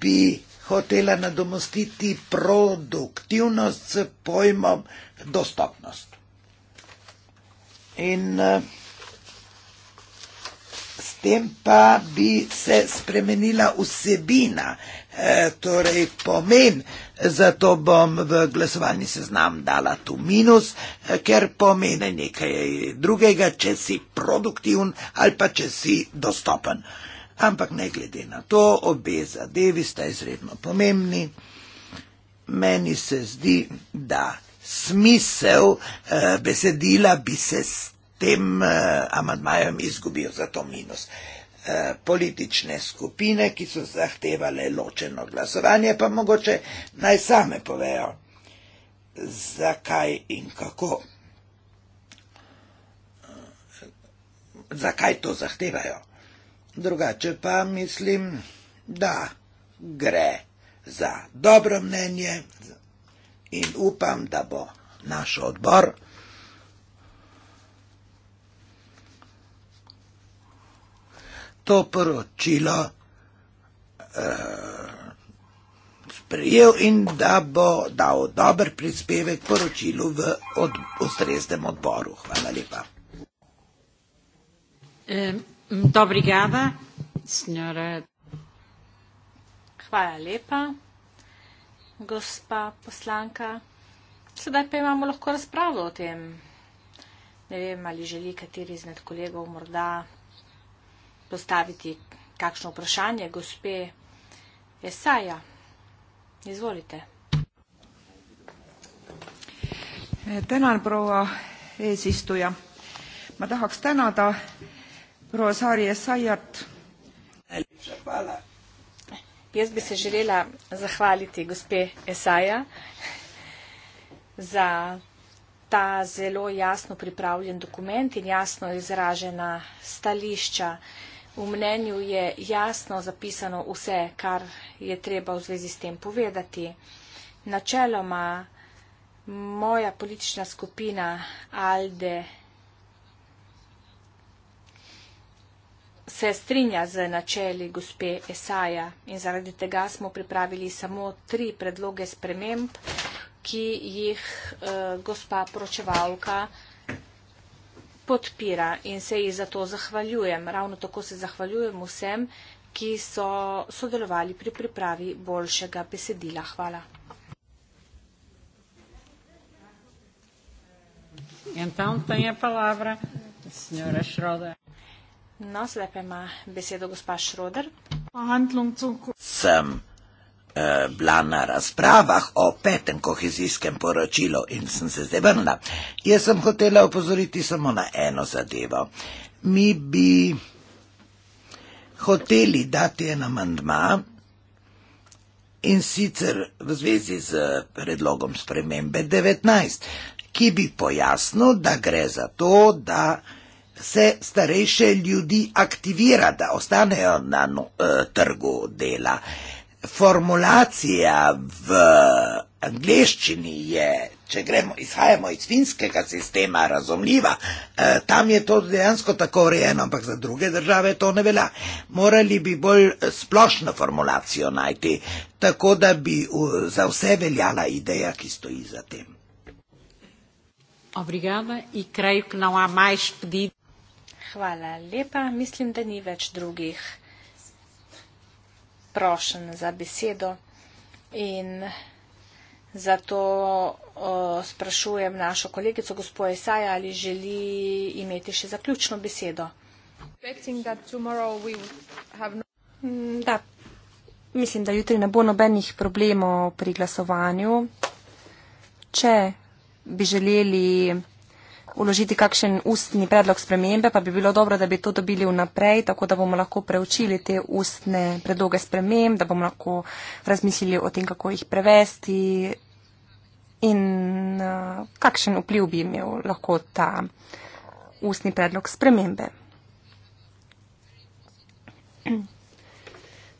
bi hotela nadomestiti produktivnost s pojmom dostopnost. In eh, s tem pa bi se spremenila vsebina E, torej pomen, zato bom v glasovalni seznam dala tu minus, e, ker pomeni nekaj drugega, če si produktivn ali pa če si dostopen. Ampak ne glede na to, obe zadevi sta izredno pomembni. Meni se zdi, da smisel e, besedila bi se s tem amadmajem izgubil za to minus. Eh, politične skupine, ki so zahtevale ločeno glasovanje, pa mogoče naj same povejo, zakaj in kako. Eh, zakaj to zahtevajo? Drugače pa mislim, da gre za dobro mnenje in upam, da bo naš odbor to poročilo uh, eh, sprijel in da bo dal dober prispevek poročilu v od, ustreznem odboru. Hvala lepa. Dobrigada, signore. Hvala lepa, gospa poslanka. Sedaj pa imamo lahko razpravo o tem. Ne vem, ali želi kateri izmed kolegov morda postaviti kakšno vprašanje gospe Jesaja. Izvolite. Tänan, proua eesistuja. Ma tahaks tänada proua Saari Jesajat. Hvala. Jaz bi se želela zahvaliti gospe Esaja za ta zelo jasno pripravljen dokument in jasno izražena stališča. V mnenju je jasno zapisano vse, kar je treba v zvezi s tem povedati. Načeloma moja politična skupina Alde se strinja z načeli gospe Esaja in zaradi tega smo pripravili samo tri predloge sprememb, ki jih uh, gospa pročevalka podpira in se ji zato zahvaljujem. Ravno tako se zahvaljujem vsem, ki so sodelovali pri pripravi boljšega besedila. Hvala. No, zdaj pa ima besedo gospa Šroder. Sem. Eh, bila na razpravah o petem kohezijskem poročilu in sem se zdaj vrnila, jaz sem hotela opozoriti samo na eno zadevo. Mi bi hoteli dati en amandma in sicer v zvezi z predlogom spremembe 19, ki bi pojasnil, da gre za to, da se starejše ljudi aktivira, da ostanejo na no, trgu dela formulacija v angleščini je, če gremo, izhajamo iz finskega sistema, razumljiva. E, tam je to dejansko tako urejeno, ampak za druge države to ne velja. Morali bi bolj eh, splošno formulacijo najti, tako da bi v, za vse veljala ideja, ki stoji za tem. Obrigada in kraj, ki nam je majš pdi. Hvala lepa, mislim, da ni več drugih prošen za besedo in zato uh, sprašujem našo kolegico, gospod Esaja, ali želi imeti še zaključno besedo. No- mm, da, mislim, da jutri ne bo nobenih problemov pri glasovanju. Če bi želeli vložiti kakšen ustni predlog spremembe, pa bi bilo dobro, da bi to dobili vnaprej, tako da bomo lahko preučili te ustne predloge sprememb, da bomo lahko razmislili o tem, kako jih prevesti in uh, kakšen vpliv bi imel lahko ta ustni predlog spremembe.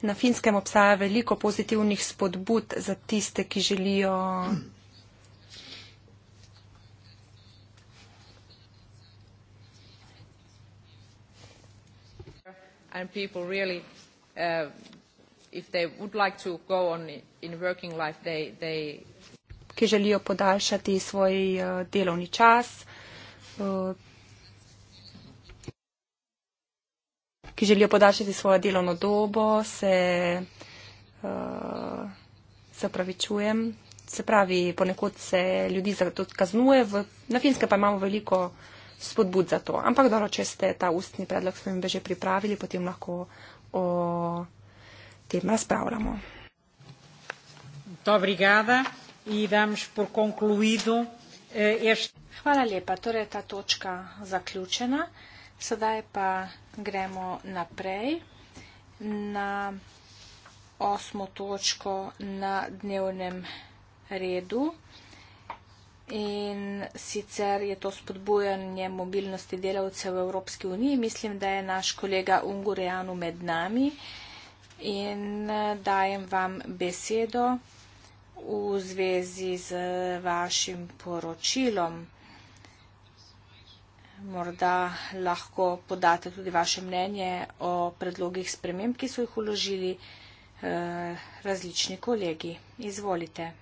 Na finskem obstaja veliko pozitivnih spodbud za tiste, ki želijo and people really, uh, if they would like to go on in working life, they, they ki želijo podaljšati svoj uh, delovni čas, uh, ki želijo podaljšati svojo delovno dobo, se uh, zapravičujem. Se pravi, ponekod se ljudi za to kaznuje, v, na finske pa imamo veliko uh, spodbud za to. Ampak dobro, če ste ta ustni predlog svojim beže pripravili, potem lahko o tem razpravljamo. Dobrigada, e eh, Hvala lepa, torej je ta točka zaključena. Sedaj pa gremo naprej na osmo točko na dnevnem redu in sicer je to spodbujanje mobilnosti delavcev v Evropski uniji. Mislim, da je naš kolega Ungurejanu med nami in eh, dajem vam besedo v zvezi z eh, vašim poročilom. Morda lahko podate tudi vaše mnenje o predlogih sprememb, ki so jih uložili eh, različni kolegi. Izvolite.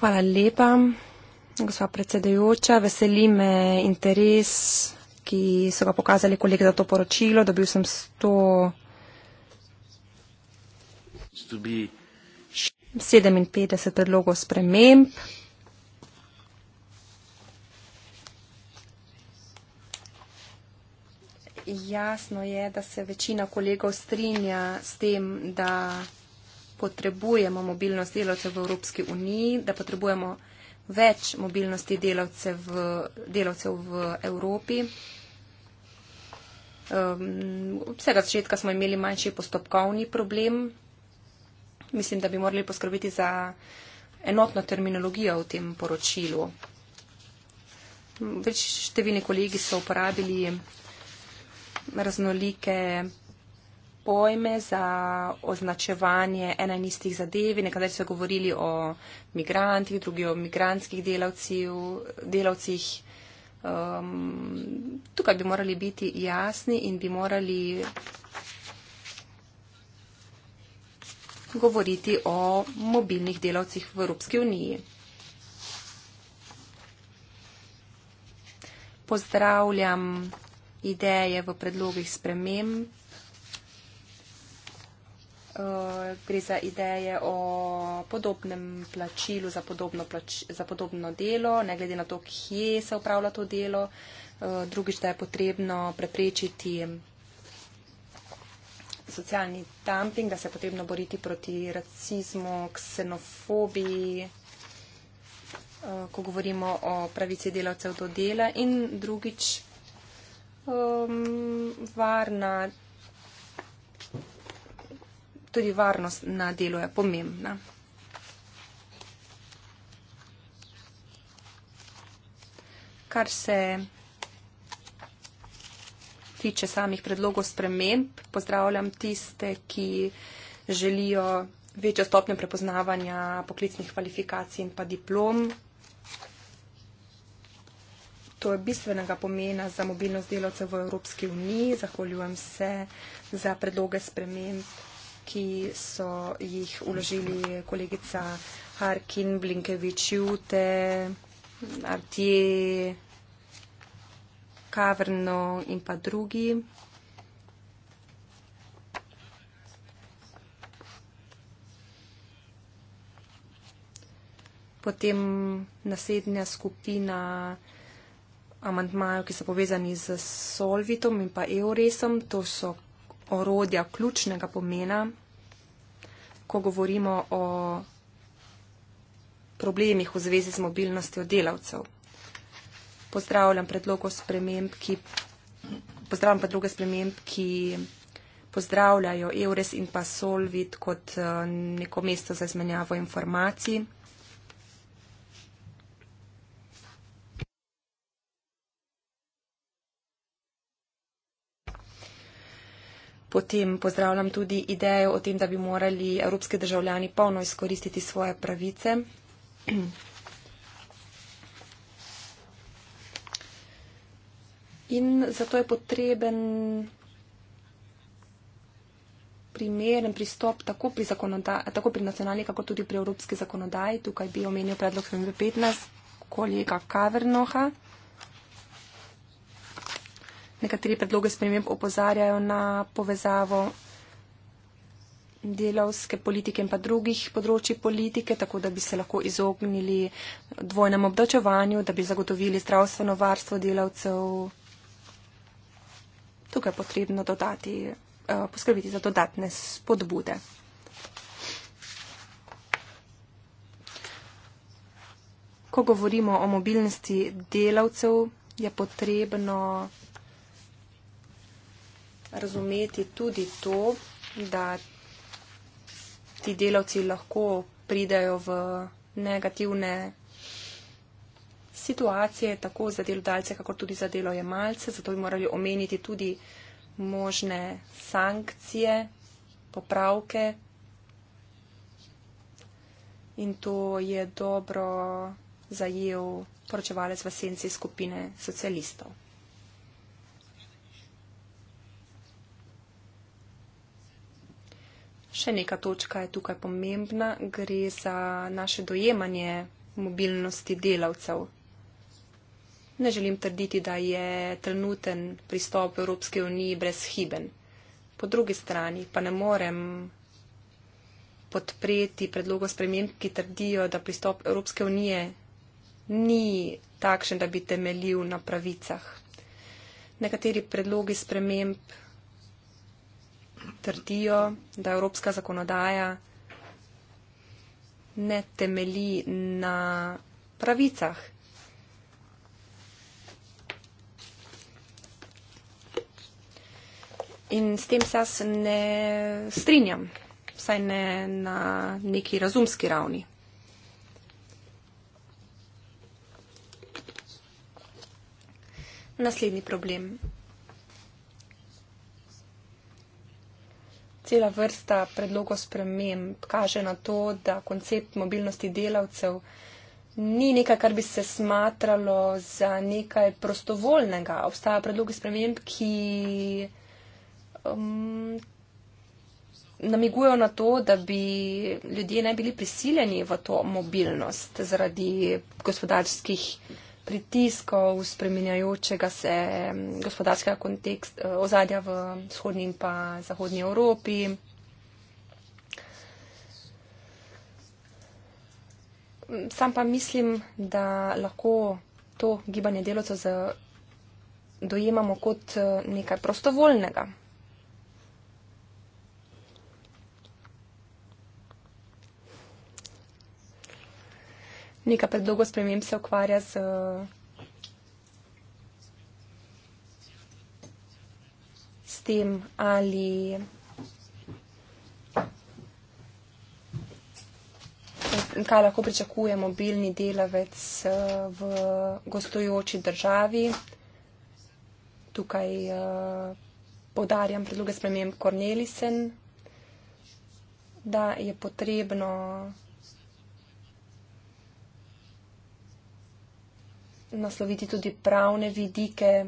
Hvala lepa, gospa predsedajoča. Veseli me interes, ki so ga pokazali kolege za to poročilo. Dobil sem 100. 57 predlogov sprememb. Jasno je, da se večina kolegov strinja s tem, da potrebujemo mobilnost delavcev v Evropski uniji, da potrebujemo več mobilnosti delavcev v, delavcev v Evropi. Um, vsega začetka smo imeli manjši postopkovni problem. Mislim, da bi morali poskrbeti za enotno terminologijo v tem poročilu. Več številni kolegi so uporabili raznolike pojme za označevanje ena in istih zadev. Nekateri so govorili o migrantih, drugi o migrantskih delavcih. delavcih. Um, tukaj bi morali biti jasni in bi morali govoriti o mobilnih delavcih v Evropski uniji. Pozdravljam ideje v predlogih sprememb. Eh, gre za ideje o podobnem plačilu za podobno, plač, za podobno delo, ne glede na to, kje se upravlja to delo. Eh, drugič, da je potrebno preprečiti socialni dumping, da se je potrebno boriti proti rasizmu, ksenofobiji, eh, ko govorimo o pravici delavcev do dela. In drugič, ehm, varna tudi varnost na delu je pomembna. Kar se tiče samih predlogov sprememb, pozdravljam tiste, ki želijo večjo stopnjo prepoznavanja poklicnih kvalifikacij in pa diplom. To je bistvenega pomena za mobilnost delavcev v Evropski uniji. Zahvaljujem se za predloge sprememb ki so jih uložili kolegica Harkin, Blinkevič, Jute, Artije, Kavrno in pa drugi. Potem naslednja skupina amantmajev, ki so povezani z Solvitom in pa Euresom, to so orodja ključnega pomena ko govorimo o problemih v zvezi z mobilnostjo delavcev. Pozdravljam predlogo sprememb, ki pozdravljam pa druge sprememb, ki pozdravljajo EURES in pa SOLVIT kot eh, neko mesto za izmenjavo informacij. Potem pozdravljam tudi idejo o tem, da bi morali evropske državljani polno izkoristiti svoje pravice. In zato je potreben primeren pristop tako pri, tako pri nacionalni, kako tudi pri evropski zakonodaji. Tukaj bi omenil predlog 2015 kolega Kavernoha nekateri predloge sprememb opozarjajo na povezavo delovske politike in pa drugih področji politike, tako da bi se lahko izognili dvojnemu obdočevanju, da bi zagotovili zdravstveno varstvo delavcev. Tukaj je potrebno dodati, eh, poskrbiti za dodatne spodbude. Ko govorimo o mobilnosti delavcev, je potrebno razumeti tudi to, da ti delavci lahko pridajo v negativne situacije, tako za delodajalce, kako tudi za delojemalce. Zato bi morali omeniti tudi možne sankcije, popravke. In to je dobro zajel poročevalec v senci skupine socialistov. Še neka točka je tukaj pomembna, gre za naše dojemanje mobilnosti delavcev. Ne želim trditi, da je trenuten pristop Evropske unije brezhiben. Po drugi strani pa ne morem podpreti predlogo sprememb, ki trdijo, da pristop Evropske unije ni takšen, da bi temeljil na pravicah. Nekateri predlogi sprememb trdijo, da evropska zakonodaja ne temeli na pravicah. In s tem se jaz ne strinjam, vsaj ne na neki razumski ravni. Naslednji problem. cela vrsta predlogov sprememb kaže na to, da koncept mobilnosti delavcev ni nekaj, kar bi se smatralo za nekaj prostovoljnega. Obstajajo predlogi sprememb, ki um, namigujejo na to, da bi ljudje ne bili prisiljeni v to mobilnost zaradi gospodarskih pritiskov spreminjajočega se mm, gospodarskega kontekst, eh, ozadja v vzhodnji in pa zahodnji Evropi. Mm, sam pa mislim, da lahko to gibanje delovcev dojemamo kot eh, nekaj prostovoljnega. neka predloga sprememb se ukvarja z. Eh, s tem, ali kaj lahko pričakuje mobilni delavec eh, v gostujoči državi. Tukaj eh, podarjam predloge spremem Cornelisen, da je potrebno nasloviti tudi pravne vidike,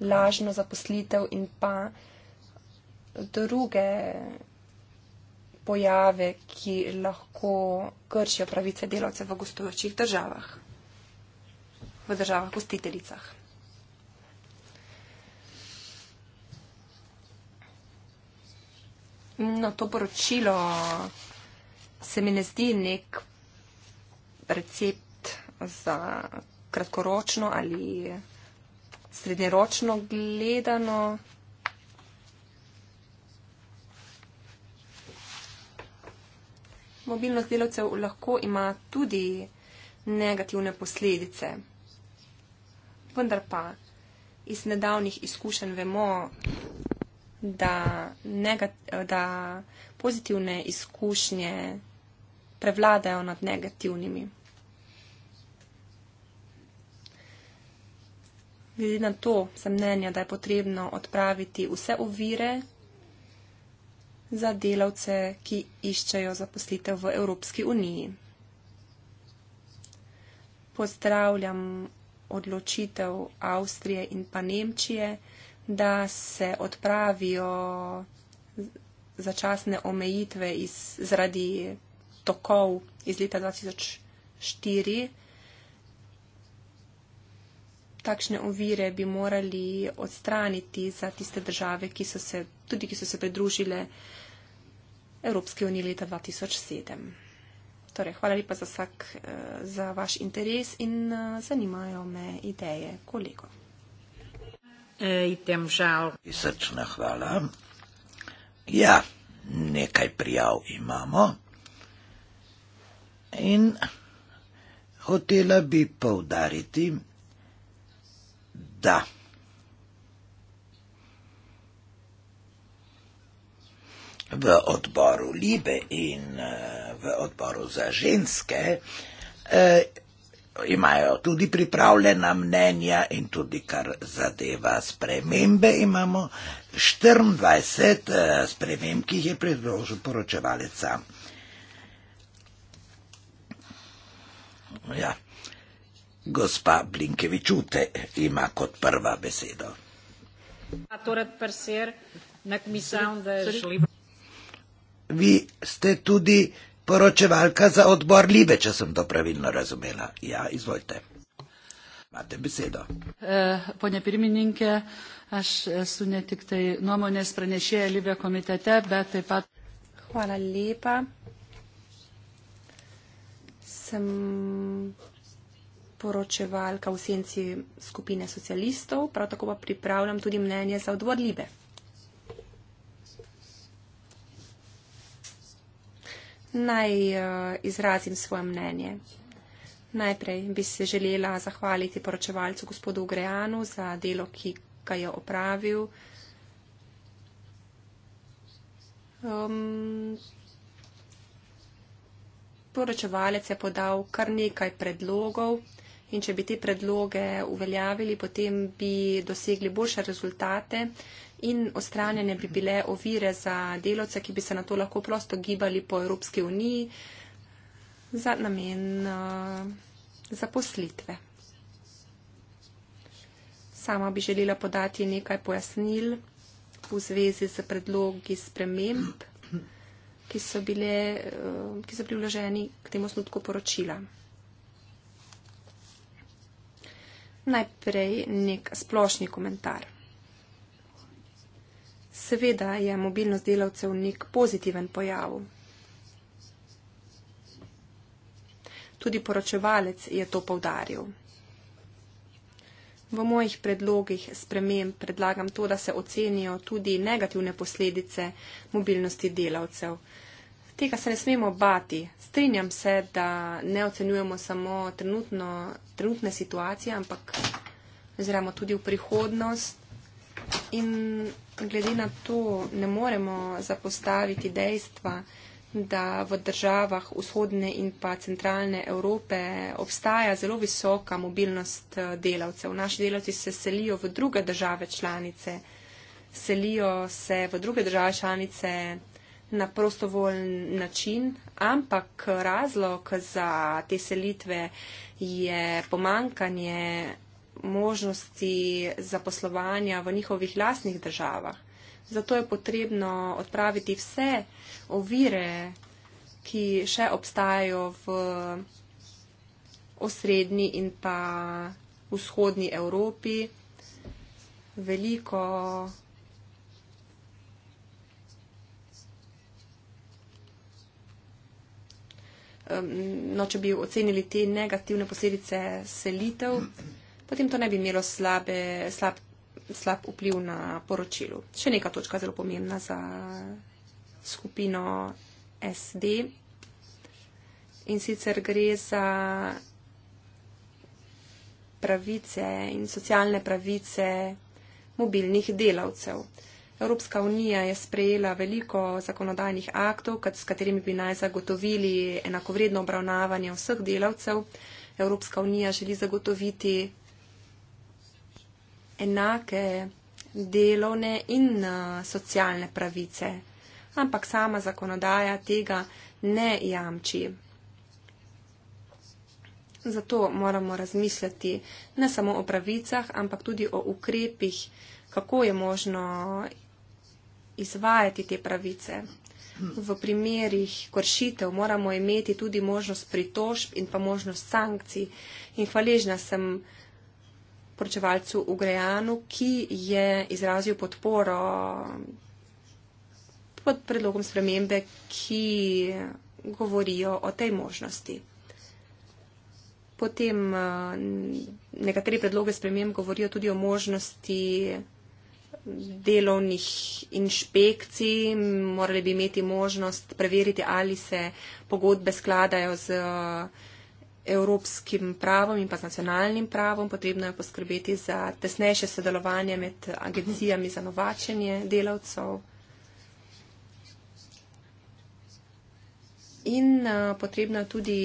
lažno zaposlitev in pa druge pojave, ki lahko kršijo pravice delavcev v gostujočih državah, v državah gostiteljicah. No, to poročilo se mi ne zdi nek recept za kratkoročno ali srednjeročno gledano. Mobilnost delavcev lahko ima tudi negativne posledice, vendar pa iz nedavnih izkušenj vemo, da, da pozitivne izkušnje prevladajo nad negativnimi. glede na to sem mnenja, da je potrebno odpraviti vse ovire za delavce, ki iščejo zaposlitev v Evropski uniji. Pozdravljam odločitev Avstrije in pa Nemčije, da se odpravijo začasne omejitve iz, zaradi tokov iz leta 2004 takšne ovire bi morali odstraniti za tiste države, ki so se, tudi ki so se pridružile Evropske unije leta 2007. Torej, hvala lepa za vsak, eh, za vaš interes in eh, zanimajo me ideje kolego. E, Idem žal. Srčna hvala. Ja, nekaj prijav imamo. In hotela bi povdariti, da. V odboru Libe in eh, v odboru za ženske eh, imajo tudi pripravljena mnenja in tudi kar zadeva spremembe imamo 24 eh, sprememb, ki jih je predložil poročevalec. Ja, Gospa Blinkevičute ima kot prva besedo. Vi ste tudi poročevalka za odbor Libe, če sem to pravilno razumela. Ja, izvolite. Imate besedo. Eh, pone Pirmininke, aš eh, sunje tik tej nomonės pranešėje Libe komitete, bet taip pat. Hvala lepa. Sem poročevalka v senci skupine socialistov, prav tako pa pripravljam tudi mnenje za odbor Libe. Naj uh, izrazim svoje mnenje. Najprej bi se želela zahvaliti poročevalcu gospodu Grejanu za delo, ki ga je opravil. Um, poročevalec je podal kar nekaj predlogov in če bi te predloge uveljavili, potem bi dosegli boljše rezultate in ostranjene bi bile ovire za delovce, ki bi se na to lahko prosto gibali po Evropski uniji za namen uh, zaposlitve. Sama bi želela podati nekaj pojasnil v zvezi z predlogi sprememb, ki so, bile, uh, ki so bili vloženi k temu snutku poročila. Najprej nek splošni komentar. Seveda je mobilnost delavcev nek pozitiven pojav. Tudi poročevalec je to povdaril. V mojih predlogih sprememb predlagam to, da se ocenijo tudi negativne posledice mobilnosti delavcev tega se ne smemo bati. Strinjam se, da ne ocenjujemo samo trenutno, trenutne situacije, ampak oziramo tudi v prihodnost. In glede na to ne moremo zapostaviti dejstva, da v državah vzhodne in pa centralne Evrope obstaja zelo visoka mobilnost eh, delavcev. Naši delavci se selijo v druge države članice, selijo se v druge države članice na prostovoljen način, ampak razlog za te selitve je pomankanje možnosti zaposlovanja v njihovih lasnih državah. Zato je potrebno odpraviti vse ovire, ki še obstajajo v osrednji in pa vzhodni Evropi. Veliko no, če bi ocenili te negativne posledice selitev, potem to ne bi imelo slabe, slab, slab vpliv na poročilo. Še neka točka zelo pomembna za skupino SD in sicer gre za pravice in socialne pravice mobilnih delavcev. Evropska unija je sprejela veliko zakonodajnih aktov, s katerimi bi naj zagotovili enakovredno obravnavanje vseh delavcev. Evropska unija želi zagotoviti enake delovne in uh, socialne pravice, ampak sama zakonodaja tega ne jamči. Zato moramo razmisliti ne samo o pravicah, ampak tudi o ukrepih, kako je možno izvajati te pravice. V primerih kršitev moramo imeti tudi možnost pritožb in pa možnost sankcij. In hvaležna sem poročevalcu Ugrejanu, ki je izrazil podporo pod predlogom spremembe, ki govorijo o tej možnosti. Potem eh, nekateri predloge spremem govorijo tudi o možnosti delovnih inšpekcij, morali bi imeti možnost preveriti, ali se pogodbe skladajo z eh, evropskim pravom in pa z nacionalnim pravom. Potrebno je poskrbeti za tesnejše sodelovanje med agencijami za novačenje delavcev. In eh, potrebno je tudi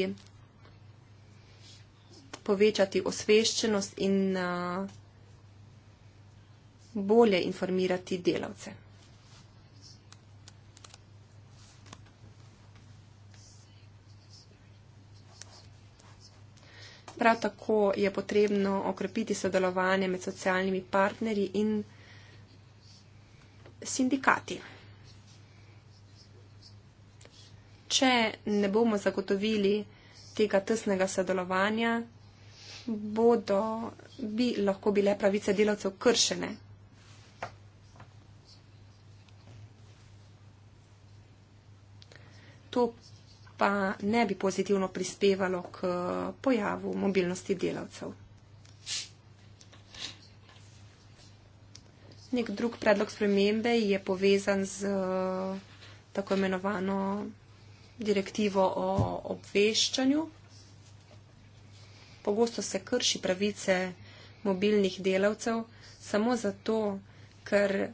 povečati osveščenost in eh, bolje informirati delavce. Prav tako je potrebno okrepiti sodelovanje med socialnimi partnerji in sindikati. Če ne bomo zagotovili tega tesnega sodelovanja, bodo, bi lahko bile pravice delavcev kršene. to pa ne bi pozitivno prispevalo k eh, pojavu mobilnosti delavcev. Nek drug predlog spremembe je povezan z eh, tako imenovano direktivo o obveščanju. Pogosto se krši pravice mobilnih delavcev samo zato, ker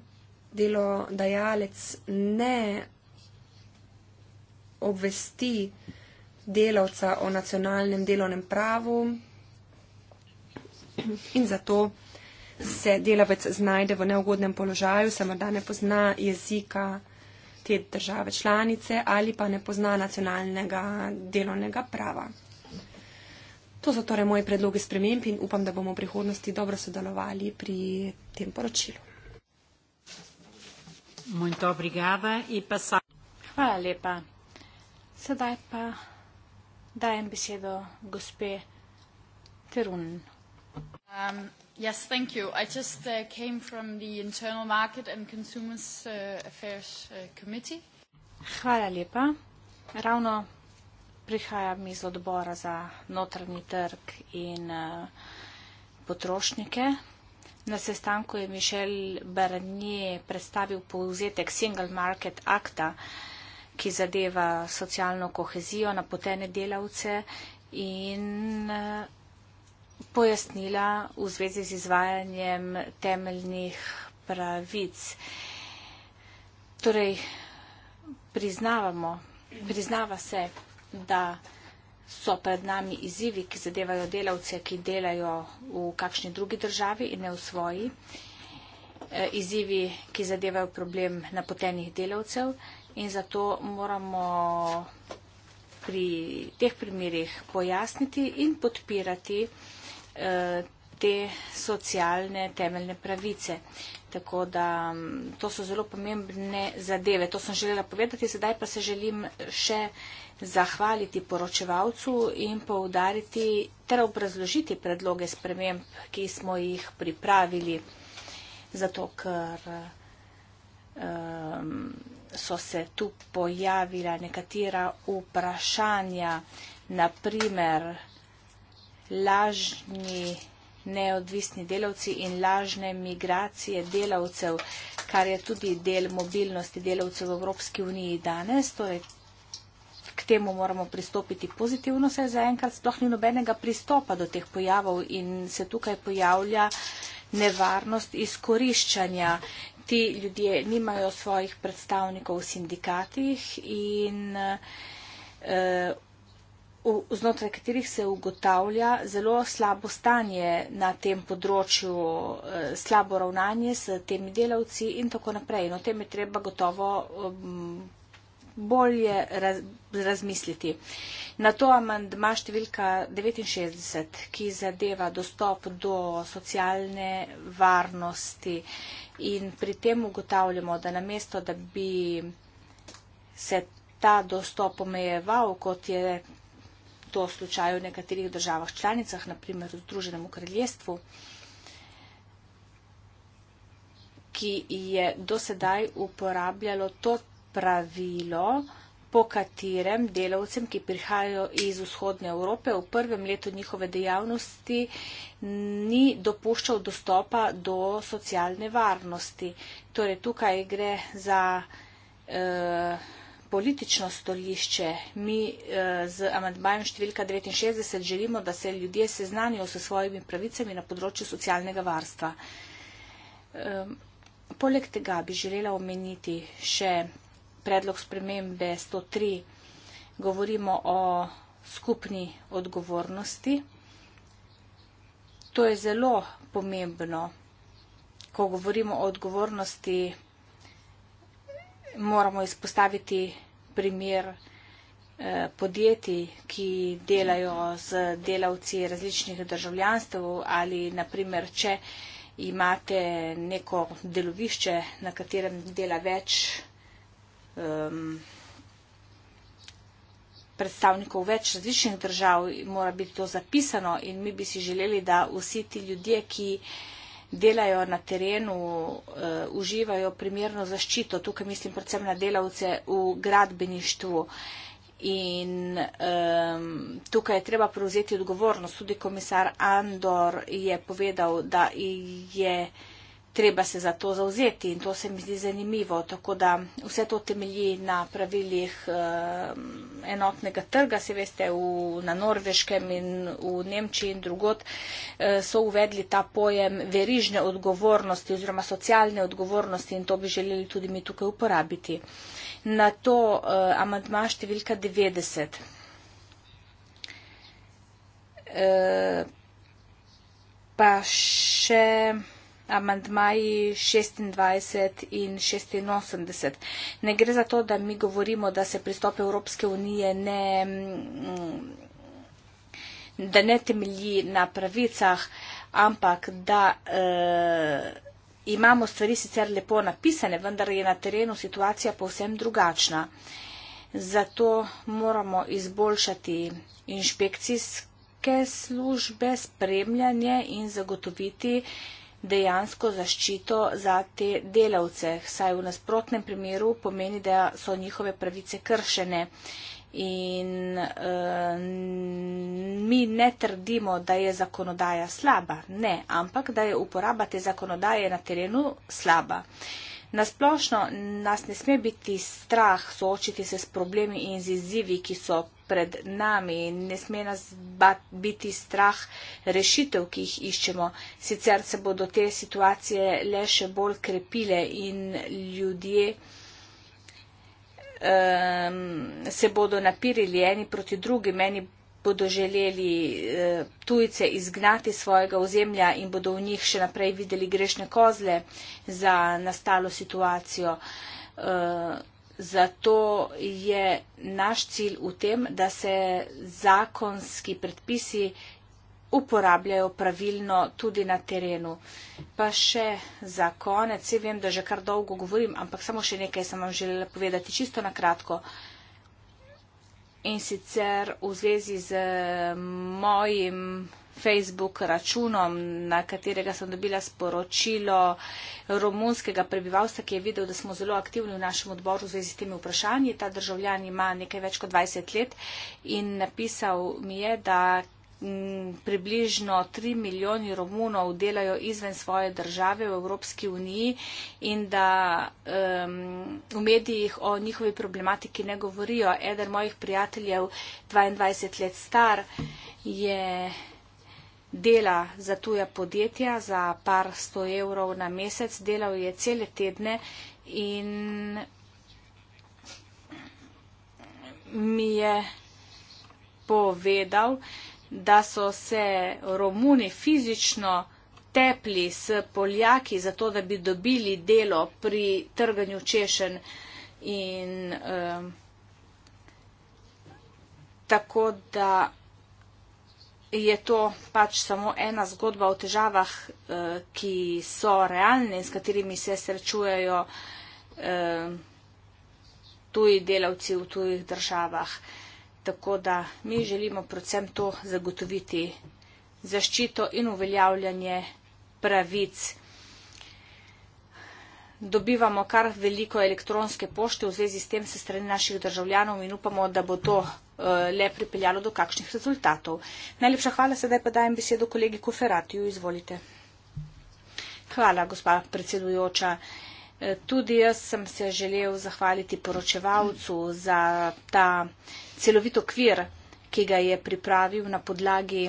delodajalec ne obvesti delavca o nacionalnem delovnem pravu in zato se delavec znajde v neugodnem položaju, se morda ne pozna jezika te države članice ali pa ne pozna nacionalnega delovnega prava. To so torej moji predlogi sprememb in upam, da bomo v prihodnosti dobro sodelovali pri tem poročilu. E Hvala lepa. Sedaj pa dajem besedo gospe Terun. Um, yes, thank you. I just uh, came from the Internal Market and Consumers uh, Affairs uh, Committee. Hvala lepa. Ravno prihajam iz odbora za notranji trg in uh, potrošnike. Na sestanku je Mišel Barnier predstavil povzetek Single Market Acta, uh, ki zadeva socialno kohezijo, napotene delavce in eh, pojasnila v zvezi z izvajanjem temeljnih pravic. Torej, priznavamo, priznava se, da so pred nami izzivi, ki zadevajo delavce, ki delajo v kakšni drugi državi in ne v svoji, eh, izzivi, ki zadevajo problem napotenih delavcev in zato moramo pri teh primerjih pojasniti in podpirati eh, te socialne temeljne pravice. Tako da to so zelo pomembne zadeve. To sem želela povedati, sedaj pa se želim še zahvaliti poročevalcu in poudariti ter obrazložiti predloge sprememb, ki smo jih pripravili, zato ker um, so se tu pojavila nekatera vprašanja, naprimer lažni neodvisni delavci in lažne migracije delavcev, kar je tudi del mobilnosti delavcev v Evropski uniji danes. Torej, k temu moramo pristopiti pozitivno, saj zaenkrat sploh ni nobenega pristopa do teh pojavov in se tukaj pojavlja nevarnost izkoriščanja ti ljudje nimajo svojih predstavnikov v sindikatih in eh, znotraj katerih se ugotavlja zelo slabo stanje na tem področju, eh, slabo ravnanje s temi delavci in tako naprej. In no, o tem je treba gotovo eh, bolje raz, razmisliti. Na to amandma številka 69, ki zadeva dostop do socialne varnosti, eh, in pri tem ugotavljamo, da namesto, da bi se ta dostop omejeval, kot je to slučaj v nekaterih državah članicah, naprimer v Združenem kraljestvu, ki je dosedaj uporabljalo to pravilo, po katerem delavcem, ki prihajajo iz vzhodne Evrope, v prvem letu njihove dejavnosti ni dopuščal dostopa do socialne varnosti. Torej, tukaj gre za eh, politično stolišče. Mi eh, z amantbajem številka 69 želimo, da se ljudje seznanijo s svojimi pravicami na področju socialnega varstva. Eh, poleg tega bi želela omeniti še predlog spremembe 103 govorimo o skupni odgovornosti. To je zelo pomembno, ko govorimo o odgovornosti, moramo izpostaviti primer eh, podjetij, ki delajo z delavci različnih državljanstv ali naprimer, če imate neko delovišče, na katerem dela več državljanstv, um, predstavnikov več različnih držav, mora biti to zapisano in mi bi si želeli, da vsi ti ljudje, ki delajo na terenu, uh, uživajo primerno zaščito. Tukaj mislim predvsem na delavce v gradbeništvu. In um, tukaj je treba prevzeti odgovornost. Tudi komisar Andor je povedal, da je uh, treba se za to zauzeti in to se mi zdi zanimivo. Tako da vse to temelji na pravilih eh, enotnega trga, se veste, v, na norveškem in v Nemčiji in drugot eh, so uvedli ta pojem verižne odgovornosti oziroma socialne odgovornosti in to bi želeli tudi mi tukaj uporabiti. Na to eh, amandma številka 90. Pa še amantmaji 26 in 86. Ne gre za to, da mi govorimo, da se pristop Evropske unije ne, mm, da ne temelji na pravicah, ampak da eh, imamo stvari sicer lepo napisane, vendar je na terenu situacija povsem drugačna. Zato moramo izboljšati inšpekcijske službe, spremljanje in zagotoviti, dejansko zaščito za te delavce, saj v nasprotnem primeru pomeni, da so njihove pravice kršene. In uh, mi ne trdimo, da je zakonodaja slaba, ne, ampak da je uporaba te zakonodaje na terenu slaba. Uh, Nasplošno nas ne sme biti strah soočiti se s problemi in z izzivi, ki so pred nami. Ne sme nas biti strah rešitev, ki jih iščemo. Sicer se bodo te situacije le še bolj krepile in ljudje um, se bodo napirili eni proti drugi. Meni bodo želeli eh, tujce izgnati svojega ozemlja in bodo v njih še naprej videli grešne kozle za nastalo situacijo. Eh, zato je naš cilj v tem, da se zakonski predpisi uporabljajo pravilno tudi na terenu. Pa še za konec, vem, da že kar dolgo govorim, ampak samo še nekaj sem vam želela povedati, čisto na kratko. Uh, in sicer v zvezi z eh, mojim Facebook računom, na katerega sem dobila sporočilo romunskega prebivalstva, ki je videl, da smo zelo aktivni v našem odboru v zvezi s temi vprašanji. Ta državljan ima nekaj več kot 20 let in napisal mi je, da približno 3 milijoni Romunov delajo izven svoje države v Evropski uniji in da um, v medijih o njihovi problematiki ne govorijo. Eden mojih prijateljev, 22 let star, je dela za tuja podjetja za par sto evrov na mesec, delal je cele tedne in mi je povedal, da so se Romuni fizično tepli s Poljaki, zato da bi dobili delo pri trganju češen. In, eh, tako da je to pač samo ena zgodba o težavah, eh, ki so realne in s katerimi se srečujejo eh, tuji delavci v tujih državah. Eh, Tako da mi želimo predvsem to zagotoviti zaščito in uveljavljanje pravic. Dobivamo kar veliko elektronske pošte v zvezi s tem se strani naših državljanov in upamo, da bo to eh, le pripeljalo do kakšnih rezultatov. Najlepša hvala, sedaj pa dajem besedo kolegi Koferatiju, izvolite. Hvala, gospa predsedujoča. Eh, tudi jaz sem se želel zahvaliti poročevalcu za ta celovito kvir, ki ga je pripravil na podlagi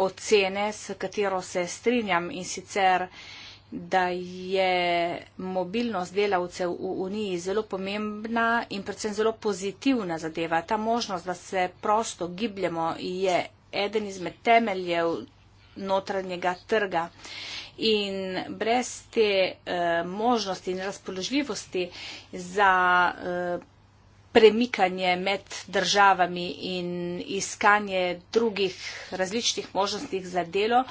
ocene, s katero se strinjam in sicer, da je mobilnost delavcev v Uniji zelo pomembna in predvsem zelo pozitivna zadeva. Ta možnost, da se prosto gibljemo, je eden izmed temeljev notranjega trga. In brez te eh, možnosti in razpoložljivosti za eh, premikanje med državami in iskanje drugih različnih možnosti za delo,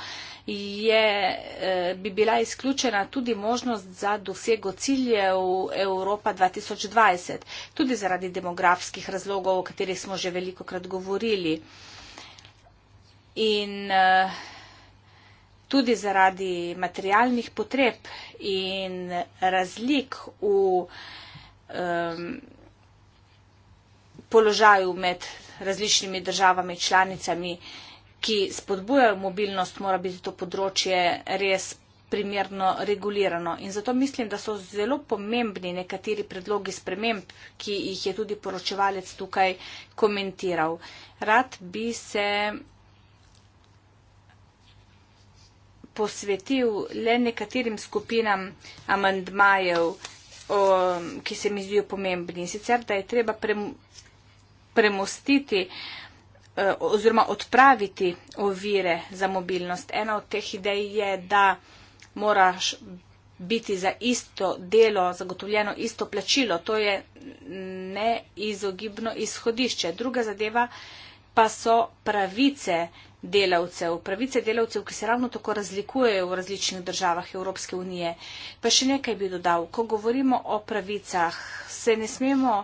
je, eh, bi bila izključena tudi možnost za dosego ciljev Evropa 2020, tudi zaradi demografskih razlogov, o katerih smo že veliko krat govorili. In, eh, tudi zaradi materialnih potreb in razlik v um, položaju med različnimi državami članicami, ki spodbujajo mobilnost, mora biti to področje res primerno regulirano. In zato mislim, da so zelo pomembni nekateri predlogi sprememb, ki jih je tudi poročevalec tukaj komentiral. Rad bi se posvetil le nekaterim skupinam amandmajev, o, ki se mi zdijo pomembni. Sicer, da je treba prem, premostiti e, oziroma odpraviti ovire za mobilnost. Ena od teh idej je, da moraš biti za isto delo zagotovljeno isto plačilo. To je neizogibno izhodišče. Druga zadeva pa so pravice, delavcev, pravice delavcev, ki se ravno tako razlikujejo v različnih državah Evropske unije. Pa še nekaj bi dodal, ko govorimo o pravicah, se ne smemo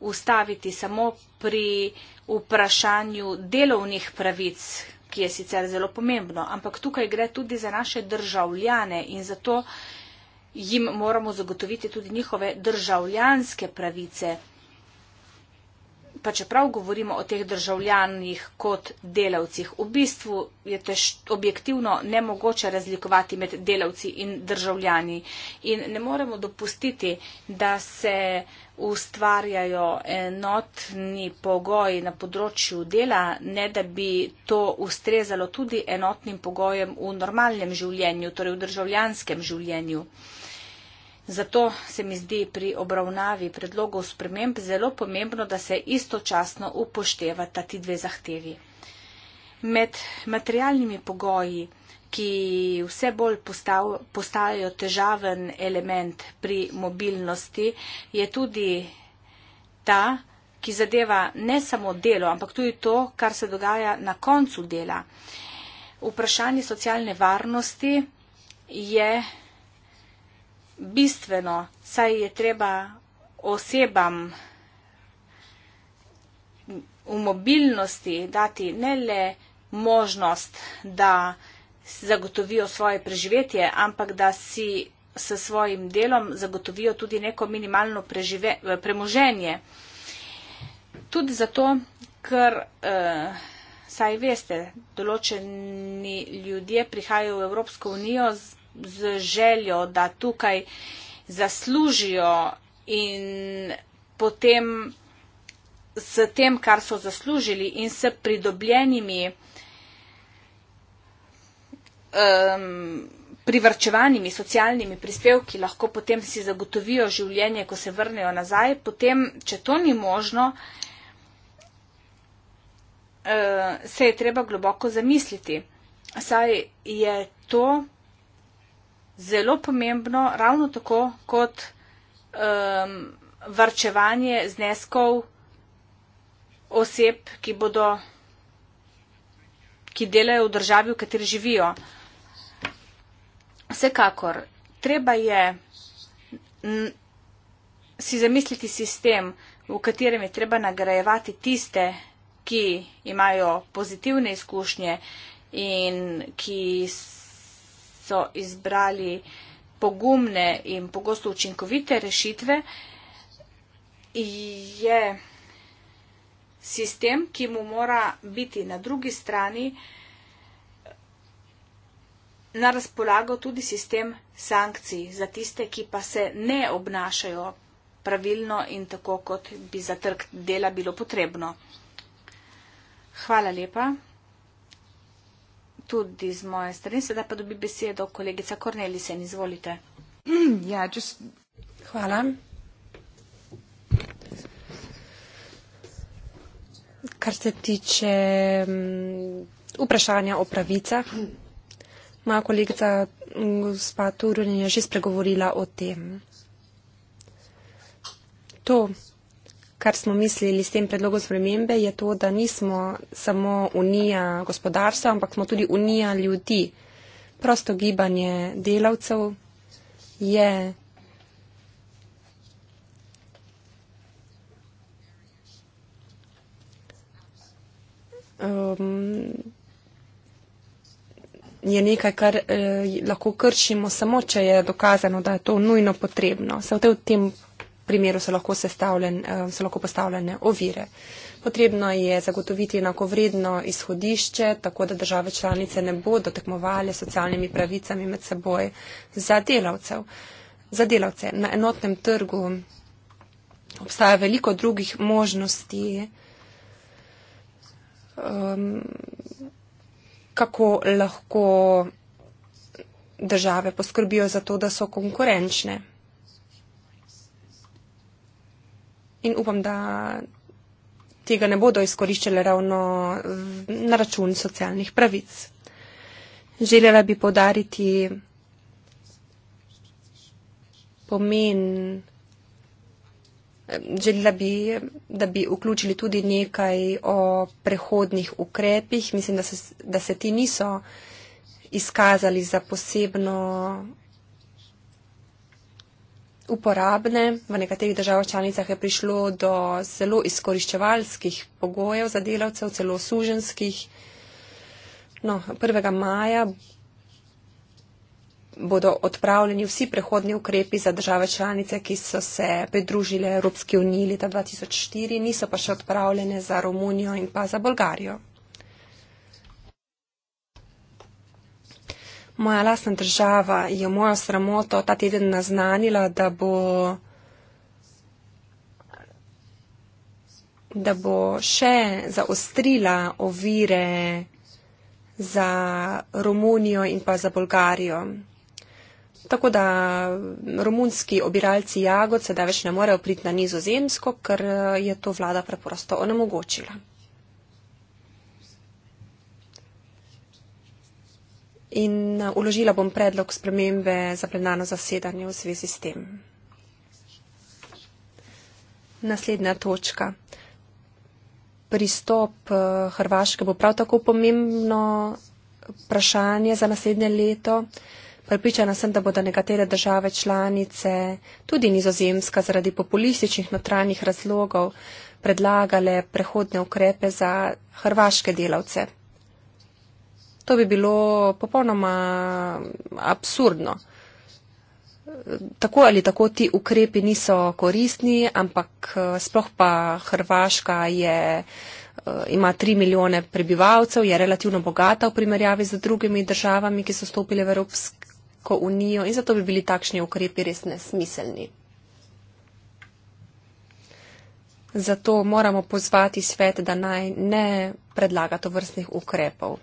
ustaviti samo pri vprašanju delovnih pravic, ki je sicer zelo pomembno, ampak tukaj gre tudi za naše državljane in zato jim moramo zagotoviti tudi njihove državljanske pravice pa čeprav govorimo o teh državljanjih kot delavcih, v bistvu je tež, objektivno nemogoče razlikovati med delavci in državljani in ne moremo dopustiti, da se ustvarjajo enotni pogoji na področju dela, ne da bi to ustrezalo tudi enotnim pogojem v normalnem življenju, torej v državljanskem življenju. Zato se mi zdi pri obravnavi predlogov sprememb zelo pomembno, da se istočasno upoštevata ti dve zahtevi. Med materialnimi pogoji, ki vse bolj postav, postajajo težaven element pri mobilnosti, je tudi ta, ki zadeva ne samo delo, ampak tudi to, kar se dogaja na koncu dela. Vprašanje socialne varnosti je bistveno, saj je treba osebam v mobilnosti dati ne le možnost, da zagotovijo svoje preživetje, ampak da si s svojim delom zagotovijo tudi neko minimalno prežive, eh, premoženje. Tudi zato, ker, eh, saj veste, določeni ljudje prihajajo v Evropsko unijo z željo, da tukaj zaslužijo in potem s tem, kar so zaslužili in s pridobljenimi um, privrčevanimi socialnimi prispevki lahko potem si zagotovijo življenje, ko se vrnejo nazaj, potem, če to ni možno, eh, se je treba globoko zamisliti. Saj je to zelo pomembno, ravno tako kot um, varčevanje zneskov oseb, ki bodo, ki delajo v državi, v kateri živijo. Vsekakor, treba je si zamisliti sistem, v katerem je treba nagrajevati tiste, ki imajo pozitivne izkušnje in ki so izbrali pogumne in pogosto učinkovite rešitve, je sistem, ki mu mora biti na drugi strani na razpolago tudi sistem sankcij za tiste, ki pa se ne obnašajo pravilno in tako, kot bi za trg dela bilo potrebno. Hvala lepa tudi z moje strani. Sedaj pa dobi besedo kolegica Kornelisen, izvolite. <clears throat> Ja, just... Hvala. Kar se tiče mm, vprašanja o pravicah, moja kolegica mm, gospa Turun je že spregovorila o tem. To, kar smo mislili s tem predlogom spremembe, je to, da nismo samo unija gospodarstva, ampak smo tudi unija ljudi. Prosto gibanje delavcev je. Um, je nekaj, kar eh, lahko kršimo samo, če je dokazano, da je to nujno potrebno. Se v tem primeru so lahko, eh, so lahko postavljene ovire. Potrebno je zagotoviti enakovredno izhodišče, tako da države članice ne bodo tekmovali s socialnimi pravicami med seboj za, za delavce. Na enotnem trgu obstaja veliko drugih možnosti, um, kako lahko države poskrbijo za to, da so konkurenčne. in upam, da tega ne bodo izkoriščali ravno na račun socialnih pravic. Želela bi podariti pomen, želela bi, da bi vključili tudi nekaj o prehodnih ukrepih. Mislim, da se, da se ti niso izkazali za posebno uporabne. V nekaterih državah članicah je prišlo do zelo izkoriščevalskih pogojev za delavcev, celo suženskih. No, 1. maja bodo odpravljeni vsi prehodni ukrepi za države članice, ki so se pridružile Evropski uniji leta 2004, niso pa še odpravljene za Romunijo in pa za Bolgarijo. moja lasna država je mojo sramoto ta teden naznanila, da bo, da bo še zaostrila ovire za Romunijo in pa za Bolgarijo. Tako da romunski obiralci jagod sedaj več ne morejo priti na nizozemsko, ker eh, je to vlada preprosto onemogočila. in uh, uložila bom predlog spremembe za plenarno zasedanje v zvezi s tem. Naslednja točka. Pristop uh, Hrvaške bo prav tako pomembno vprašanje za naslednje leto. Pripričana sem, da bodo nekatere države članice, tudi nizozemska, zaradi populističnih notranjih razlogov predlagale prehodne ukrepe za hrvaške delavce. To bi bilo popolnoma absurdno. Tako ali tako ti ukrepi niso koristni, ampak eh, sploh pa Hrvaška je, eh, ima 3 milijone prebivalcev, je relativno bogata v primerjavi z drugimi državami, ki so stopili v Evropsko unijo in zato bi bili takšni ukrepi res nesmiselni. Zato moramo pozvati svet, da naj ne predlaga to vrstnih ukrepov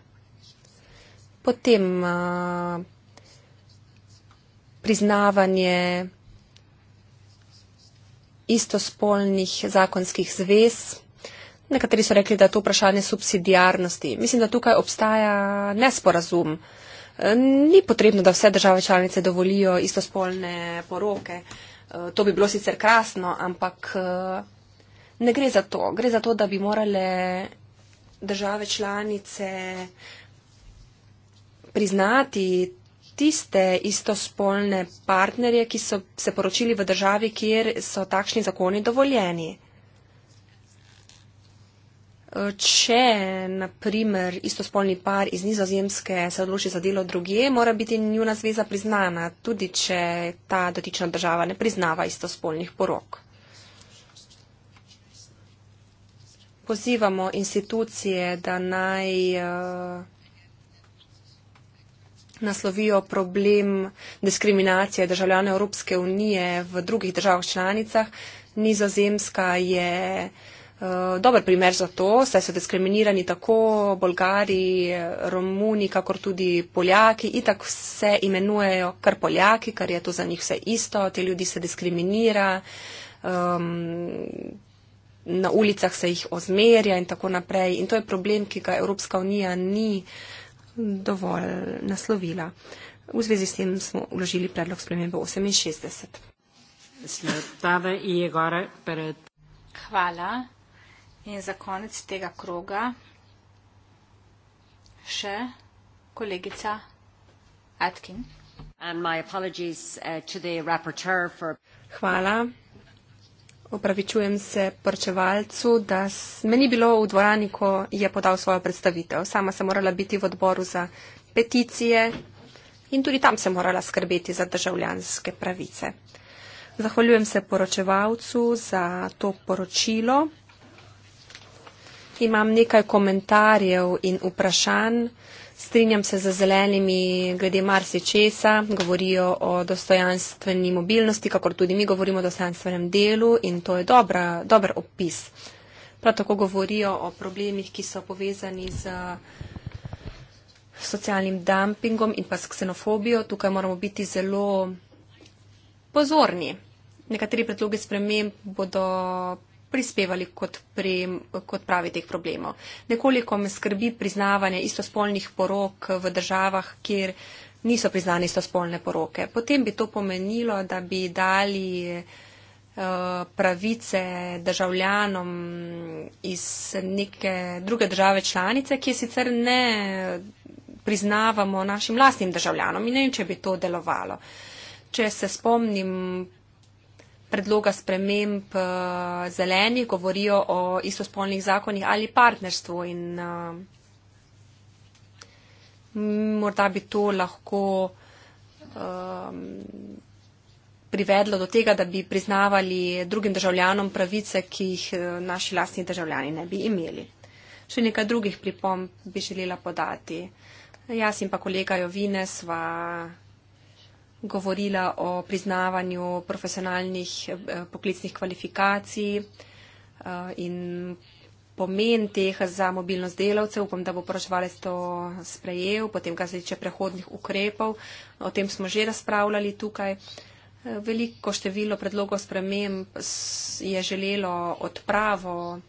potem uh, priznavanje istospolnih zakonskih zvez. Nekateri so rekli, da je to vprašanje subsidijarnosti. Mislim, da tukaj obstaja nesporazum. Ni potrebno, da vse države članice dovolijo istospolne poroke. Uh, to bi bilo sicer krasno, ampak uh, ne gre za to. Gre za to, da bi morale države članice priznati tiste istospolne partnerje, ki so se poročili v državi, kjer so takšni zakoni dovoljeni. E, če, na primer, istospolni par iz nizozemske se odloči za delo druge, mora biti njuna zveza priznana, tudi če ta dotična država ne priznava istospolnih porok. Pozivamo institucije, da naj. Uh, naslovijo problem diskriminacije državljane Evropske unije v drugih državah članicah. Nizozemska je eh, dober primer za to, saj so diskriminirani tako Bolgari, Romuni, kakor tudi Poljaki. Itak vse imenujejo kar Poljaki, ker je to za njih vse isto, te ljudi se diskriminira. Um, na ulicah se jih ozmerja in tako naprej. In to je problem, ki ga Evropska unija ni uh, dovolj naslovila. V zvezi s tem smo uložili predlog spremembe 68. Sletave je gore pred. Hvala. In za konec tega kroga še kolegica Atkin. And my apologies uh, to the rapporteur for. Hvala opravičujem se porčevalcu, da me ni bilo v dvorani, ko je podal svojo predstavitev. Sama sem morala biti v odboru za peticije in tudi tam sem morala skrbeti za državljanske pravice. Zahvaljujem se poročevalcu za to poročilo. Imam nekaj komentarjev in vprašanj. Strinjam se z zelenimi glede marsičesa, govorijo o dostojanstveni mobilnosti, kako tudi mi govorimo o dostojanstvenem delu in to je dobra, dober opis. Prav tako govorijo o problemih, ki so povezani z socialnim dumpingom in pa s ksenofobijo. Tukaj moramo biti zelo pozorni. Nekateri predlogi sprememb bodo prispevali kot, pri, kot pravi teh problemov. Nekoliko me skrbi priznavanje istospolnih porok v državah, kjer niso priznane istospolne poroke. Potem bi to pomenilo, da bi dali eh, pravice državljanom iz neke druge države članice, ki sicer ne priznavamo našim lastnim državljanom in ne vem, če bi to delovalo. Če se spomnim predloga sprememb uh, eh, zelenih, govorijo o istospolnih zakonih ali partnerstvu. In, uh, morda bi to lahko uh, privedlo do tega, da bi priznavali drugim državljanom pravice, ki jih uh, naši lastni državljani ne bi imeli. Še nekaj drugih pripomb bi želela podati. Jaz in pa kolega Jovine sva govorila o priznavanju profesionalnih eh, poklicnih kvalifikacij eh, in pomen teh za mobilnost delavcev. Upam, da bo poročevalec to sprejel, potem kar se tiče prehodnih ukrepov. O tem smo že razpravljali tukaj. Eh, veliko število predlogov sprememb je želelo odpravo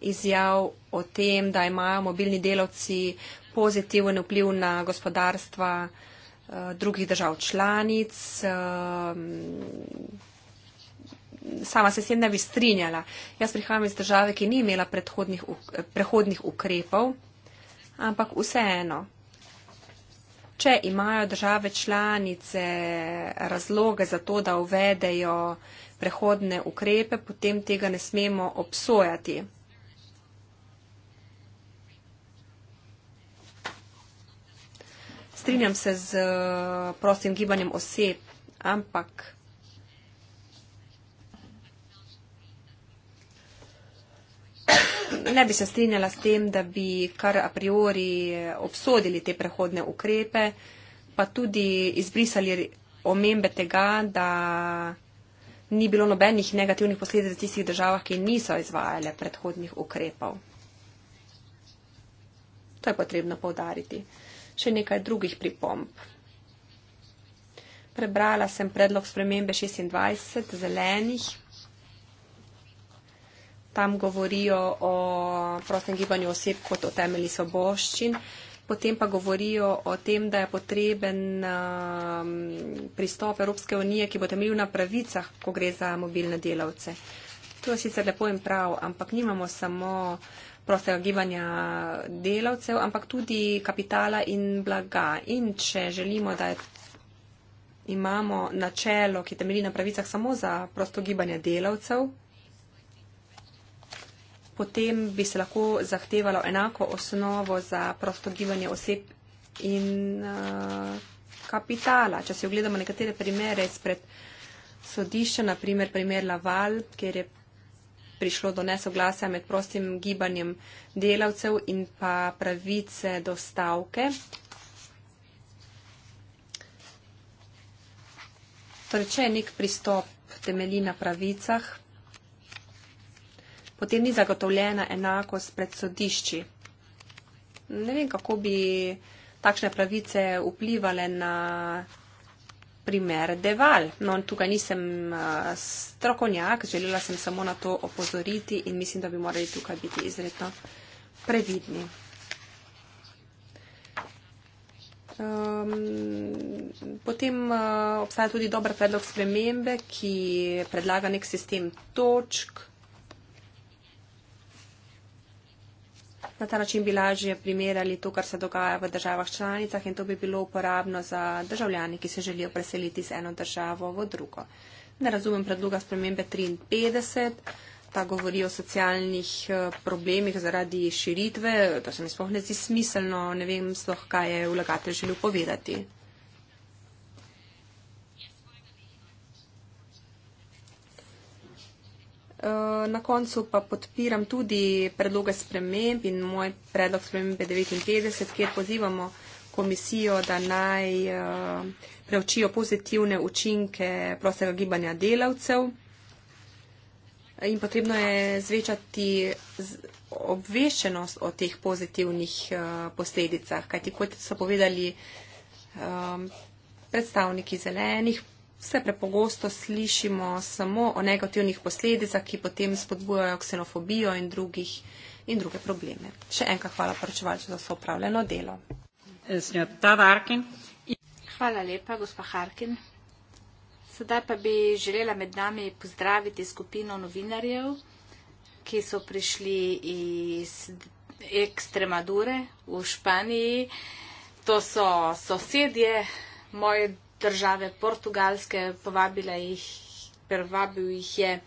izjav o tem, da imajo mobilni delavci pozitiven vpliv na gospodarstva eh, drugih držav članic. Eh, sama se s tem ne bi strinjala. Jaz prihajam iz države, ki ni imela prehodnih ukrepov, ampak vseeno, če imajo države članice razloge za to, da uvedejo prehodne ukrepe, potem tega ne smemo obsojati. strinjam se z eh, prostim gibanjem oseb, ampak. Ne bi se strinjala s tem, da bi kar a priori obsodili te prehodne ukrepe, pa tudi izbrisali omembe tega, da ni bilo nobenih negativnih posledic v tistih državah, ki niso izvajale predhodnih ukrepov. To je potrebno povdariti še nekaj drugih pripomb. Prebrala sem predlog spremembe 26 zelenih. Tam govorijo o prostem gibanju oseb kot o temelji soboščin. Potem pa govorijo o tem, da je potreben um, pristop Evropske unije, ki bo temeljil na pravicah, ko gre za mobilne delavce. To je sicer lepo in prav, ampak nimamo samo uh, prostega gibanja delavcev, ampak tudi kapitala in blaga. In če želimo, da imamo načelo, ki temelji na pravicah samo za prosto gibanje delavcev, potem bi se lahko zahtevalo enako osnovo za prosto gibanje oseb in uh, kapitala. Če si ogledamo nekatere primere izpred sodišča, naprimer primer Laval, kjer je prišlo do nesoglasja med prostim gibanjem delavcev in pa pravice do stavke. Torej, če je nek pristop temelji na pravicah, potem ni zagotovljena enakost pred sodišči. Ne vem, kako bi takšne pravice vplivale na primer Deval. No, tukaj nisem uh, strokovnjak, želela sem samo na to opozoriti in mislim, da bi morali tukaj biti izredno previdni. Um, potem uh, obstaja tudi dober predlog spremembe, ki predlaga nek sistem točk. Na ta način bi lažje primerjali to, kar se dogaja v državah članicah in to bi bilo uporabno za državljani, ki se želijo preseliti z eno državo v drugo. Ne razumem predloga spremembe 53. Ta govori o socialnih eh, problemih zaradi širitve. To se mi spohne zdi smiselno. Ne vem, sloh, kaj je vlagatelj želel povedati. Eh, na koncu pa podpiram tudi predloge sprememb in moj predlog spremembe 59, kjer pozivamo komisijo, da naj eh, preučijo pozitivne učinke prostega gibanja delavcev. In potrebno je zvečati obveščenost o teh pozitivnih eh, posledicah, kajti kot so povedali predstavniki zelenih, vse prepogosto slišimo samo o negativnih posledicah, ki potem spodbujajo ksenofobijo in, drugih, in druge probleme. Še enkrat hvala poročevalcu za so upravljeno delo. Hvala lepa, gospa Harkin. Sedaj pa bi želela med nami pozdraviti skupino novinarjev, ki so prišli iz Ekstremadure v Španiji. To so sosedje moje države Portugalske, povabila jih, prvabil jih je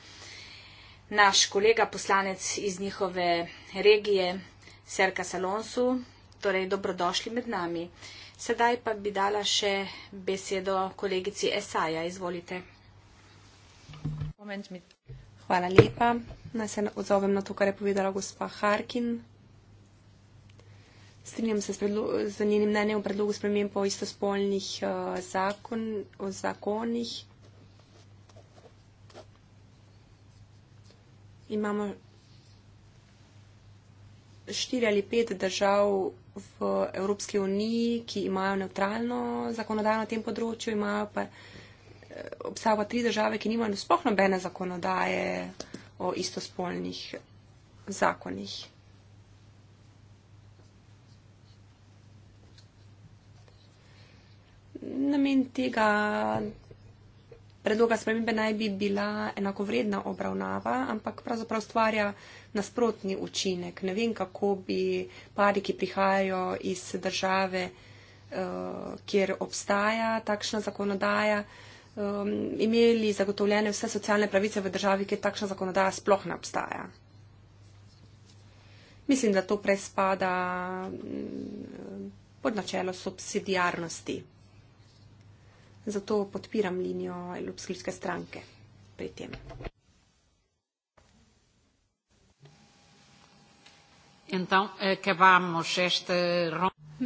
naš kolega poslanec iz njihove regije, Serka Salonsu, torej dobrodošli med nami. Sedaj pa bi dala še besedo kolegici Esaja, izvolite. Hvala lepa, naj se odzovem na to, kar je povedala gospa Harkin. Strinjam se z, z njenim mnenjem o predlogu spremem po istospolnih uh, zakon, zakonih. Imamo štiri ali pet držav v Evropski uniji, ki imajo neutralno zakonodajo na tem področju, imajo pa eh, obstajajo pa tri države, ki nimajo sploh nobene zakonodaje o istospolnih zakonih. namen tega predloga spremembe naj bi bila enakovredna obravnava, ampak pravzaprav stvarja nasprotni učinek. Ne vem, kako bi pari, ki prihajajo iz države, eh, kjer obstaja takšna zakonodaja, eh, imeli zagotovljene vse socialne pravice v državi, kjer takšna zakonodaja sploh ne obstaja. Mislim, da to prespada mm, pod načelo subsidijarnosti. Zato podpiram linijo Ljubljanske stranke pri tem. Eh,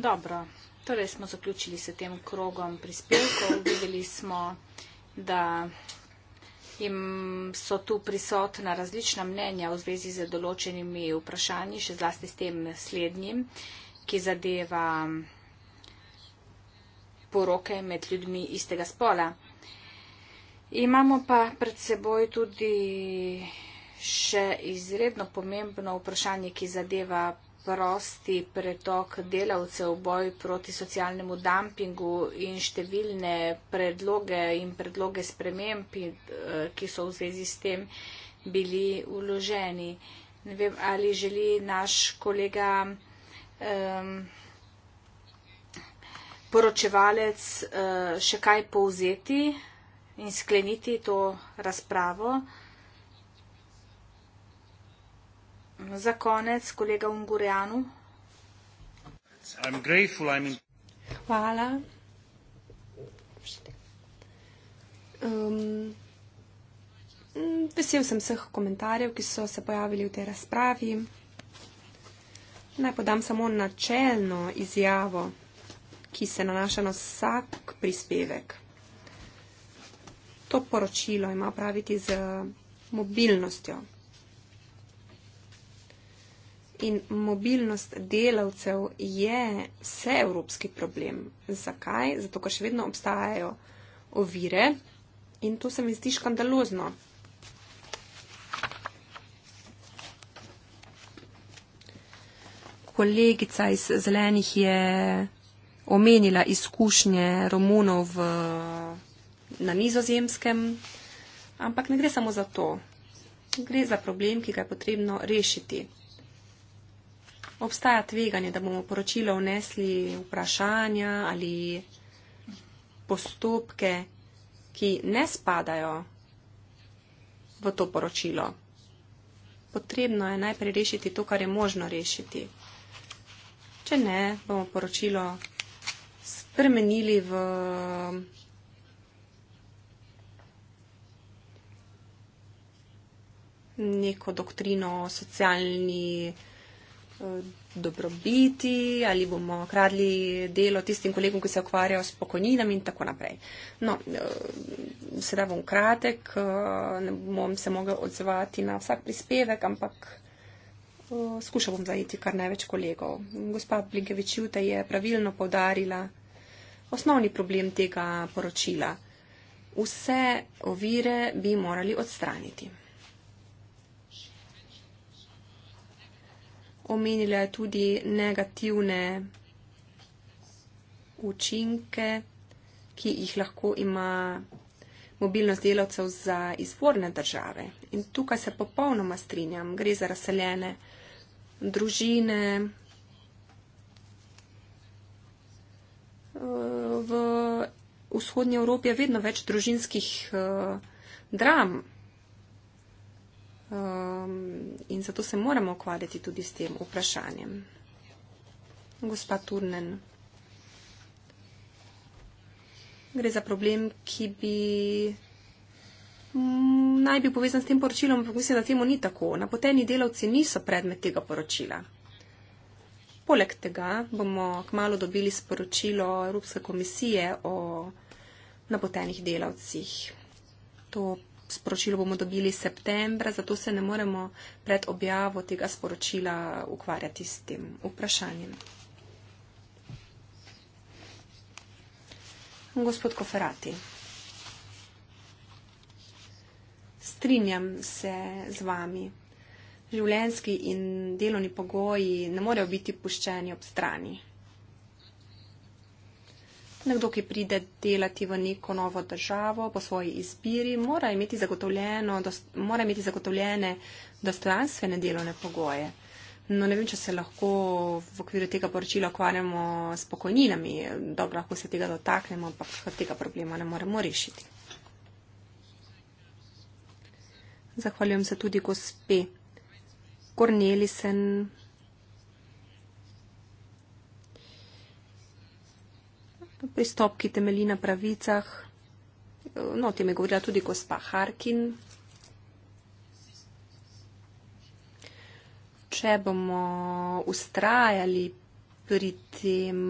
Dobro, torej smo zaključili s tem krogom prispevkov. Videli smo, da so tu prisotna različna mnenja v zvezi z določenimi vprašanji, še zlasti s tem slednjim, ki zadeva poroke med ljudmi istega spola. Imamo pa pred seboj tudi še izredno pomembno vprašanje, ki zadeva prosti pretok delavcev, boj proti socialnemu dampingu in številne predloge in predloge sprememb, eh, ki so v zvezi s tem bili vloženi. Ne vem, ali želi naš kolega. Um, poročevalec eh, še kaj povzeti in skleniti to razpravo? Za konec, kolega Ungurjanu. Hvala. Um, vesel sem vseh komentarjev, ki so se pojavili v tej razpravi. Naj podam samo načelno izjavo ki se nanaša na vsak prispevek. To poročilo ima praviti z mobilnostjo. In mobilnost delavcev je vseevropski problem. Zakaj? Zato, ker še vedno obstajajo ovire in to se mi zdi škandalozno. Kolegica iz zelenih je omenila izkušnje Romunov v, na nizozemskem, ampak ne gre samo za to. Gre za problem, ki ga je potrebno rešiti. Obstaja tveganje, da bomo poročilo vnesli vprašanja ali postopke, ki ne spadajo v to poročilo. Potrebno je najprej rešiti to, kar je možno rešiti. Če ne, bomo poročilo spremenili v neko doktrino o socialni eh, dobrobiti ali bomo kradli delo tistim kolegom, ki se ukvarjajo s pokojninami in tako naprej. No, eh, sedaj bom kratek, eh, ne bom se mogel odzvati na vsak prispevek, ampak skušal bom zajeti kar največ kolegov. Gospa Blinkevičuta je pravilno povdarila, osnovni problem tega poročila. Vse ovire bi morali odstraniti. Omenila je tudi negativne učinke, ki jih lahko ima mobilnost delavcev za izvorne države. In tukaj se popolnoma strinjam, gre za razseljene družine, v vzhodnji Evropi je vedno več družinskih eh, dram ehm, in zato se moramo ukvarjati tudi s tem vprašanjem. Gospa Turnen. Gre za problem, ki bi m, naj bi povezan s tem poročilom, ampak mislim, da temu ni tako. Napoteni delavci niso predmet tega poročila. Poleg tega bomo kmalo dobili sporočilo Evropske komisije o napotenih delavcih. To sporočilo bomo dobili septembra, zato se ne moremo pred objavo tega sporočila ukvarjati s tem vprašanjem. Gospod Koferati, strinjam se z vami, življenski in delovni pogoji ne morejo biti puščeni ob strani. Nekdo, ki pride delati v neko novo državo po svoji izbiri, mora imeti, mora imeti zagotovljene dostojanstvene delovne pogoje. No, ne vem, če se lahko v okviru tega poročila ukvarjamo s pokojninami. Dobro, lahko se tega dotaknemo, ampak tega problema ne moremo rešiti. Zahvaljujem se tudi gospe. Cornelissen. Pristop, ki temelji na pravicah. No, o tem je govorila tudi gospa Harkin. Če bomo ustrajali pri tem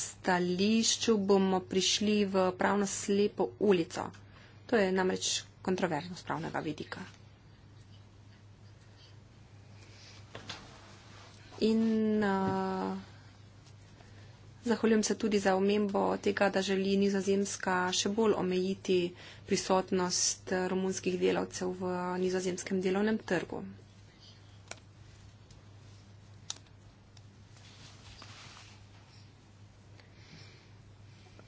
stališču, bomo prišli v pravno slepo ulico. To je namreč kontroverzno z pravnega vidika. In uh, zahvaljujem se tudi za omembo tega, da želi nizozemska še bolj omejiti prisotnost eh, romunskih delavcev v eh, nizozemskem delovnem trgu.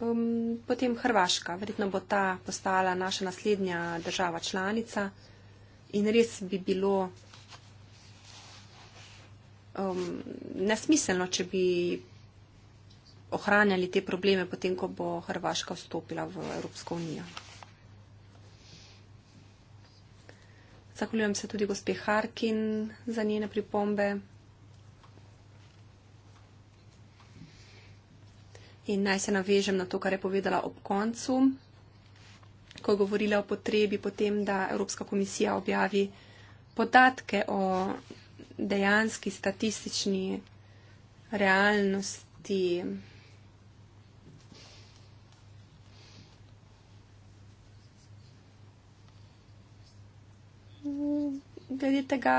um, potem Hrvaška. Verjetno bo ta postala naša naslednja država članica in res bi bilo um, nesmiselno, če bi ohranjali te probleme potem, ko bo Hrvaška vstopila v Evropsko unijo. Zahvaljujem se tudi gospe Harkin za njene pripombe. In naj se navežem na to, kar je povedala ob koncu, ko je govorila o potrebi potem, da Evropska komisija objavi podatke o dejanski statistični realnosti. Glede tega,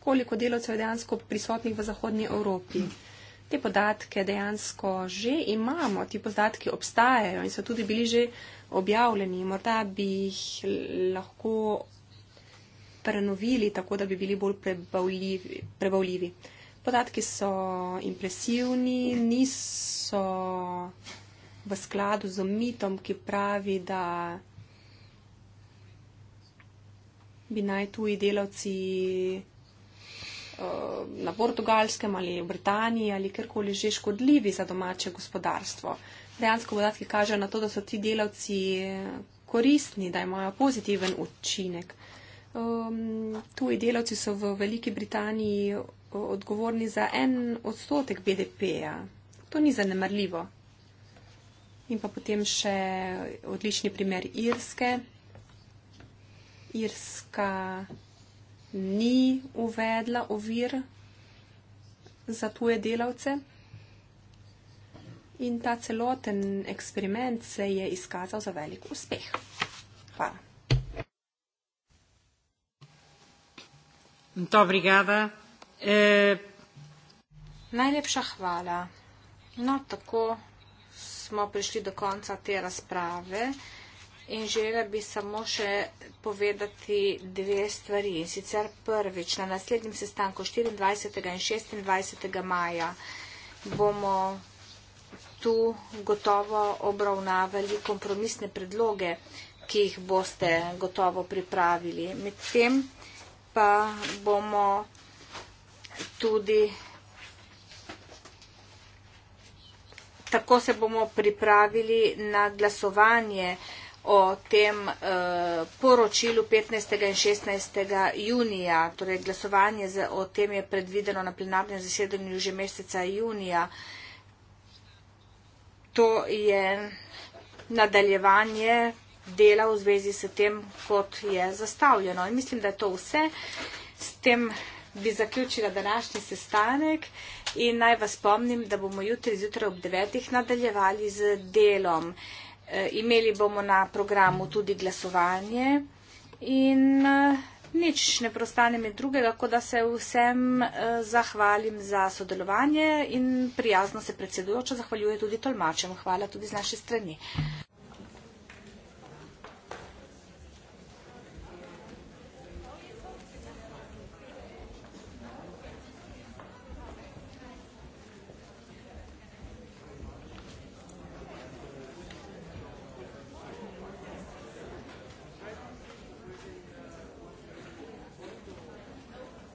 koliko delavcev je dejansko prisotnih v Zahodnji Evropi. Hm te podatke dejansko že imamo, ti podatki obstajajo in so tudi bili že objavljeni. Morda bi jih lahko prenovili tako, da bi bili bolj prebavljivi. prebavljivi. Podatki so impresivni, niso v skladu z mitom, ki pravi, da bi naj tuji delavci Eh, na Portugalskem ali v Britaniji ali kjerkoli že škodljivi za domače gospodarstvo. Dejansko podatki kažejo na to, da so ti delavci koristni, da imajo pozitiven učinek. Um, tuji delavci so v Veliki Britaniji eh, odgovorni za en odstotek BDP-ja. To ni zanemrljivo. In pa potem še odlični primer Irske. Irska ni uvedla ovir za tuje delavce. In ta celoten eksperiment se je izkazal za velik uspeh. Hvala. Dobrigada. E... Eh, Najlepša hvala. No, tako smo prišli do konca te razprave in želela bi samo še povedati dve stvari. In sicer prvič, na naslednjem sestanku 24. in 26. maja bomo tu gotovo obravnavali kompromisne predloge, ki jih boste gotovo pripravili. Medtem pa bomo tudi. Tako se bomo pripravili na glasovanje o tem eh, poročilu 15. in 16. junija. Torej, glasovanje za, o tem je predvideno na plenarnem zasedanju že meseca junija. To je nadaljevanje dela v zvezi s tem, kot je zastavljeno. In mislim, da je to vse. S tem bi zaključila današnji sestanek in naj vas spomnim, da bomo jutri zjutraj ob 9. nadaljevali z delom. Eh, imeli bomo na programu tudi glasovanje in eh, nič ne prostane mi drugega, kot da se vsem eh, zahvalim za sodelovanje in prijazno se predsedujoča zahvaljuje tudi tolmačem. Hvala tudi z naše strani.